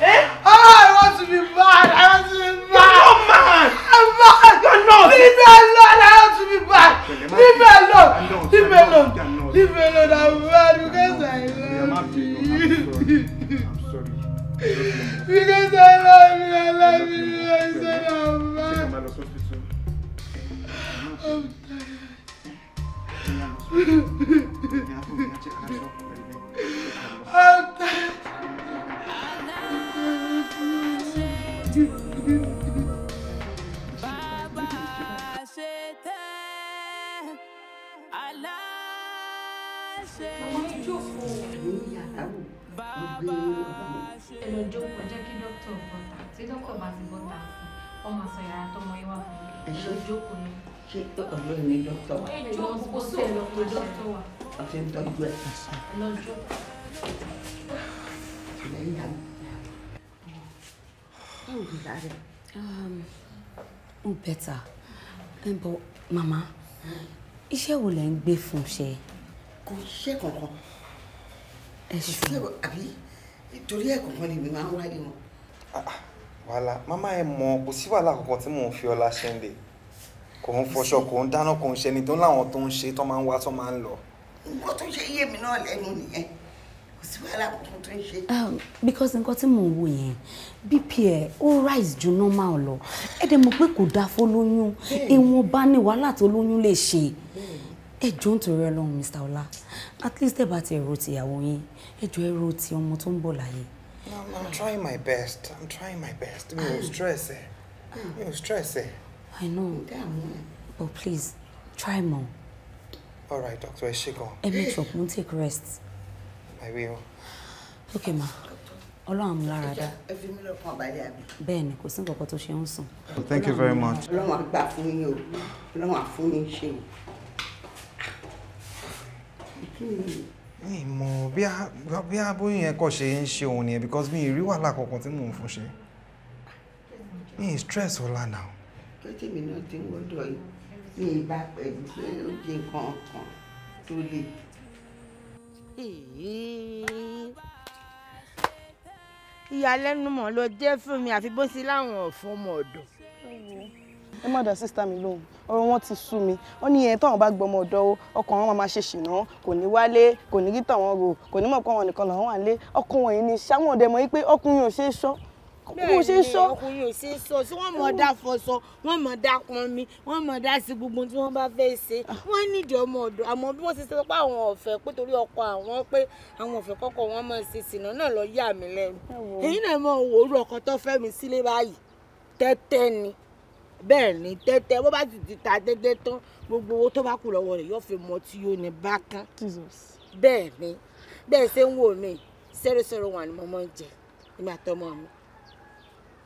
Eh? I want to be mad. I want to be mad. You're not I'm mad. You're not. Leave me alone. I want to be mad. Leave me alone. Leave me alone. Leave me alone, I'm mad because I love you. I'm sorry. Because I love you, I love you. I said I'm mad. I'm tired. I'm tired. Baba, I love bàbá ṣe. ẹ lọ jókòó jẹ́ kí dókítà bọ́ta tí dókítà bá ti bọ́ta sí ọ máa sọ yàrá tọmọ yín wà fún mi. ẹ lọ jókòó ni. ṣé ọ̀rọ̀ ni dókítà wa. ẹ jọ kó sí ẹ lọ pé dókítà wa. a ti ń tọ́jú ẹ. lọ jókòó. ṣùgbọ́n ìyá mi. báwo ni lára ẹ. ó bẹ̀tà ẹ bọ màmá iṣẹ́ kò ṣiṣẹ́ kankan ẹ ṣiṣẹ́ àbí torí ẹ̀ kankan lèmi máa ń wáyé wọn. Ah, ah, wàhálà màmá ẹ mọ kò sí wàhálà kankan tí mò ń fi ọlá ṣe ń lè kò ń fọṣọ kò ń dáná kò ń ṣe ni tó láwọn tó ń ṣe tó máa ń wá tó máa ń lọ. nǹkan tó ṣe iye mi náà lẹ́nu nìyẹn kò sí wàhálà kankan tó ń ṣe. Um, because nǹkan tí mò ń wò yẹn bp ẹ ó rise ju normal lọ ẹ dẹ̀ mọ̀ pé kò dáa fún lóyún ìwọ̀nba ni wàhálà tó lóyún lè ṣe. bẹ́ẹ̀ ẹ jọ̀ọ́ nítorí Ọlọ́run Mr. Ọlá at least ẹ bá ti èrò tìyàwó yín ẹ jọ̀ọ́ èrò ti ọmọ tó ń bọ̀ láyé. i'm trying my best i'm trying my best mi ò ah. stress ẹ mi ò stress ẹ. i know but please try more. all right doctor ẹ ṣe gan. ẹ make sure mo take rest. i will. okay ma ọlọ́run mú lára dá. bẹ́ẹ̀ ni kò sí nǹkan kan tó ṣe ń sùn. thank you very much. ọlọ́run àgbà fún yín o ọlọ́run àfún yín ṣe o mi mọ̀ bí abóyún yẹn kọ́ ṣe ń ṣe òun nìyẹn because mi rí wàhálà kankan tí mò ń fún ṣe mi stress ọ̀la náà. tó tèmi náà ti ń wọ́dọ̀ yìí mi ì bá pẹ̀lú pé ó jẹ nǹkan kan tó le. ìyàlẹ́nu mọ̀ ló jẹ́ fún mi àfi bó sí láwọn ọ̀fọ́ ọmọ ọ̀dọ̀ ẹ má dá sísítà mi lóhùn ọ̀rọ̀ wọn ti sú mi wọ́n ní ẹ̀yẹn táwọn bá gbọmọ ọ̀dọ́ o ọkàn wọn máa ṣe ṣìnà kò ní wálé kò ní gítà wọn rò kò ní mọ̀ pé àwọn nìkan làwọn wà lé ọkàn wọn yìí ni ṣáwọn ọ̀dẹ mọ̀ wípé ọkùnrin ò ṣeé ṣọ́ kò ṣe ń sọ ọkùnrin ò ṣe ń sọ sí wọn mọ dá fọṣọ wọn mọ dá pọnmi wọn mọ dá sí gbogbo tí wọn bá fẹ́ ṣe ah. wọn nídìí ọmọ ọ̀dọ̀ àmọ́ bí wọn ṣe sọ pé àwọn ọ̀fẹ́ pé torí ọkọ àwọn pé àwọn ọ̀fẹ́ kọkọ wọn máa ṣe sìnà náà lọ yà mí lẹ́nu èyí náà mọ òwúrọ̀ ọkọ tó fẹ́ mi sílé báyìí tẹ́tẹ́ ni bẹ́ẹ̀ ni tẹ́tẹ́ bó bá sì ti ta tẹ́tẹ́ tán gbogbo owó tó bá kù lọ́wọ́ rẹ̀ yóò fi mọ tí yóò ní bákan bẹ́ẹ̀ ni bẹ́ẹ̀ ṣe ń wò mí zero zero one ni mo máa ń jẹ èmi àtọmọ mi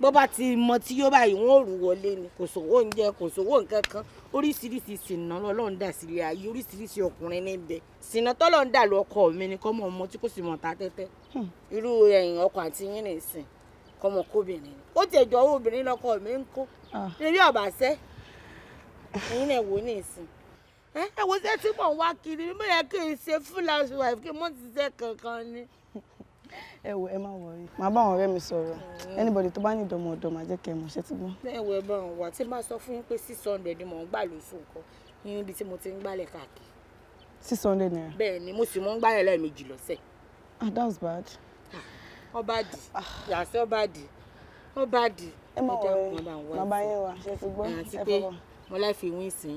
bó bá ti mọ tí yóò báyìí wọn ò rú wọlé ni kò sówó oúnjẹ kò sówó nǹkan kan oríṣiríṣi sìnà lọ́lọ́run dà sí ilé ayé oríṣiríṣi ọkùnrin níbẹ̀ sìnà tọ́lọ́run dà lu ọkọ mi ni kọ́mọ ọmọ tí kò sì mọ̀ ta níbi ah. ọ̀bàṣẹ́ ẹ̀yin náà wò ní ìsìn ẹ wo iṣẹ́ tí mò ń wá kiri bí mo yẹ kí n ṣe freelance wife kí n ti ṣe kankan ni. ẹ wo ẹ má wọrí màá bá àwọn ọ̀rẹ́ mi sọ̀rọ̀ anybody tó bá ní ìdánmọ ọ̀dọ̀ màá jẹ́ kẹ́ ẹ mọ̀ ṣe ti gbọ́. ẹ wo ẹ bá wọn wá tí máa sọ fún yín pé six hundred ni mò ń gbà lóṣù kan níbi tí mo ti ń gbálẹ̀ káàkiri. six hundred naira. bẹ́ẹ̀ ni mo sì mọ ń gbálẹ̀ lẹ́ẹ̀mejì lọ́sẹ̀. ah that's bad. Ah, ọba ah. yàtọ̀ ọba dì ẹ má wọ wa ṣe ti gbọ́ ẹ fọwọ́. mo láì fi wín sí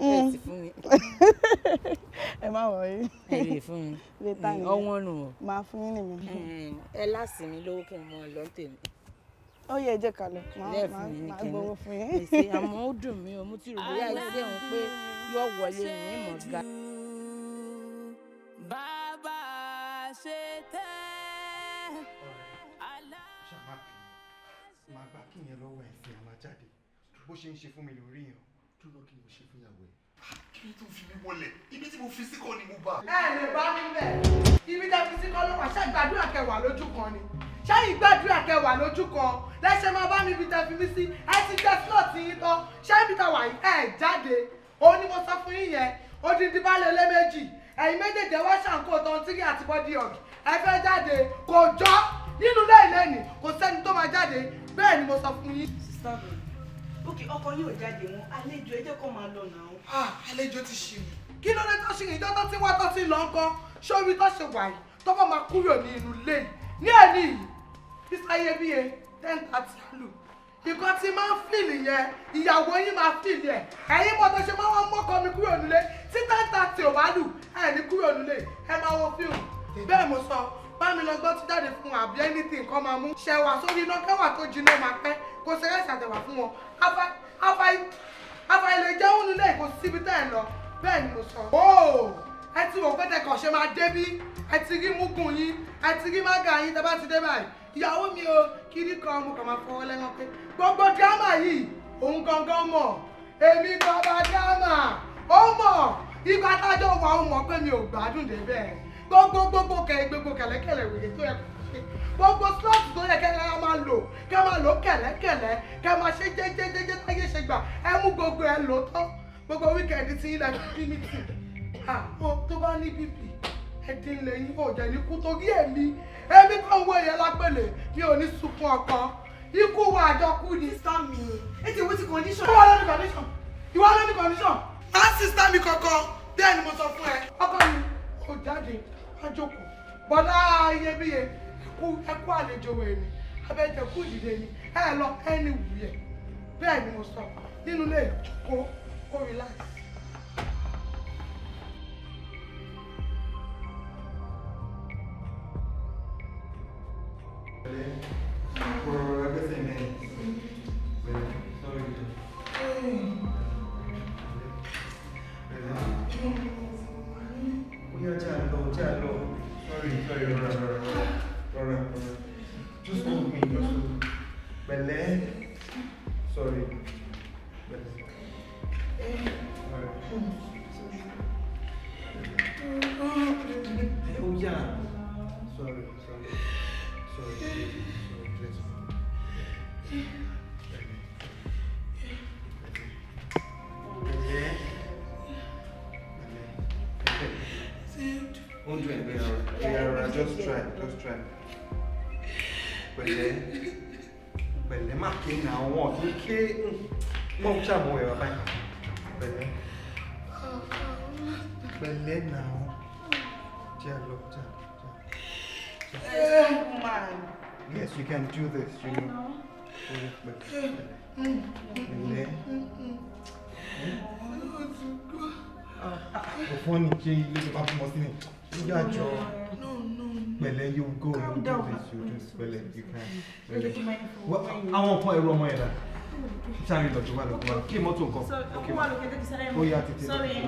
yìí mm. ti fún mi. ẹ má wọ yìí. ẹ lè fún mi létà ni ọwọ́n nù ọ. máa fún yín nìmi. ẹ láàsì mi lówó kí n mọ lọ tèmi. ó yẹ ẹ jẹ́ ká lọ máa gbowó fún yín. àmọ́ ó dùn mí o mo ti rò bóyá ìṣe òun pé yóò wọlé ní ìmọ̀ ga. bàbá ṣe tẹ́ máa gba kí yẹn lọ́wọ́ ẹ̀ sí àmà jáde bó ṣe ń ṣe fún mi lórí yàn. dúró kí mo ṣe fúnyàwó ẹ. Ah, kí ni tó fi mí wọlé ibi tí mo fi sí ni mo bá. ẹ lè bá mi bẹ ibi tẹ fi sí ló wà ṣé gbàdúrà kẹwàá lójú kan ni ṣẹ́yìn gbàdúrà kẹwàá lójú kan lẹ́sẹ̀ máa bá mi ibi tẹ fi mí sí ẹ ti jẹ́ slọ́ọ̀tì yín tán ṣé ibi tẹ wà yìí ẹ jáde òun ni mo sọ fún yín yẹn odindi bá lè lé méjì ẹ̀yin méjèèjì wá ṣàǹkó tán tírí àti bọ́dí ọ̀gì ẹ fẹ́ jáde kò jọ́ nínú ilé ìlẹ́ni kò sẹ́ni tó máa jáde bẹ́ẹ̀ ni mo sọ fún yín. sísá mi òkè ọkọ yín ò jáde wọn àlejò ẹjẹ kó máa lọ náà. ah àlejò ti ṣì mí. kí ló dé tó ṣì ń jọ́ tó ti wá tó ti lọ ńkọ́ sórí tó ṣe wà yìí tó bá máa kúrò ní inú ilé yìí ní ẹ̀ní yìí bísáyébíye ten thirty alu nǹkan tí máa ń fìlì yẹn ìyàwó yín máa fìlì ẹ̀ ẹ̀yin mọ̀ tó ṣe máa wọ́n mọ́kọ mi kúrò nílé tí ten thirty ò bá lù ẹ̀ ní kúrò nílé ẹ máa wo fíìmù bẹ́ẹ̀ mo sọ bá mi lọ gbọ́ ti jáde fún àbí anything kan máa mú ṣẹwà sórí iná kẹwà tó jiná máa pẹ́ kó ṣe rẹ́sì àtẹ̀wà fún wọn afa ilé jẹun nílé kò síbi tẹ́ ẹ lọ bẹ́ẹ̀ ni mo sọ. ẹ ti wò pé tẹkọ̀ ṣe máa dé bí ẹ ti rí mugun yín ẹ ti rí mága yín tẹ ti dé báyìí ìyàwó mi o kiri kan mo kàn máa fọwọ́ lẹ́rán pé gbogbo dírámà yìí òun gangan mọ̀ èmi bàbá dírámà ó mọ̀ ìgbà tájọ́ wà ó mọ̀ pé mi ò gbádùn débẹ̀ gbogbo gbogbo kẹ gbogbo kẹlẹkẹlẹ wèrè tó yẹ gbogbo slot tó yẹ kẹ ẹ máa lò kẹ máa lò kẹlẹkẹlẹ kẹ máa ṣe jẹjẹjẹjẹ táyé ṣe gbà ẹ mú gbogbo ẹ lò tán gbogbo wíkẹ̀ndì tí ilẹ̀ bí mi tì tó bá ní bíbí ẹdín lẹ́yìn ọ̀jẹ̀ ní kú torí èmi èmi kan wo èèyàn lápẹ̀lẹ̀ mi ò ní sunkún ọkàn ikú wa àjọkú ni. sísá mi ètò ìwé ti condition. ìwà lónìí condition ìwà lónìí condition. á sísá mi kankan bẹ́ẹ̀ ni mo sọ fún ẹ ọkọ mi jáde àjòkò bọ́lá ayébíye ẹkú ẹkú àlejò wẹ̀ ni abẹ́jẹ̀kú ìdílé ni ẹ lọ ẹni wùyẹ bẹ́ẹ̀ ni mo sọ nínú ilé ìjókòó kó relax. you can. Really. Well, àwọn kan ẹrù ọmọ yẹn dà. Sáré lọ jù wá lọ wá. Kí mọ́tò nǹkan. Sọ ọkọ wa lókè tẹ́tí sáré mọ́. Ó yá tètè lọ. Sọ́ọ̀rì ẹ̀.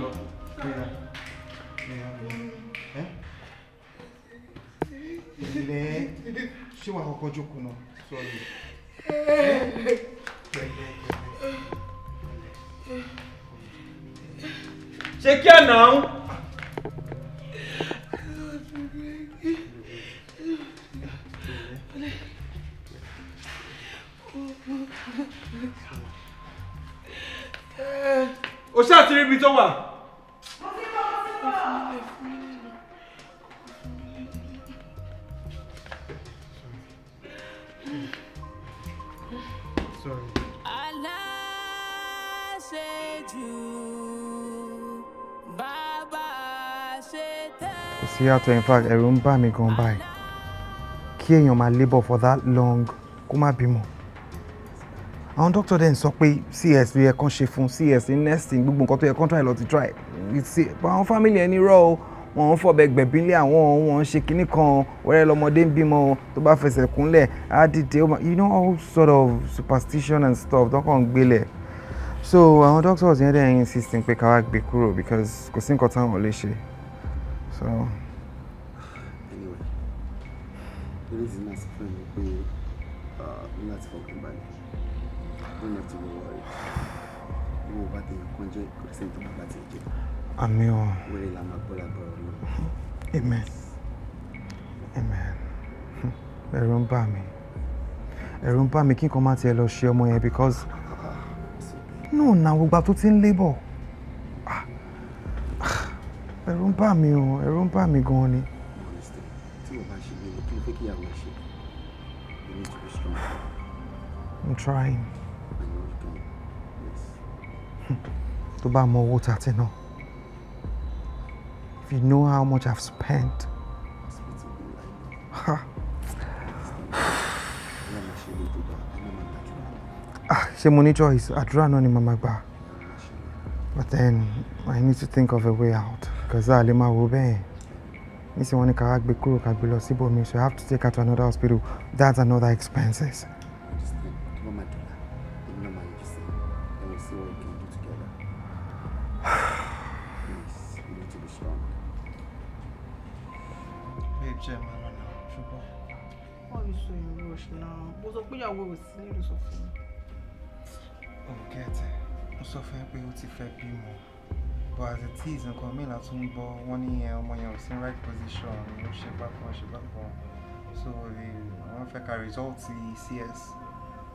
Ilé ṣé wàá kọ́kọ́ jókòó náà? Sọ́ọ̀rì. Pẹ̀lẹ́ pẹ̀lẹ́. Ṣé kí ọ̀nà? o chato é me tomar. wà. kò sí àtọ̀ in fact ẹ̀rù ń bà mí gan báyìí. kí èèyàn máa labour for that long kó má bímọ àwọn doctor dẹ́n sọ pé cs ló yẹ kán ṣe fún cs ní nursing gbogbo nǹkan tó yẹ kán try lọ ti try àwọn family ẹni rọ o wọn ń fọbẹ gbẹ̀bílẹ̀ àwọn wọn ń ṣe kinní kan wẹ́rẹ́ lọ́mọdé ń bímọ tó bá fẹsẹ̀ kúnlẹ̀ á dìde you know all sort of superstition and stuff tó kàn ń gbélẹ̀ so àwọn doctors yẹn dẹ́n insist pé ká wá gbé kúrò because kò sí nǹkan táwọn lè ṣe so. àmì o. wèrè la máa gbọ́ lágbára ọlọ́run. amen amen ẹ̀rù ń bà mí ẹ̀rù ń bà because no na gbogbo tó ti ń labour ẹ̀rù ń bà mí o ẹ̀rù ń bà mí gan-an ni. tí mo bá ṣe ìgbìmọ̀ I'm trying. tó bá mọ owó tàtí náà. If you know how much I've spent. Huh. ah, ṣé mo ní choice àdúrà náà ni màmá but then I need to think of a way out because I'll be máa so I have to take her to another hospital that's another expenses. tún gbọ́ wọ́n ní ọmọ yẹn ò sí right position ó ṣe bákan ṣe bákan so eh, wọ́n fẹ́ ka result cs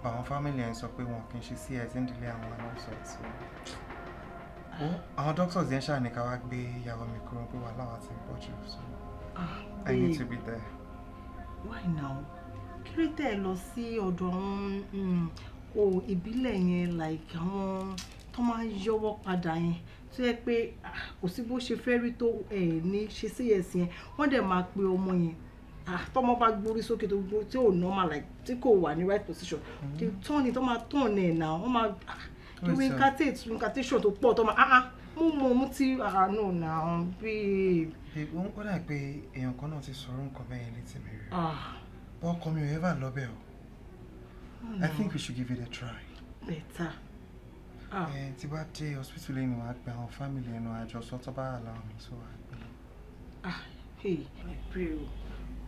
àwọn family ẹ̀ sọ pé cs ń dilé àwọn nonsense o àwọn doctors yẹn ṣáà ní ká wá gbé ìyàwó mi kúrò pé wàhálà wa ti ń pọ̀ jù so ah, i need to be there. why now kí ló tẹ̀ lọ sí ọ̀dọ̀ àwọn hmm, oh, ìbílẹ̀ yẹn like um, tó máa ń yọwọ́ tó yẹ pé kò sí bó ṣe fẹ́ rí tó ní ṣe sí ẹ̀sìn yẹn wọ́n dẹ̀ máa pe ọmọ yẹn tọmọ bá gbórí sókè tó gbó tí ò normal tí kò wà ní right position tí tán ni tó máa tán ní ẹ̀ náà wọ́n máa ìwé incatate incatation tó pọ̀ tó máa ah, ah mọ mo ti àánú náà bíi. ó ń kọ́dà pé èèyàn kan náà ti sọ̀rọ̀ nǹkan bẹ́ẹ̀ létí mi rí ọkọ mi ò ever lọ bẹ́ẹ̀ o oh I think we should give it a try. better. Ah. Eh, tí bá dé hospital lẹ́nu wa gbé àwọn family ẹnu àjọsọ tó bá àlà mi tó wà gbé. ẹ̀pẹ́ o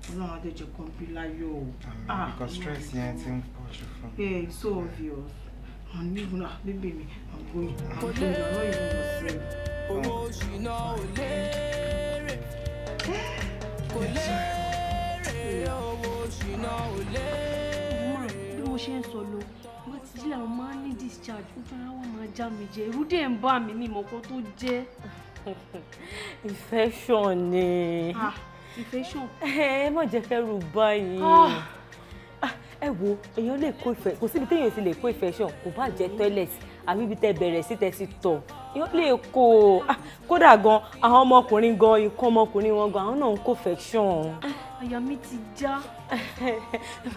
ọlọ́run adéjọ kan bí láyọ̀ o. Ah, because stress yẹn ti ń pọ̀ jù fún mi. ẹ so obvious àwọn nígbà bíbí mi àwọn ìgbìyànjú àwọn ìgbìyànjú sí i. owó ṣìnà ò léèrè kò léèrè owó ṣìnà ò léèrè. mo ṣe ń sọ ló kí làwọn máa ń ní discharge ó fara wà máa já mi jẹ irú dẹ̀ ń bà mí ní ìmọ̀kọ́ tó jẹ́. infection ni. ah infection. ẹ má jẹ́ fẹ́ rú báyìí ẹ wo èèyàn lè kó ìfẹ́ kò síbi téèyàn ti lè kó infection kò bá jẹ́ toilet àbí ibi tẹ́ bẹ̀rẹ̀ sí tẹ́ sí tọ̀ èèyàn lè kó kódà gan àwọn ọmọkùnrin gan ikú ọmọkùnrin wọn gan àwọn náà ń kó infection. àyà mi ti já.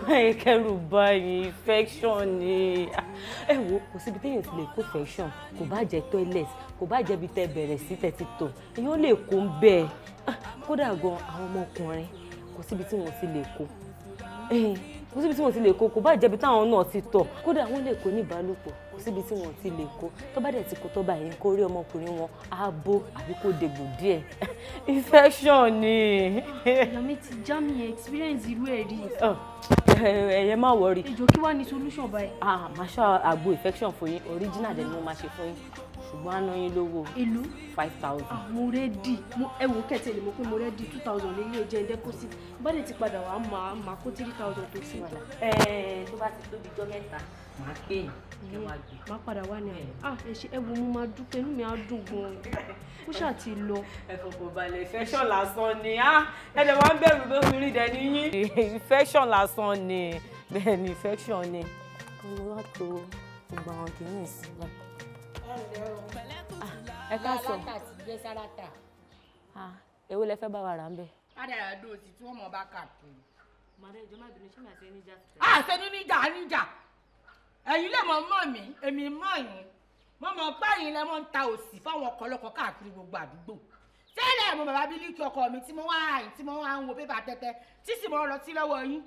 báyìí kẹrù báyìí infection ni ẹ wo kò síbi téèyàn ti lè kó infection kò bá jẹ́ toilet kò bá jẹ́ ibi tẹ́ bẹ̀rẹ̀ sí tẹ́ ti tọ̀ èèyàn lè kó ń bẹ́ẹ̀ ah, kódà gan àwọn ọmọkùnrin kò síbi tí wọ́n ti lè kó. Eh, kò síbi tí wọn ti lè kó kò bá ìjẹbi táwọn náà ti tọ̀ kódà wọn lè kó ní kò síbi tí wọn ti lè kó tó bá dẹ̀ ti kó tó bá yẹn kó rí ọmọkùnrin wọn á bó àbí kó degbò díẹ̀ infection ni. ìyàmí ti já mi experience irú ẹ̀ rí. ẹyẹ má wọrí. ìjọ kí wàá ní solution báyìí. ah màá ṣọ́ àgbo infection fún yín original dẹ̀ ni mo máa ṣe fún yín ṣùgbọ́n àná yín lówó. ìlú five thousand. àwọn ah, rẹ́dì ẹ wò kẹ́tẹ́ ni mo pé mo rẹ́dì two thousand ní ilé ẹjẹ́ deposit bọ́dẹ̀ ti padà wá máa máa kó three thousand tó sí ìgbà. ẹ ẹ tó bá ti tóbi jọ mẹ́ta màá pè é má padà wá ní àná ah, ẹ ṣe ẹ wo mo máa dúpẹ́ inú mi á dùn gan-an ó ṣáà ti lọ. ẹ fọkàn balẹ̀ ìfẹ́sọ̀ lásán ni ah, ẹ lè wá ń bẹ̀rù bó fi rí dẹni yín. infection lásán ni bẹ́ẹ̀ ni infection ni. mo wá tó ìgbà wọn kì í yìn sílẹ̀. Ah, ẹ ká sọ èwo lẹ fẹ́ bá wa rà ń bẹ̀. kádàrà dùn sí tí wọ́n mọ̀ bá káàkiri. màdà ìjọ má bínú ṣé màá níjà. a ṣe ní ah, níjà níjà ẹ̀yin lè mọ̀ mọ̀ mí èmi mọ̀ yín mo mọ̀ báyìí lẹ mọ̀ ń ta òsì fáwọn ọkọ̀ káàkiri gbogbo àdúgbò tẹ́lẹ̀ mo bàbá Bílíkì ọkọ mi tí mo wá àyìn tí mo wá ń wo bébà tẹ́tẹ́ tí sì mo lọ sí lọ́wọ́ yín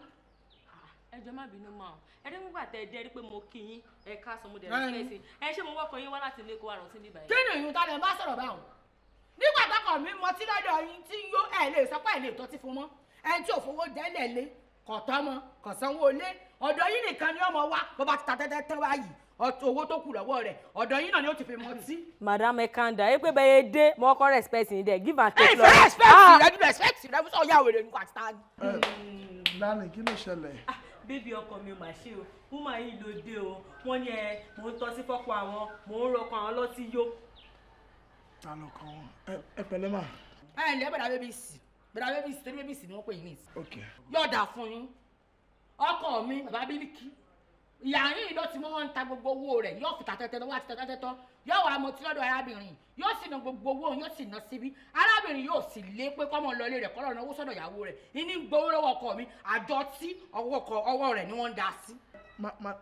ẹjọ má bínú máa ẹ dé nígbà tẹ ẹ pé mo kí yín ẹ ká sọ mo ní kẹ́sì ẹ ṣé mo wọ́kọ̀ yín wá láti ilé kó àrùn sí bíbá yìí. kí ìyún tálẹ̀ ń bá sọ̀rọ̀ báwọn nígbà tọkọ mi mọ tí lọ́dọ̀ yín tí yó ẹ̀ lè sọ́pọ̀ ẹ̀ lè tọ́ ti fún mọ́ ẹ tí ò fowó dẹ́lẹ̀ lé kọ̀ tọ́mọ kọ̀ sanwó lé ọ̀dọ̀ yín nìkan ni ọmọ wa bó bá ti ta tẹ́tẹ́ tán báyìí owó tó kù lọ́wọ́ rẹ̀ ọ̀dọ̀ yín náà ni ó ti fi mọ sí. madam ekanda ẹ pé bẹ́ẹ̀ dé mo kọ́ respect yín dẹ̀ give and take lọ. ẹ fẹ́ respect ah! rẹ respect rẹ fún sọ ya wèrè nípa ti ta. ẹ lánàá kí ló ṣẹlẹ̀. Ah, bébí ọkọ mi mà ṣe o mo máa yí ló dé o wọ́n ní ẹ mò ń tọ́ sí fọ́pọ̀ àwọn mò ń rọkọ àwọn lọ́tí yó. ta ló kàn wọn ẹ pẹ̀lẹ́ mà. ẹ ẹ lẹ bẹ̀rẹ̀ bẹ́bí sì bẹ̀rẹ̀ bẹ́bí sì torí bẹ́bí sì ni wọ́n pè yín nìyí. ok yóò dà fún yín ọkọ mi bàbá bíríkì ìyá yín ló ti mọ́ wọn ń ta gbogbo owó rẹ̀ yóò fi tàtẹ́tẹ́ lọ́wọ́ àti tàtẹ́tẹ́ tán yóò wá mọtí lọ́dọ̀ arábìnrin yóò sì ná gbogbo owó yóò sì ná síbí arábìnrin yóò sì lé pé kọ́mọ lọlé rẹ̀ kọ́lọ́ náwó sọ́dọ̀ ìyàwó rẹ̀ ìní ń gbowó lọ́wọ́ ọkọ mi àjọ tí ọwọ́ rẹ̀ ni wọ́n ń da sí.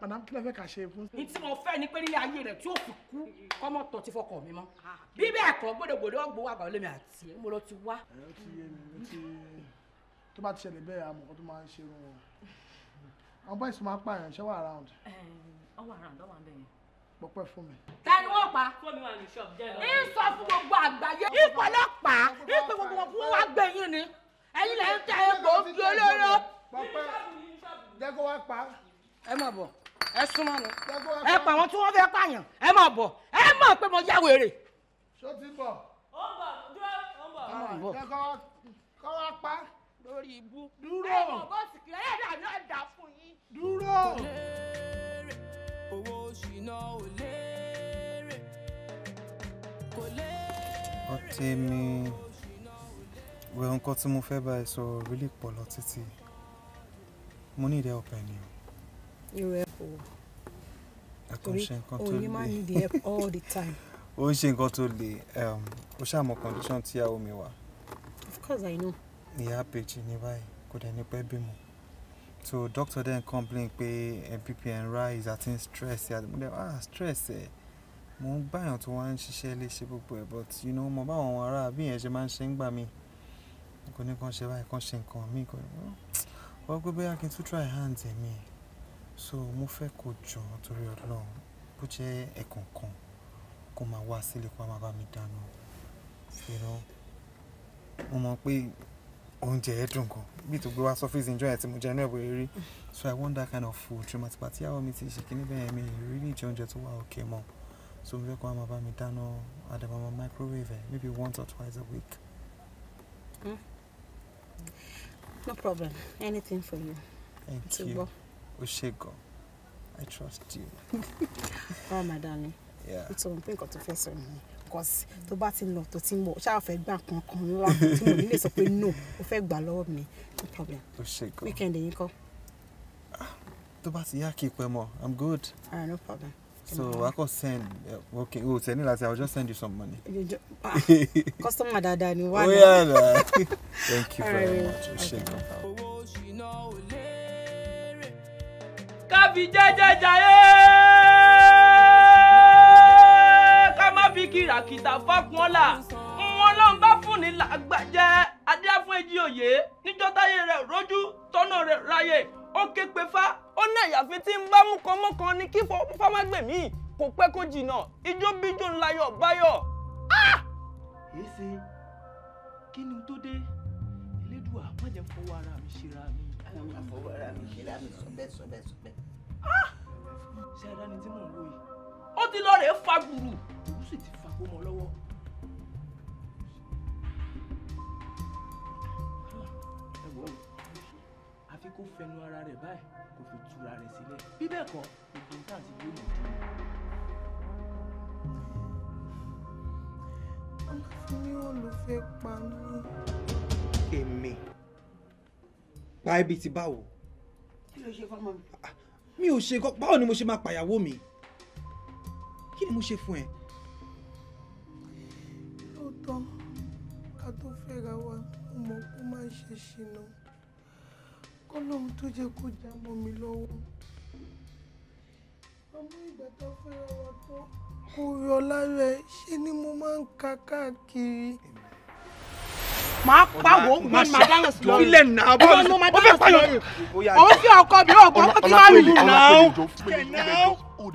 madam kí ló fẹ́ ká ṣe fún. ní tí mo fẹ́ ni pé nílé ayé rẹ̀ tí ó fi kú kọ́mọ tọ́ ti fọkọ mi mọ́ bí bẹ́ẹ̀ kọ́ gbódògbòdò ọgbó àgbà olómi àti mo lọ ti wá. tó bá ti ṣẹlẹ̀ bẹ́ẹ̀ àmọ́ tó máa ń ṣe wọn àwọn bọ́ìsì máa pààyàn ṣé around. ọwọ́ around ọwọ́ àbẹ̀yẹn pọ́pẹ́ fún mi. ta ni wọ́n pa. fóònù wà ní ṣọ́ọ̀bù jẹ́ lọ. ń sọ fún gbogbo àgbáyé. ìpọlọpàá ìpè gbogbo wọn fún wa gbẹ̀yìn ni ẹ̀yin lẹ́yìn tẹ egbò ojú olóró. pọ́pẹ́ jẹ́ kó pa. ẹ má bọ̀ ẹ súnmọ́ nu ẹ pa àwọn tí wọ́n fẹ́ pààyàn ẹ má bọ̀ ẹ mọ̀ pé mo yá wèrè. ṣó ti bọ̀. ó ń bọ̀ dúró ó ń bọ̀. kọ́ wá pa lórí ibú. dúró. ẹ mọ̀ bọ́sì kìlẹ̀ ẹ̀ dà ní ọ̀dà fún yín. dúró iná ò lérè kò lérè. ọtí mi wẹ nǹkan tí mo fẹ́ bá ẹ sọ rílì pọ̀ lọ títí mo ní ìdẹ ọ̀pẹ ni o. irú ẹ kò wọ torí òní máa ń need all the time. ó ń ṣe nǹkan tó le um, ó ṣàmọ condition tíyàwó mi wà. of course i know. ìyá àpèjì ní báyìí kò dẹ̀ ní pẹ́ bímọ so doctor then complain pé MPPN rise àti stress ẹ mo dẹ ah stress ẹ mo ń báyàn tó wá ń ṣiṣẹ́ lè ṣe gbogbo but you know mo báwọn àwọn ará bí yẹn ṣe máa ń ṣe ń gbà mí kò ní kàn ṣe báyìí kàn ṣe nǹkan mí kò ní wọ́n gbé bóyá kí tún try hands ẹ̀ mi so mo fẹ́ kó jọ torí ọlọ́run bó jẹ́ ẹ̀kọ̀ọ̀kan kó máa wá sílé kó máa bá mi dáná you know mo mọ̀ pé oúnjẹ ẹ dùn gan bí tó gbé wá surface enjoy ẹ tí mo jẹ inú ẹ bò rí so i want kind of food tí mo pàtí àwọn mi ti ṣe kíní bẹ́ẹ̀ mi really jẹ oúnjẹ tó wà òkè mọ́ so mi fẹ́ kó máa bá mi dáná àdàbàmọ́ microwave ẹ maybe once or twice a week. Hmm. No problem. Anything for you. Thank Tubo. you. Oshego. I trust you. oh, my Yeah. It's on pink or to face on course tó bá ti lọ tó ti ń bọ̀ ṣáà fẹ́ gbà kankan ńlá tí mo nílé sọ pé no o fẹ́ gbà lọ́wọ́ mi no problem weekend yìí kọ́. Ah, tó bá ti yá kí n pẹ́ mọ́ i'm good. ah no problem. so i go send eh, okay o tẹ ní i will just send you some money. Ah, customer dada ni wà oh, ní. thank you very much o ṣe gan pa. kábíjẹ́jẹ́ jayé. fákúnọ́là wọn ló bá fún ní làgbàjẹ́ adéáfún èjì òye níjọ́ táyé rẹ̀ rójú tọ́nà rẹ̀ ráyè ó ké pe fá ó ní àyàfi tí ń bá mú kọ́mọ́kan ní kí fámágbèmí kò pẹ́ kó jìnnà ijó bíjó ńláyọ̀ báyọ̀. èsè ah! kí ni tó dé elédùà má jẹ́ fọwọ́ ara mi ṣera mi. àwọn àfọwọ́ ara mi ṣera mi sọ́bẹ̀ sọ́bẹ̀ sọ́bẹ̀. Ah! ṣé ara ni tí mò ń wò yìí. ó ti lọ rèé fa gbùrù. òun sì ti f gbó mọ́ lọ́wọ́. ẹ wọ́n àfi kó fẹnu ara rẹ̀ báyìí kó fi túra rẹ̀ sílẹ̀ bí bẹ́ẹ̀ kọ́ gbogbo nǹkan àti yóò mọ̀ jù. ní olùfẹ́ pa èmi pa ẹbí ti báwo. kí ló ṣe fọmọ mi. Ah, mi ò ṣe báwo ni mo ṣe máa pàyàwó mi kí ni mo ṣe fún ẹ tán ká tó fẹ́ra wa mo mọ̀ kó má ṣe ṣìnà kọ́lọ́hún tó jẹ́ kó já mọ́ mi lọ́wọ́ àmọ́ ìgbà tó fẹ́ra wa tán kò yọ lára ẹ̀ ṣe ni mo máa ń ka káàkiri máa pàwọ́ mọ ní máa dáhùn sí lọ́rùn ilẹ̀ náà bọ́ ẹ̀rọ ló máa dáhùn sí lọ́rùn òun fi ọkọ mi ò tí wàá rí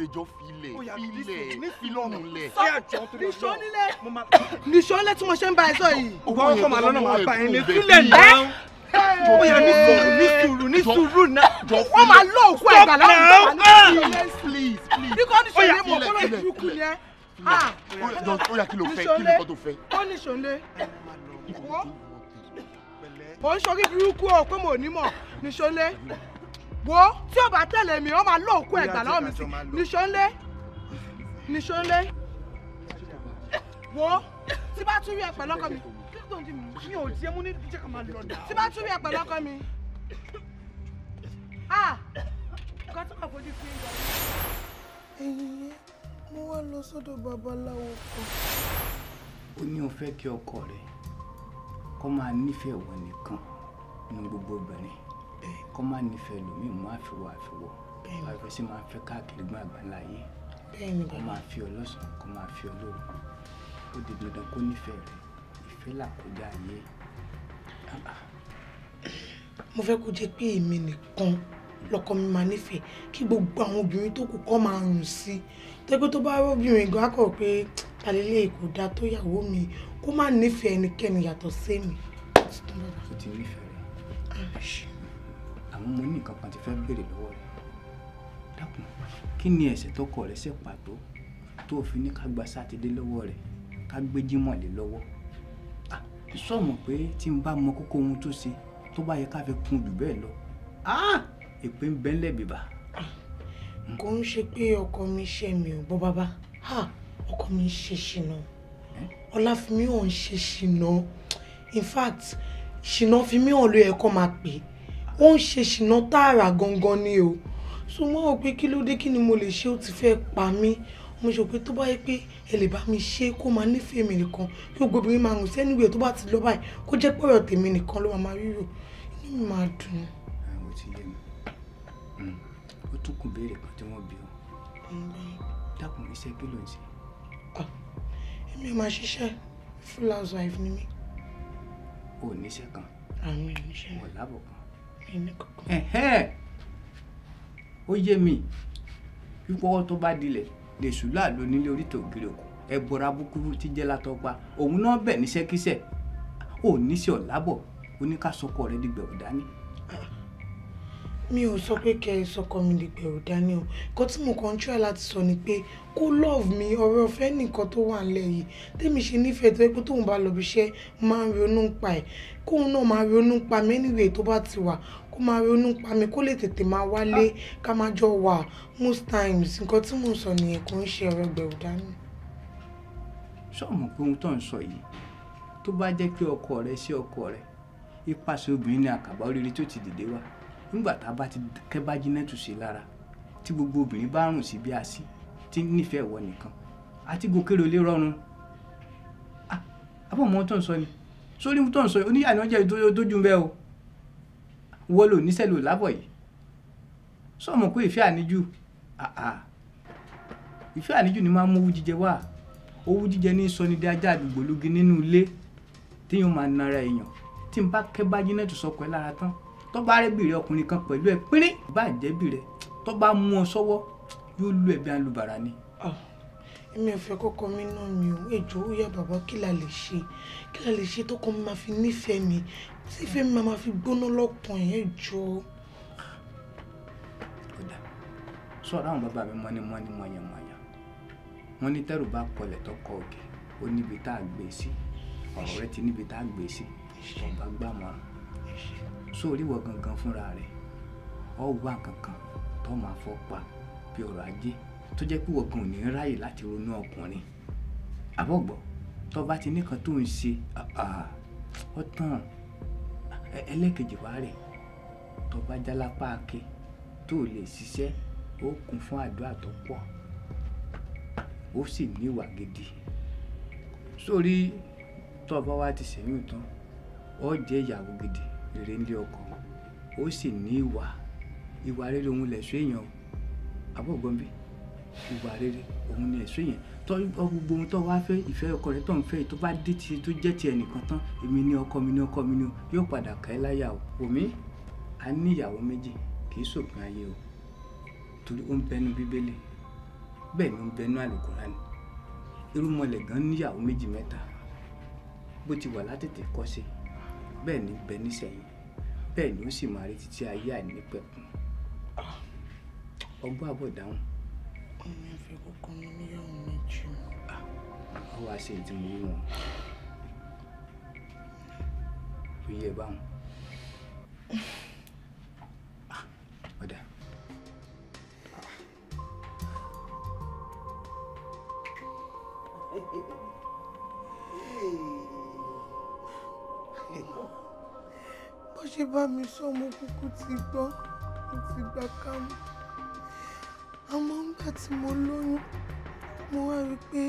i filẹ̀ filẹ̀ filọ̀nù lẹ̀. nìṣọ́lẹ̀ tí mo ṣe ń bá ẹ sọ yìí. ògbà ọkọ màá lọ́nà màá bá ẹ lé sílẹ̀ náà. ó oh, yá ní sùúrù ní sùúrù ní sùúrù náà. wọ́n máa lọ òkú ẹ̀gbà láwọn ìgbà ní sùúrù. bí kò ní sùúrù ní mọ̀ kó lè ju kù yẹn. ó yá ah! oh, oh, kí ló fẹ́ kí ló kọ́ tó fẹ́. ó ní ṣòlẹ̀ ò ń ṣorí burúkú o pé mo ní mọ̀ níṣọ́lé wo tí ò bá tẹ̀lé mi wọ́n máa lóòkú ẹ̀gbà lọ́wọ́ mi sí níṣọ́lé nìṣọ́lé wo tí bá tún rí ẹ̀pẹ̀ lọ́kọ mi mi ò tiẹ̀ mú ní jẹ́ ká máa lọ dà tí bá tún rí ẹ̀pẹ̀ lọ́kọ mi ah! nǹkan tí màá fojú fi ń yọ. ẹ̀yìn yẹn mo wá lọ sọ́dọ̀ babaláwo kan. ó ní òun fẹ́ kí ọkọ rẹ̀ kó máa nífẹ̀ẹ́ wọn nìkan nínú gbogbo obìnrin kó máa nífẹ̀ẹ́ lòmíì mú àfiwọ́ àfiwọ́ àfẹsí máa ń fẹ́ káàkiri gbọ́n àgbáńlá yìí kó máa fi ọ lọ́sàn-án kó máa fi ọ lóru ó di dandan kó nífẹ̀ẹ́ rẹ ìfẹ́ làkúdà ayé. mo fẹ́ kó jẹ́ pé èmi nìkan lọ́kọ mi máa nífẹ̀ẹ́ kí gbogbo àwọn obìnrin tó kù kọ́ máa rùn sí i tẹ́gbẹ́ tó bá rọ́bìnrin gan akọ̀ pé talẹ́lẹ́ kò dáa tó yàwó mi kó má nífẹ̀ẹ́ ẹnikẹ́ni yàtọ̀ sẹ́mi. o ti nífẹ̀ẹ́ rẹ àmọ́ mo ní kan tí fẹ́ béèrè lọ́wọ́ rẹ kí ni ẹ̀ṣẹ̀ tọkọ rẹ̀ ṣe pàtó tó fi ní ká gba sátidé lọ́wọ́ rẹ̀ ká gbé jímọ̀ lé lọ́wọ́ sọ̀mọ̀ pé tí n bá mọ kókó ohun tó ṣe tó bá yẹ ká fi kun jù bẹ́ẹ̀ lọ èpè ń bẹ́ńlẹ̀ bìbà. kò ń ṣe pé ọkọ mi ṣe mi ò gbọ́ bàbá ọkọ mi ṣe ṣìnà ọláfínmi ò ń ṣe ṣìnà in fact ṣìnà fínmi ò ló yẹ kó máa pè ó ń ṣe ṣìnà tààrà gangan ni o. Ah so mo wò pé kí ló dé kí ni mo lè ṣe ó ti fẹ́ pa mí mo ṣe pé tó bá yẹ pé ẹ lè bá mi ṣe kó máa nífẹ̀ẹ́ mi nìkan kí gbogbo obìnrin máa rùn sẹ́ni wíwẹ̀ tó bá ti lọ báyìí kó jẹ́ pé ọ̀rọ̀ tèmi nìkan ló máa rírò inú mi máa dùn. àwọn ah, ti yé mi hmm. ó tún kún béèrè kan tí wọ́n bí ọ dákun iṣẹ́ kí ló ń ṣe. Ah, èmi ò máa ṣiṣẹ́ freelance wife ni o ò níṣẹ́ kan. àwọn ò níṣẹ́. wọ́n lábọ̀ kan. mi ó yé mi wípọ́wọ́ tó bá dilẹ̀ lè sùúlà ló nílé orí tògiri òkú ẹ̀bọ̀ra búkúrú ti jẹ́ látọ́pa òun náà bẹ̀ níṣẹ́kíṣẹ́ ò níṣẹ́ ọ̀lábọ̀ oníkàsọ́kọ̀ rẹ̀ dìgbẹ̀ ọ̀dání mi ò sọ pé kẹ ẹ sọkọ mi lè gbẹ̀rù dání o nǹkan tí mo kàn ń try láti sọ ni pé kó love mi ọ̀rọ̀ ọ̀fẹ́ nìkan tó wà nílẹ̀ yìí tèmi ṣe nífẹ̀ẹ́ tó yẹ pé tóun bá lọ bí iṣẹ́ máa ń ronú pa ẹ̀ kóun náà máa ronú pa mi anyway tó bá ti wà kó máa ronú pa mi kó lè tètè máa wálé ká máa jọ wà most times nǹkan tí mo sọ nìyẹn kò ń ṣe ọ̀rọ̀ gbẹ̀rù dání. sọ́ọ̀mù pé ohun tó ń sọ yìí tó bá jẹ́ pé ọkọ rẹ sí ọkọ rẹ ipasẹ̀ obìnrin ni àkàbà oríire tó ti dìde wá nígbà tá a bá ti kẹ́ bá jiná tù sí lára tí gbogbo obìnrin bá rùn sí bí a sí tí nífẹ̀ẹ́ wọ nìkan àti gòkèrè olè rọrùn àbọ̀ mọ́ tó ń sọ ni sórí tó ń sọ oníyà ni wọ́n jẹ́ dójú ń bẹ́ o wọ́n lò níṣẹ́ lò lábọ̀ yìí sọ́ọ̀mù pé ìfẹ́ àníjù ìfẹ́ àníjù ni máa ń mú owó jíjẹ wá owó jíjẹ ní sọ ni di ajá àdúgbò lógi nínú ilé téèyàn máa nara èèyàn tí n bá kẹ́ bá jiná tó sọkọ̀ ẹ́ lára tán tó bá rẹ́bìrì ọkùnrin kan pẹ̀lú ẹ pínrín bá jẹ́bì rẹ tó bá mú ọ sọ́wọ́ yóò lù ẹ̀bí alùbàrà ni. Ah, èmi ò fẹ́ kọ́kọ́ mi ná mi ò èjò ó yá bàbá kí la lè ṣe kí la lè ṣe tọkọ mi máa fi nífẹ̀ẹ́ mi tí ìfẹ́ mi máa fi gbóná lọ́kàn yẹn jọ. sọ̀rọ̀ àwọn bàbá mi mọ́nímọ́ní mọ̀yànmọ̀yàn wọ́n ní tẹ́rù bá kọlẹ̀ tọkọ òkè ó níbi tá a gbé e sí ọ̀rọ̀ rẹ ti níbi tá a gbé e sí ọba gbàmọ̀ràn sórí ìwọ gangan fúnra rẹ̀ ọ wà kankan tó máa fọ́ pa bí ọrọ̀ ajé tó jẹ́ pé ìwọ ò ní ráyè láti ronú ọkùnrin àbọ̀gbọ̀ tó bá ti nìkan tó ń ṣe ọ tán ẹlẹ́kejì wá rẹ̀ tó bá jálápá ake tó lè ṣiṣẹ́ ó kún fún àdúrà tó pọ̀ ó sì ní ìwà gidi sórí tó bá wá ti ṣẹ́yìn tán ó jẹ́ ìyàwó gidi rere ń lé ọkàn ó sì ní ìwà ìwà rere òun lẹ̀ṣọ́ èèyàn àbọ̀ gbọ́nbí ìwà rere òun ni ẹ̀ṣọ́ èèyàn tọ́ gbogbo ohun tó wá fẹ́ ìfẹ́ ọkọ rẹ tó ń fẹ́ tó bá dé ti tó jẹ́ ti ẹnìkan tán èmi ni ọkọ mi ni ọkọ mi ni o yóò padà kà ẹ́ láyà o òmí a ní ìyàwó méjì kì í ṣòpin ayé o torí ó ń bẹnu bíbélì bẹ́ẹ̀ ni ó ń bẹnu àlùkùránì irúmọlẹ̀ gan níyàwó méjì mẹ́ta bó ti wà látètè kọ́ṣe bẹ́ẹ̀ ni bẹ́ẹ̀ nísẹ̀yìn bẹ́ẹ̀ ló sì máa rí títí ayé àìnípẹ̀kun ah. ọgbọ́n àbọ̀ dáhùn. ọmọ ẹ̀fẹ̀ kọ̀ọ̀kan ní mílíọ̀nù méjì. Ah, wọ́n wá ṣe ìdí mú wọn tó yẹ báwọn. Ah, ọ̀dà. Hey bó ṣe bá mi sọ mo kúkú ti gbọ́ mo ti gbà kámú àmọ́ nígbà tí mo lóyún mo wá rí i pé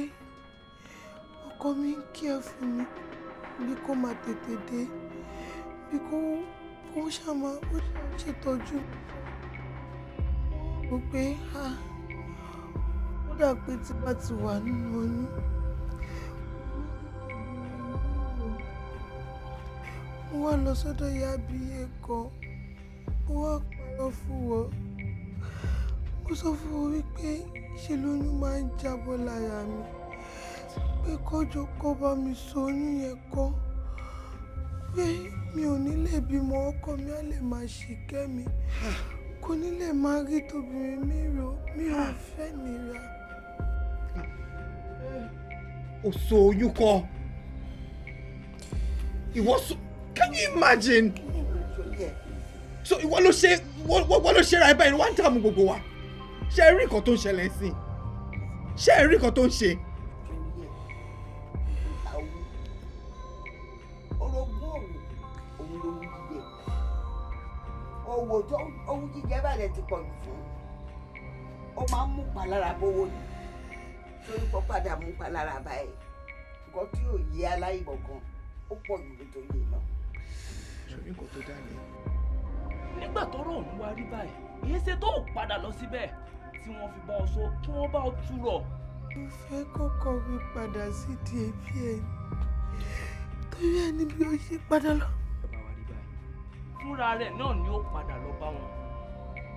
ọkọ mi ń kí fún mi bí kò máa tètè dé bí kò kò ṣàmà ó ṣètọ́jú mo pé ah, ó dà pé tí bá ti wà nínú oyún. mo wá lọ sọ́dọ̀ ìyá abiyẹ kan mo wá fún wọn mo sọ fún wọn wípé ṣe lóyún máa ń jábọ́ láyà mi pé kọjọ kọ bá mi sọ oyún yẹn kọ́ pé mi ò ní lè bímọ ọkọ mi á lè máa ṣìkẹ́ mi kò ní lè máa rí tobìnrin mi rò mi ò fẹ́ nira. o sọ oyún kọ́ ìwọ sọ. So Can you imagine? So ìwọ ló ṣe wọ́n ló ṣera ẹ báyìí wọ́n ń tààmú gbogbo wa. Ṣé ẹ rí nǹkan tó ń ṣẹlẹ̀ sí i? Ṣé ẹ rí nǹkan tó ń ṣe? Owó tó owó jíjẹ bàlẹ̀ ti pọ̀ jù fún. Ó máa ń mú palára bówó ni. Torí pọ́ padà mú palára báyìí. Nǹkan tí ò yé aláìmọ̀ gan, ó pọ̀ jù nítorí sórí nǹkan tó dá nígbà tó rọ̀ òun wá báyìí èyí ṣe tó padà lọ síbẹ̀ tí wọ́n fi bá ọ sọ tí wọ́n bá ọ túrọ̀. mo fẹ́ kọ́kọ́ mi padà sí di ẹbí ẹ torí ẹ ní ó ṣe padà lọ. fúnra rẹ̀ náà ni ó padà lọ bá wọn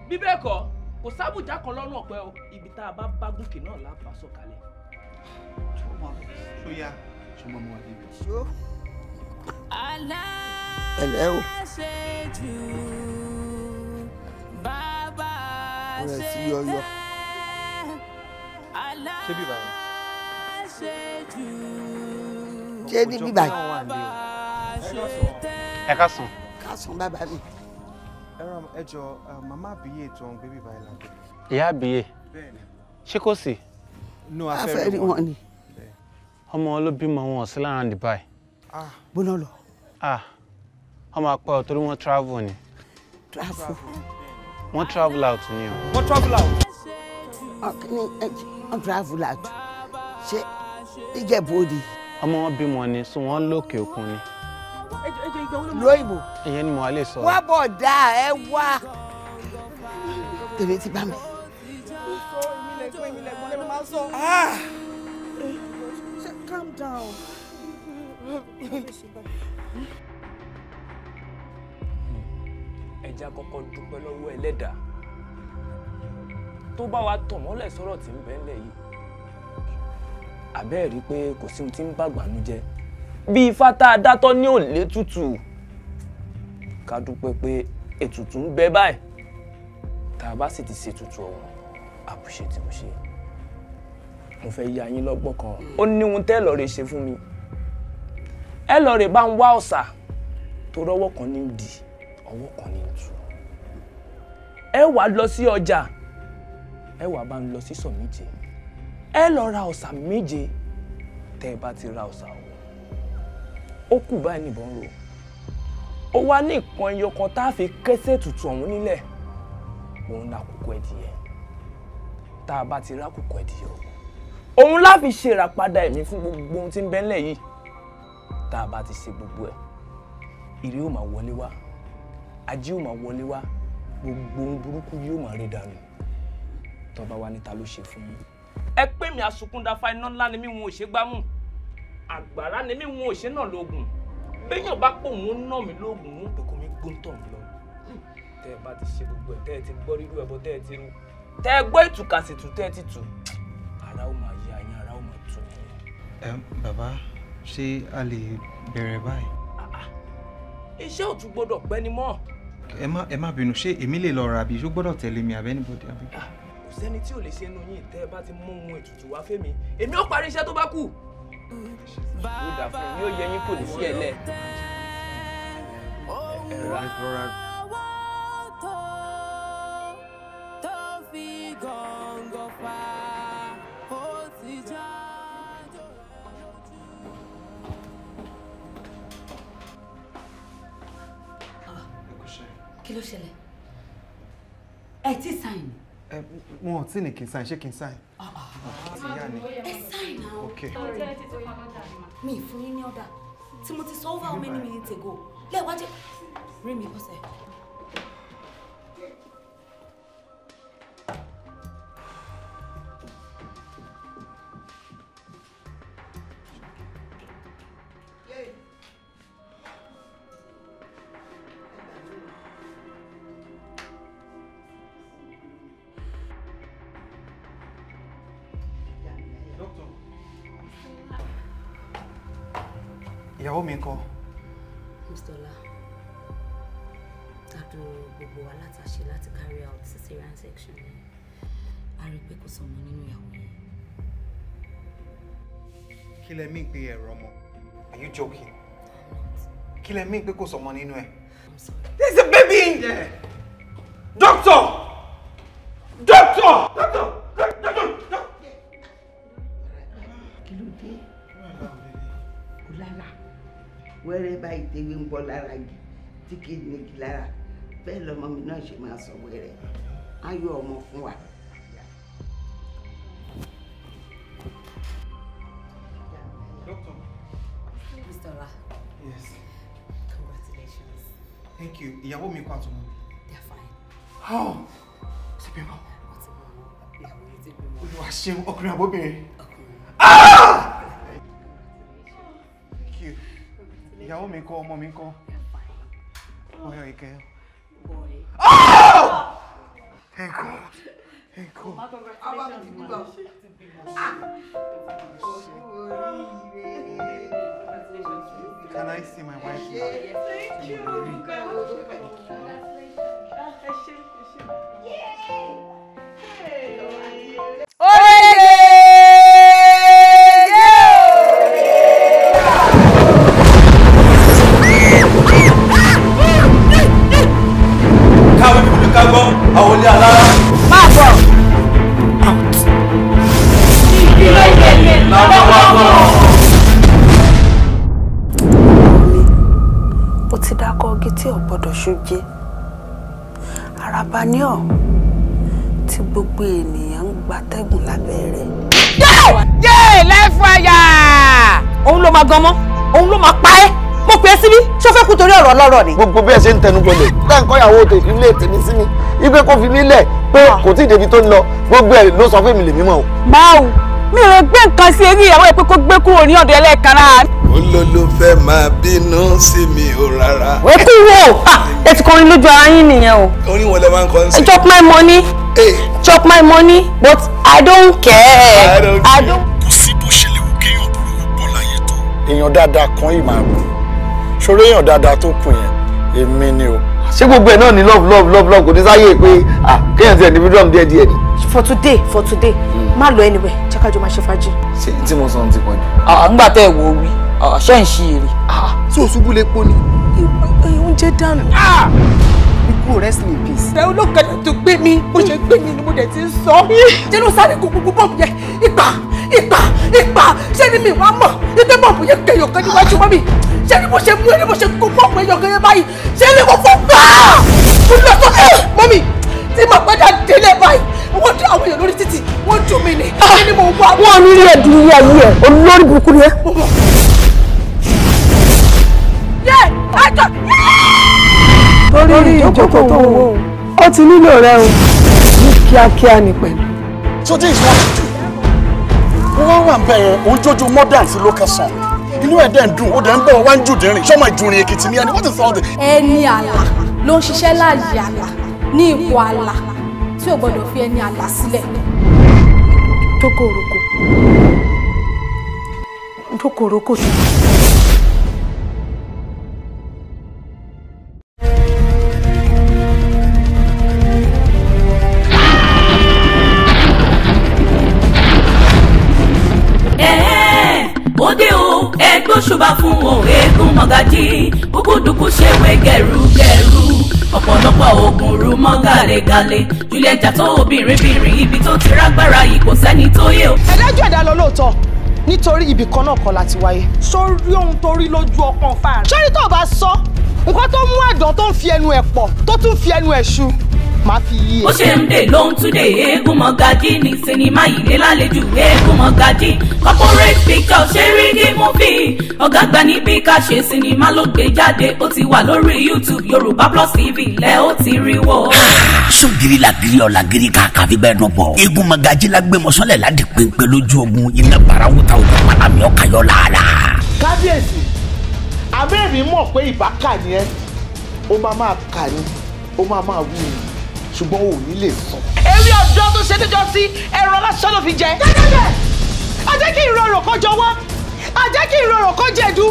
bí bẹ́ẹ̀ kọ́ kò sábùjá kan lọ́nà ọ̀pẹ o ibi tá a bá bá gòkè náà là á bá sọ̀kalẹ̀. ṣó ṣó yá ṣó máa mú wa débi. ṣó. àlá ẹ̀lẹ́ o. rẹ̀ sí yọyọ. ṣé bíbá yẹn. ṣé ní bíbá yẹn. ẹ ká sùn. ká sùn bàbá mi. ẹ jọ màmá àbíyè tó ń gbé bíbá yẹn lábẹ́. ìyá àbíyè ṣé kò sí. no afẹ́ rí wọn ni. ọmọ ló ah wọ́n máa pẹ́ ọ torí wọ́n travel ni. travel. wọ́n travel out ni o. wọ́n travel out. ọ̀kìnní ah, ẹ̀jẹ̀ eh, wọ́n travel out ṣé ìjẹ̀bú òdì. ọmọ wọn bímọ ni sùn wọn lókè òkun ni. lóyìnbó. ìyẹn ni mo wá lè sọ. wá bọ̀ dá ẹ wá. tèmi ti bá mi. Ah. Calm down. ẹja kọ́kọ́ dúpẹ́ lọ́wọ́ ẹlẹ́dàá tó bá wa tàn mọ́lẹ̀ sọ̀rọ̀ tí ń bẹ ńlẹ̀ yìí àbẹ́ẹ̀ pé kò sí ohun tí ń bàgbànú jẹ́ bí ifá tá a ní òlé tútù ká dúpẹ́ pé ètùtù ń bẹ báyìí tá a bá sì ti ṣètùtù ọ̀hún àbùṣe tí mo ṣe mo fẹ́ ya yín lọ́gbọ́n kan ó ní ohun tẹ́ ẹ ṣe fún mi ẹ lọ́ọ́ bá ń wá ọ̀sà tó rọ́wọ́ kan ní ìdí ọwọ́ kan ní ìtù ẹ wàá lọ sí ọjà ẹ wàá bá ń lọ sí sọ méje ẹ lọ ra ọ̀sà méje tẹ́ ẹ bá ti ra ọ̀sà ọ̀hún ó kù báyìí nìbọn rò ó wá ní nǹkan ẹyọ kan tá a fi kẹ́sẹ̀ tutù ọ̀hún nílẹ̀ òun la kókó ẹdìyẹ tá a bá ti rá kókó ẹdìyẹ o òun la fi ṣe ìràpadà ẹ̀mí fún gbogbo ohun tí ń bẹ ńlẹ̀ yìí tá a bá ti ṣe gbogbo ẹ̀ ire ó máa wọlé wá ajé ò máa wọlé wá gbogbo ohun burúkú yóò máa rí dànù tọba wa níta ló ṣe fún mi. ẹ pè mí àsùnkúndáfà iná ńlá ni mí wọn ò ṣe gbámù àgbàrá ni mí wọn ò ṣe náà lóògùn béèyàn bá pò wọn náà mi lóògùn wọn pẹ̀kọ́ mi gbóńtọ̀ mi lọ. Hmm. tẹ́ ẹ bá ti ṣe gbogbo ẹ̀ tẹ́ ẹ ti gbọ́ rírú ẹbọ tẹ́ ẹ ti rú tẹ́ ẹ gbọ́ ìtùkàsìtù tẹ́ ẹ ti tù ara ó máa yá yín ara ó máa tù. ẹ bàbá ṣé a lè bẹ̀rẹ̀ báyìí. Ah, ah. iṣẹ́ ò tún gbọ́dọ̀ pẹ́ ni mọ́ ẹ má ẹ má bínú ṣé èmi lè lọ ra àbí ṣó gbọ́dọ̀ tẹ̀lé mi àbẹ́ anybody àbí. kò sẹ́ni tí ò lè ṣe inú yín tẹ́ ẹ bá ti mú ohun ètùtù wá fẹ́mi èmi ò parí iṣẹ́ tó bá kù. ó dà mi yóò yẹ yín kò ní sí ẹ lẹ. ẹ rọra kí ló ṣẹlẹ̀ ẹ ti sign. ẹ wọn ò tí ní kí n sign ṣé kí n sign. Ah, ah. ẹ sign na o mi ìfún yín ní ọ̀dà tí mo ti sọ over how many minutes ago lẹ́ẹ̀wájú rí mi bọ́sẹ̀. dẹ̀ mí pé kò sọmọ nínú ẹ̀. there is a baby in there. doctor doctor doctor doctor doctor. ń bọ́ lára igi tí kìíní igi lára bẹ́ẹ̀ lọmọ mi náà ṣe máa sọ wẹ́rẹ́ ayọ̀ ọmọ fún wa. Doctor. Mr. Ra. Yes. Thank you. Ìyàwó mi kọ́ àtúmọ̀. They are fine. How? Ṣé bí mọ́? Olúwa ṣeun ọkùnrin àbóbìnrin. Thank you. Ìyàwó mi kọ́ ọmọ mi kọ́. Bọ́yọ̀ ìkẹ́. Boy. Oh! Thank God. Can I see my wife now? Thank you. Congratulations. Oyè! ká gbọ́ lágbàgbọ́. ó ti dákọ́ ọgí tí ò gbọ́dọ̀ ṣojé araba ní ọ̀ tí gbogbo ènìyàn ń gbatẹ́gùn lábẹ́ rẹ̀. yéè lẹ́fọ̀ ẹ̀yà òun ló máa gan mọ́ òun ló máa pa ẹ́ mo pè é síbí ṣó fẹ́ kú torí ọ̀rọ̀ ọlọ́rọ̀ ni. gbogbo bí ẹ ṣe ń tẹnu gbọlẹ̀ tá nǹkan ìyàwó ilé tèmi sí mi ibi kò fi mí lẹ̀ pé kò tí ì débi tó ń lọ gbogbo ẹ̀ ló sọ fún mi lèmi mọ́ o. báwo mi ò lè gbé nǹkan sí eré ìyàwó ẹ pé kó gbé kúrò ní ọ̀dọ̀ ẹlẹ́ẹ̀kan rárá. olólùfẹ́ máa bínú sí mi ò rárá. òkú wo ah, ẹ ti kọrin lójú ara yín nìyẹn o. orin wo máa ń kọrin sí. Eh, chop my money hey. Eh. chop my money but i don't care. i don't care. kò sí bó ṣe lè wò kéèyàn burúkú pọ̀ láyé tó. èèyàn dáadáa kan yìí máa bù ṣòro èèyàn dáadáa tó kù yẹn èmi ni o ṣé gbogbo ẹ náà ni love love love love kò ní sáyé pé ah kéèyàn ti ẹ̀ ní freedom díẹ̀ díẹ̀ ni. for today for today hmm. má lọ anywhere kájọ máa ṣe fàájì. ṣé tí mo sọ ohun ti pọ̀ ni. àgbà tẹ́ ẹ̀ wò wí ṣé ń ṣe èrè. tí o ṣubú lè pọ̀ ni. oúnjẹ dànù. ikú rest in peace. ìfẹ́ olókàdá tó gbé mi bó ṣe gbé mi ni mo dẹ̀ ti ń sọ. ṣé ló sáré gbogbo bọ́ọ̀mù yẹn ipa ipa ipa ṣé ni mi wá mọ̀ ike bọ́ọ̀mù yẹn kẹyọ̀ kan níwájú mọ́ mi ṣé ni mo ṣe mú ẹ ni mo ṣe kó bọ́ọ̀mù yẹn yọ̀ kẹyọ̀ báyìí ṣé ni mo fọ́ gbà. mo lọ sọ ẹ eh, tí màá padà délé báyìí wọ́n dún àwọn èèyàn lórí títì wọ́n dùn mí ni kí ah, ni mo wá. wọn ò ní ilé ẹdùn ilé ayé ẹ olórí burúkú ni ẹ. yẹ àjọ. torí ìjókòó tó wò ó ti nílò rẹ o ní kíákíá ni pẹ̀lú. so this is what you do wọ́n wà bẹ̀rẹ̀ òun jójú modern sí local song inú ẹ̀ dẹ̀ ń dùn ó dẹ̀ ń bọ̀ wá ń jù dínrín sọ́mọ ìjùrìn èkìtì ní ẹni wọ́n ti sọ ọ́ dẹ̀. ẹni àlà ló ń ṣiṣẹ́ láàyè àlà ní ipò àlà tí ò gbọdọ̀ fi ẹni àlà sílẹ̀. dókòrókò dókòrókò ti. ṣùgbọ́n fún òun eégún mọ̀gájí kúkúdùkú ṣe wé gẹ̀rúgẹ̀rú ọ̀pọ̀lọpọ̀ oògùn rú mọ́ gàlégàlé Juliet Jatto obìnrin bìnrin ibi tó ti rágbára yìí kò sẹ́ni tó yé o. ẹ̀dájọ́ ẹ̀dá lọ lóòótọ́ nítorí ibì kan náà kọ́ láti wáyé sórí ohun tó rí lójú ọkàn fáàrí. sórí tó o bá sọ nǹkan tó mú àdán tó ń fi ẹnu ẹ̀ pọ̀ tó tún fi ẹnu ẹ̀ ṣu máa fi yí ẹ. ó ṣe ń dè lóhun túnde eégún mọ́gájí ní sinimá ìlé lálejò eégún mọ́gájí corporate picture ṣe rí ní múfì ọ̀gá àgbà níbi ká ṣe sinimá ló gbé jáde ó ti wà lórí youtube yorùbá plus tv lẹ ó ti rí wò. sógiri làgiri ọ̀làgiri ká kàfi bẹ́ẹ̀ nọ bọ̀ eégún mọ́gájí lágbèmọ̀sọ́lẹ̀ láti pèpè lójú ogun iná barawu ta òkú pàlàmì ọ̀kayọ̀ làálàá. kábíyèsí abẹ́rẹ́ mi mọ̀ pé ìbá kà ni ẹ́ ó máa máa kà ni ó máa máa wí ni ṣùgbọ́n o ò ní lè sọ. eré ọ̀dọ́ tó ṣe déjọ́ sí ẹ̀rọ lásán ló fi jẹ. jẹ́jẹ́jẹ́ a jẹ́ kí ìrorò kó jọ wá a jẹ́ kí ìrorò kó jẹ̀dú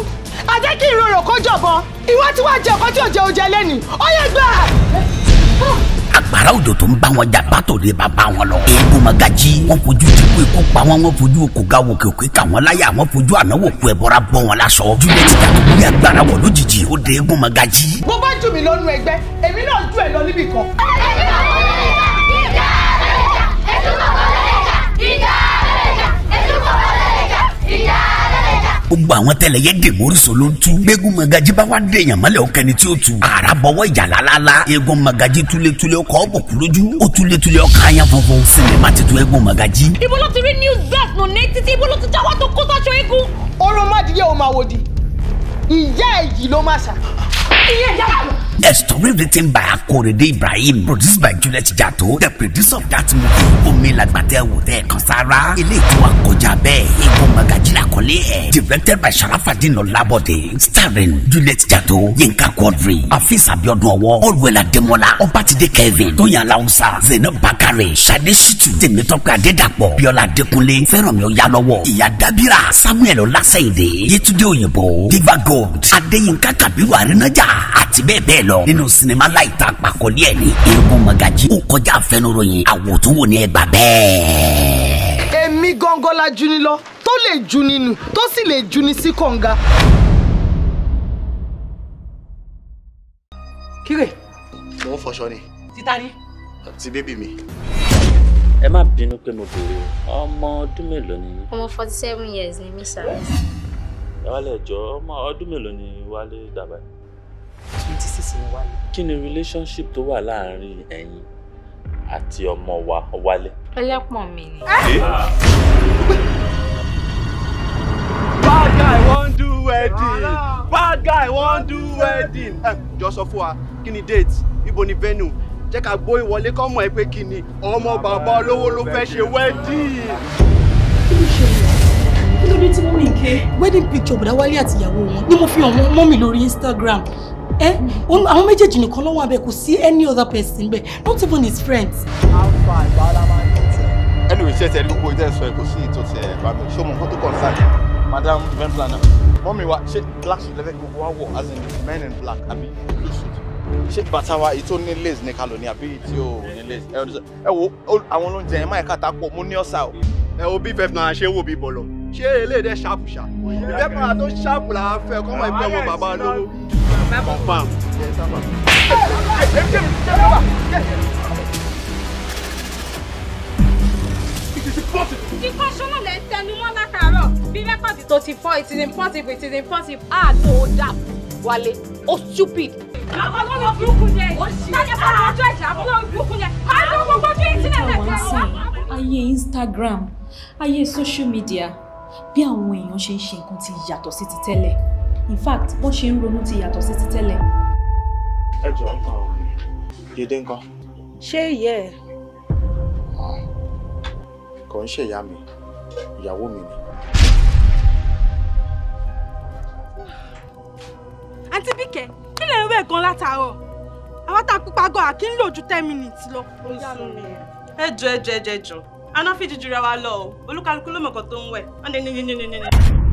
a jẹ́ kí ìrorò kó jọ̀bọ ìwọ tí wàá jẹ ọkọ tí ò jẹ oúnjẹ lẹ́nu ó yẹ gbà àgbàrá òjò tó ń bá wọn jà pátó lè bá bá wọn lọ. èébú magají wọn fojú dìbò ikú pa wọn wọn fojú òkòga òkè òkè kà wọn láyà wọn fojú ànáwó kú ẹbọra bọ wọn lásọ. juliet yàtọ̀ bí agbára wọ̀ lójijì ó dé èébú magají. bó bá jù mí lọ́nu ẹgbẹ́ èmi náà jù ẹ̀ lọ níbì kan. gbogbo àwọn tẹlẹ yẹ dèmórísò ló ń tú. gbẹ́gun magají bá wá dé èèyàn mọ́lẹ̀ ọ̀kẹ́ni tí ó tu. àrà bọ̀wọ́ ìjà lálálá. egun magají túlétúlé ọkọ̀ ọ̀bùkún lójú. ó túlétúlé ọkọ̀ àyàn funfun fún mi má ti tu egun magají. ibo ló ti rí news desk nù ní títí ibo ti jáwọ́ tó kó sọ́jọ́ eégún. orun má dìde òun máa wò di ìyá èyí ló máa ṣà. ìyá ìyá wà lọ. A story written by Akorede Ibrahim, produced by Juliet Jato, the producer of that movie. Omi Lagbate Wòtẹ́ Kansara, ilé ìtura kọjá bẹ́ẹ̀, Directed by Sharafadin Olabode, starring Juliet Jato, Yinka Quadri, Afis Abiodun Ọwọ́, Demola, Ọbatide Kevin, Tóyàn Lausa, Zainab Bakare, Sade Shitu, Tèmítọ́pẹ́ Adédàpọ̀, Biola Adekunle, Fẹ́rànmi Oyalọ́wọ́, Ìyá Dábìrà, Samuel Ọlásẹ̀yìndé, Yétúndé Òyìnbó, Divago gold adéyínká kàbírù àrínájà àti bẹ́ẹ̀ bẹ́ẹ̀ lọ nínú sinimá láìta àpàkọ́lé ẹ̀ ní eégún magají ó kọjá àfẹnuròyìn àwòtúnwò ní ẹgbà bẹ́ẹ̀. èmi gangan la juni lọ tó lè juni nù tó sì lè juni sí kànga. kíre. mo ń fọṣọ ni. títa ni. bébì mi ẹ má bínú pé mo béèrè ọmọ ọdún mélòó ni. ọmọ forty seven years ni mí sá. Wálé ẹ̀jọ́ ọmọ ọdún mélòó ni Wálé dàbà yìí? twenty six ni Wálé. Kí ni relationship tó wà láàárín ẹ̀yin àti ọmọ wa Wálé? Ẹlẹ́pọ̀n mi ni. Ah! Bad guy won't do wedding. Bad guy won't do wedding. Jọ sọ fún wa, kí ni date? Ibo ni venue? Jẹ́ ká gbó ìwọlé kọ́mọ̀ ẹ pé kí ni ọmọ bàbá olówó ló fẹ́ ṣe wedding lórí tí mọ́mí ń wedding picture bọ̀dá wálé àti ìyàwó wọn ni mo fi hàn wọn mọ́mí lórí Instagram ẹ àwọn méjèèjì nìkan ló wà bẹ́ẹ̀ kò sí any other person bẹ́ẹ̀ not even his friends. alfa ìbára máa ń tẹ. ẹnu ìṣe tẹ gbogbo ìdẹ sọ ẹ kò sí ètò tẹ ẹ bá mi ṣé mo nǹkan tó concern madam event planner mọ́mí wa ṣé black suit lẹ́fẹ̀ẹ́ gbogbo wa wọ̀ as in men in black àbí blue suit ṣé bàtà wa tó ní ní kalò àbí tí ò ní lace ẹ wo àwọn olóúnjẹ yẹn máa ń kàtà pọ̀ mú ní ọ̀sà o. ẹ wo bí bẹ́ẹ̀ náà ṣe wò bí bọ̀lọ̀ ṣé eléyìí dẹ́ ṣáàpù ṣá ìbẹ́ padà tó ṣáàpù là á fẹ́ kọ́ mọ̀ ìbẹ́ bàbá lówó. confam. ìfọ̀ṣọ́nà lè tẹnumọ́ látàárọ̀ bí rẹ́kọ̀dì tó ti fọ́ it is impossible it is impossible ah no doubt. Wale, ó stupid. àwọn ọlọ́wọ́ burúkú yẹn táyà bá ọjọ́ ìjà àwọn ọlọ́wọ́ burúkú yẹn máa ń lọ gbogbo bí ìtìlẹ̀ lẹ́gbẹ̀ẹ́ ayé Instagram ayé social media bí àwọn èèyàn ṣe ń ṣe nǹkan ti yàtọ̀ sí ti tẹ́lẹ̀ in fact wọ́n ṣe ń ronú ti yàtọ̀ sí ti tẹ́lẹ̀. ẹ jọ nǹkan ò ní yédè nǹkan. ṣé ìyẹ́ ẹ̀. kò ń ṣèyá mi ìyàwó mi ni. àǹtí bíkẹ́ kí lè ń wẹ̀ gan látàárọ̀ àwọn tá a pupa gan àkí ń lò ju ten minutes lọ. ó sún mi ẹ jọ ẹ jọ ẹ jọ aná fi jíjura wa lọ o olúkálukú ló mọ̀ kan tó ń wẹ̀ ọ́n ní ní ní ní ní ní.